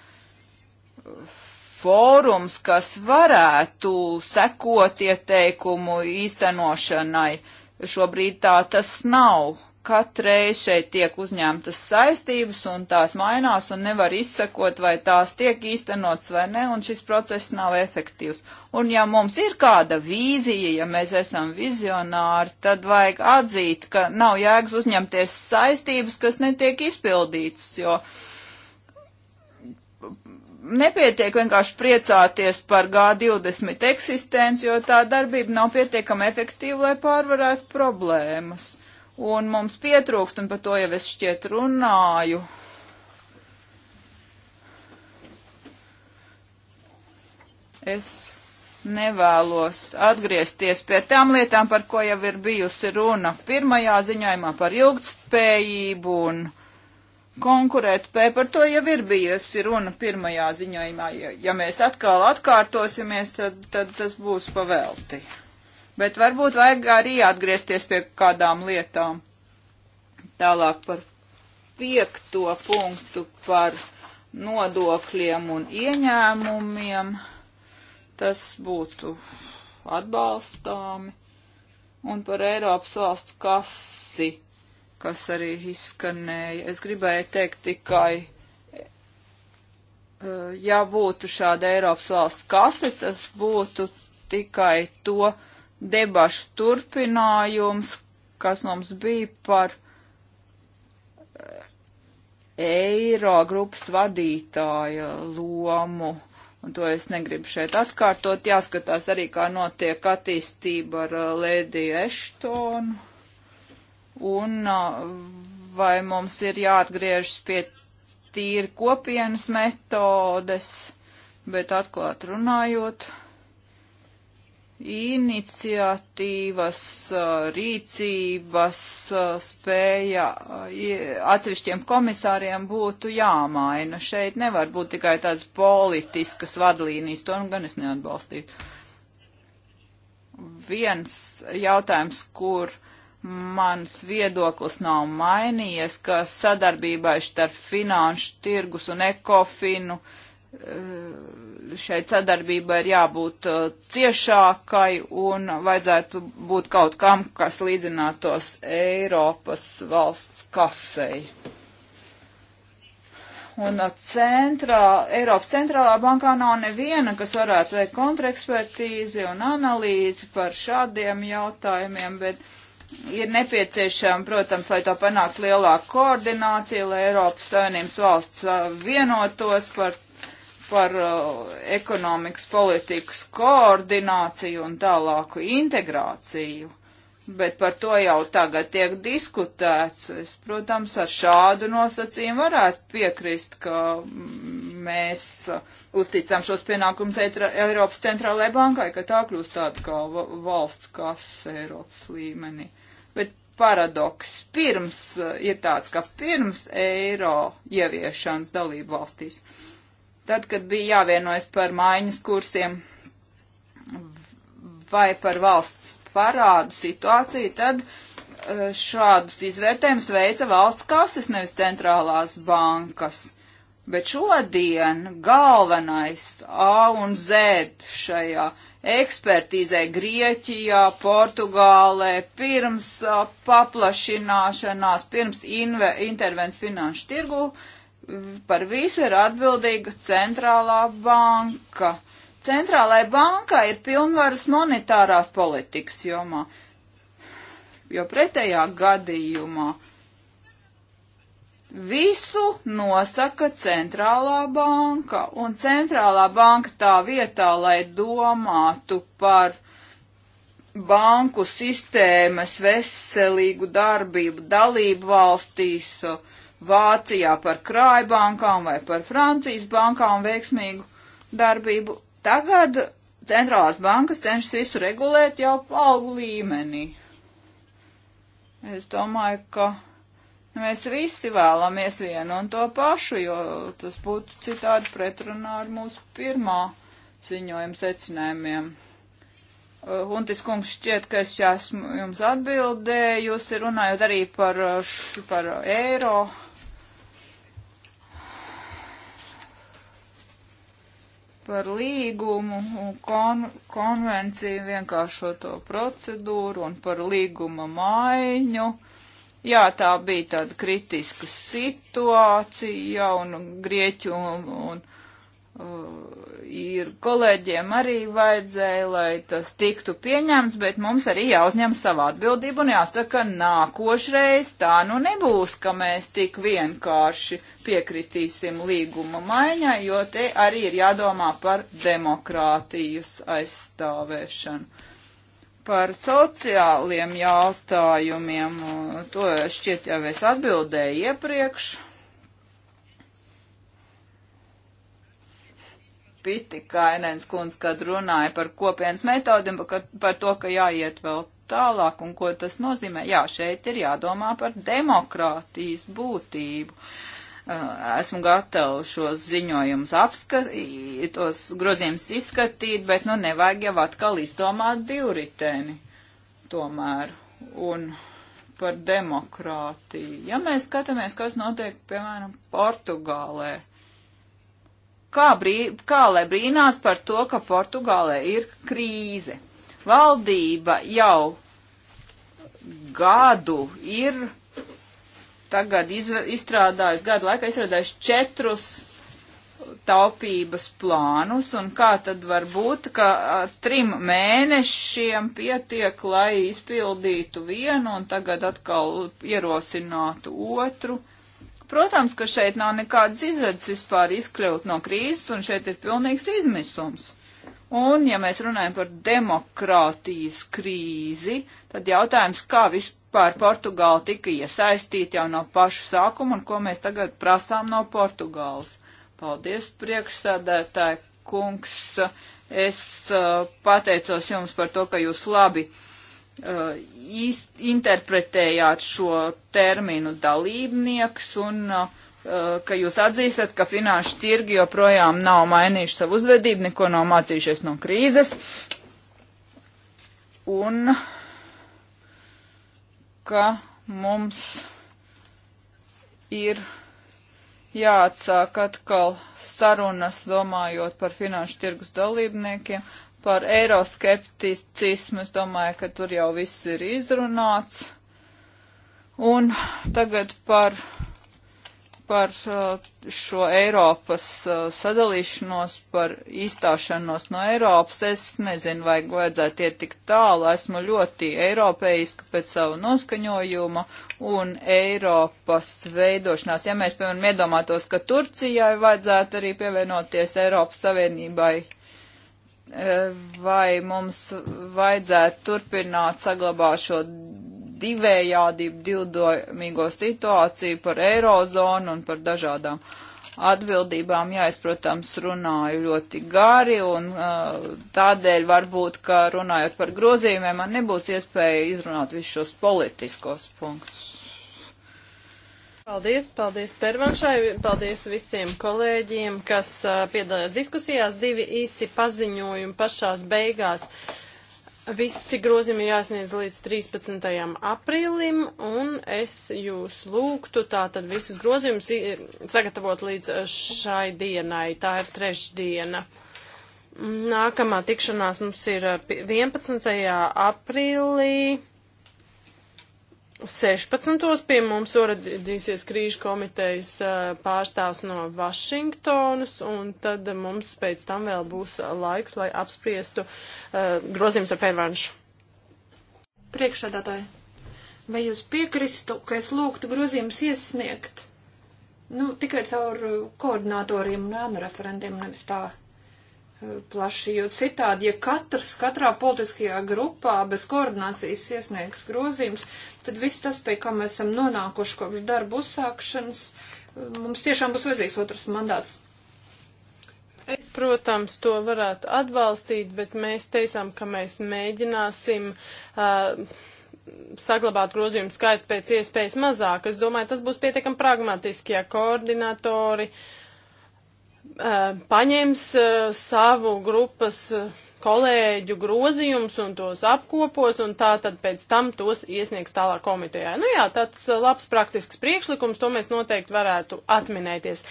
fórums, kas varētu sekot ieteikumu īstenošanai. Šobrīd tā tas nav. Katreiz šeit tiek uzņemtas saistības un tās mainās un nevar izsekot, vai tās tiek īstenots vai ne, un šis process nav efektīvs. Un ja mums ir kāda vīzija, ja mēs esam vizionāri, tad vajag atzīt, ka nav jēgas uzņemties saistības, kas netiek izpildītas, jo uh, nepietiek vienkārši priecāties par G20 eksistenci, jo tā darbība nav pietiekami efektīva, lai pārvarētu problēmas. Un mums pietrūkst, un par to jau es šķiet runāju. Es nevēlos atgriezties pie tām lietām, par ko jau ir bijusi runa pirmajā ziņojumā par ilgtspējību un konkurētspēja, par to jau ir bijusi runa pirmajā ziņojumā. Ja, ja mēs atkal atkārtosimies, tad, tad tas būs pavelti. Bet varbūt vajag arī atgriezties pie kādām lietām. Tālāk par piekto punktu par nodokļiem un ieņēmumiem. Tas būtu atbalstāmi. Un par Eiropas valsts kasi kas arī izskanēja. Es gribēju teikt tikai, eh, ja būtu šāda Eiropas valsts kase, tas būtu tikai to debašu turpinājums, kas mums bija par eh, eiro grupas vadītāja lomu. Un to es negribu šeit atkārtot. Jāskatās arī, kā notiek attīstība ar eh, Lēdiju Eštonu un vai mums ir jāatgriežas pie tīri kopienas metodes, bet atklāt runājot, iniciatīvas, rīcības spēja atsevišķiem komisāriem būtu jāmaina. Šeit nevar būt tikai tādas politiskas vadlīnijas, to nu gan es neatbalstītu. Viens jautājums, kur uh, mans viedoklis nav mainījies, ka sadarbībai starp finanšu tirgus un ekofinu eh, šeit sadarbībai ir jābūt eh, ciešākai un vajadzētu būt kaut kam, kas līdzinātos Eiropas valsts kasei. Un eh, centrā, Eiropas centrālā bankā nav neviena, kas varētu veikt kontrekspertīzi un analīzi par šādiem jautājumiem, bet uh, ir nepieciešama, protams, lai to panāktu lielāka koordinācija, lai Eiropas Savienības valsts uh, vienotos par, par uh, ekonomikas politikas koordināciju un tālāku integrāciju. Bet par to jau tagad tiek diskutēts. Es, protams, ar šādu nosacījumu varētu piekrist, ka mēs uh, uzticam šos pienākumus Eiropas centrālajai bankai, ka tā kļūst tāda kā valsts kas Eiropas līmenī. Bet paradoks pirms eh, ir tāds, ka pirms eiro ieviešanas dalību valstīs, tad, kad bija jāvienojas par maiņas kursiem vai par valsts parādu situāciju, tad eh, šādus izvērtējumus veica valsts kases, nevis centrālās bankas. Bet šodien galvenais A un Z šajā uh, ekspertīzē Grieķijā, Portugālē, pirms paplašināšanās, pirms intervences finanšu tirgu. Par visu ir atbildīga centrālā banka. Centrālai bankai ir pilnvaras monetārās politikas jomā, jo pretējā gadījumā uh, Visu nosaka centrālā banka, un centrālā banka tā vietā, lai domātu par banku sistēmas veselīgu darbību dalību valstīs, Vācijā par krājbankām vai par Francijas bankām veiksmīgu darbību. Tagad centrālās bankas cenšas visu regulēt jau algu līmenī. Es domāju, ka Mēs visi vēlamies vienu un to pašu, jo tas būtu citādi pretrunā ar mūsu pirmā ziņojuma secinājumiem. Uh, Huntis kungs šķiet, ka es jau esmu jums atbildējusi, runājot arī par, uh, š, par eiro. par līgumu un kon, konvenciju vienkāršo to procedūru un par līguma maiņu. Uh, Jā, tā bija tāda kritiska situācija un Grieķu un, un uh, ir kolēģiem arī vajadzēja, lai tas tiktu pieņemts, bet mums arī jāuzņem savā atbildību un jāsaka, nākošreiz tā nu nebūs, ka mēs tik vienkārši piekritīsim līguma maiņai, jo te arī ir jādomā par demokrātijas aizstāvēšanu. Par sociāliem jautājumiem, to šķiet jau es atbildēju iepriekš. Pitikainens kundz, kad runāja par kopienas metodiem, par to, ka jāiet vēl tālāk un ko tas nozīmē. Jā, šeit ir jādomā par demokrātijas būtību. Uh, esmu gatava šos ziņojumus apskatīt, tos grozījumus izskatīt, bet nu nevajag jau atkal izdomāt divritēni tomēr. Un par demokrātiju. Ja mēs skatāmies, kas notiek, piemēram, Portugālē, kā, brī, kā lai brīnās par to, ka Portugālē ir krīze. Valdība jau gadu ir tagad izstrādājis, gadu laikā izstrādājis četrus taupības plānus, un kā tad var būt, ka trim mēnešiem pietiek, lai izpildītu vienu un tagad atkal ierosinātu otru. Protams, ka šeit nav nekādas izredzes vispār izkļūt no krīzes, un šeit ir pilnīgs izmisums. Un, ja mēs runājam par demokrātijas krīzi, tad jautājums, kā vispār par Portugālu tika iesaistīti jau no paša sākuma un ko mēs tagad prasām no Portugāles. Paldies, priekšsādētāji kungs. Es uh, pateicos jums par to, ka jūs labi uh, interpretējāt šo terminu dalībnieks un uh, ka jūs atzīstat, ka finanšu tirgi joprojām nav mainījuši savu uzvedību, neko nav mācījušies no krīzes. Un uh, ka mums ir jāatsāk atkal sarunas, domājot par finanšu tirgus dalībniekiem, par eiroskepticismu. Es domāju, ka tur jau viss ir izrunāts. Un tagad par par eh, šo Eiropas eh, sadalīšanos, par izstāšanos no Eiropas. Es nezinu, vai vajadzētu iet tik tālu. Esmu ļoti eiropeiska pēc savu noskaņojumu un Eiropas veidošanās. Ja mēs, piemēram, iedomātos, ka Turcijai vajadzētu arī pievienoties Eiropas Savienībai, eh, vai mums vajadzētu turpināt saglabāt šo divējādību, divdomīgo situāciju par eirozonu un par dažādām atbildībām. Jā, es, protams, runāju ļoti gari un uh, tādēļ varbūt, ka runājot par grozījumiem, man nebūs iespēja izrunāt visus šos politiskos punktus. Paldies, paldies Pervanšai, paldies visiem kolēģiem, kas uh, piedalījās diskusijās, divi īsi paziņojumi pašās beigās. Uh, Visi grozījumi ir jāsniedz līdz 13. aprīlim, un es jūs lūgtu tātad visus grozījumus sagatavot līdz eh, šai dienai. Tā ir trešdiena. Nākamā tikšanās mums ir 11. Eh, aprīlī. 16. pie mums uradīsies krīžu komitejas pārstāvs no Vašingtonas, un tad mums pēc tam vēl būs laiks, lai apspriestu uh, grozījums ar pērvanšu. Priekšsēdētāji, vai jūs piekristu, ka es lūgtu grozījumus iesniegt? Nu, tikai caur koordinatoriem un ēnu referentiem, nevis tā plaši, jo citādi, ja katrs katrā politiskajā grupā bez koordinācijas iesniegs grozījums, tad viss tas, pie kā mēs esam nonākuši kopš darba uzsākšanas, mums tiešām būs vajadzīgs otrs mandāts. Es, protams, to varētu atbalstīt, bet mēs teicām, ka mēs mēģināsim. Uh, saglabāt grozījumu skaitu pēc iespējas mazāk. Es domāju, tas būs pietiekami pragmatiski, ja koordinatori uh, Eh, paņems eh, savu grupas eh, kolēģu grozījumus un tos apkopos, un tā tad pēc tam tos iesniegs tālāk komitejā. Nu jā, tāds labs praktisks priekšlikums, to mēs noteikti varētu atminēties.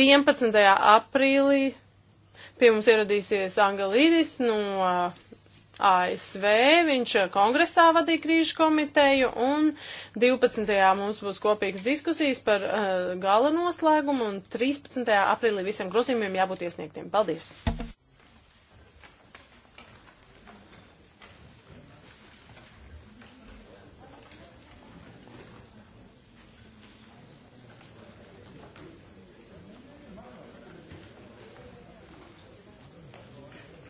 11. aprīlī pie mums ieradīsies Angelīdis no ASV, viņš eh, kongresā vadīja krīžu komiteju un 12. mums būs kopīgas diskusijas par uh, gala noslēgumu un 13. aprīlī visiem grozījumiem jābūt iesniegtiem. Paldies!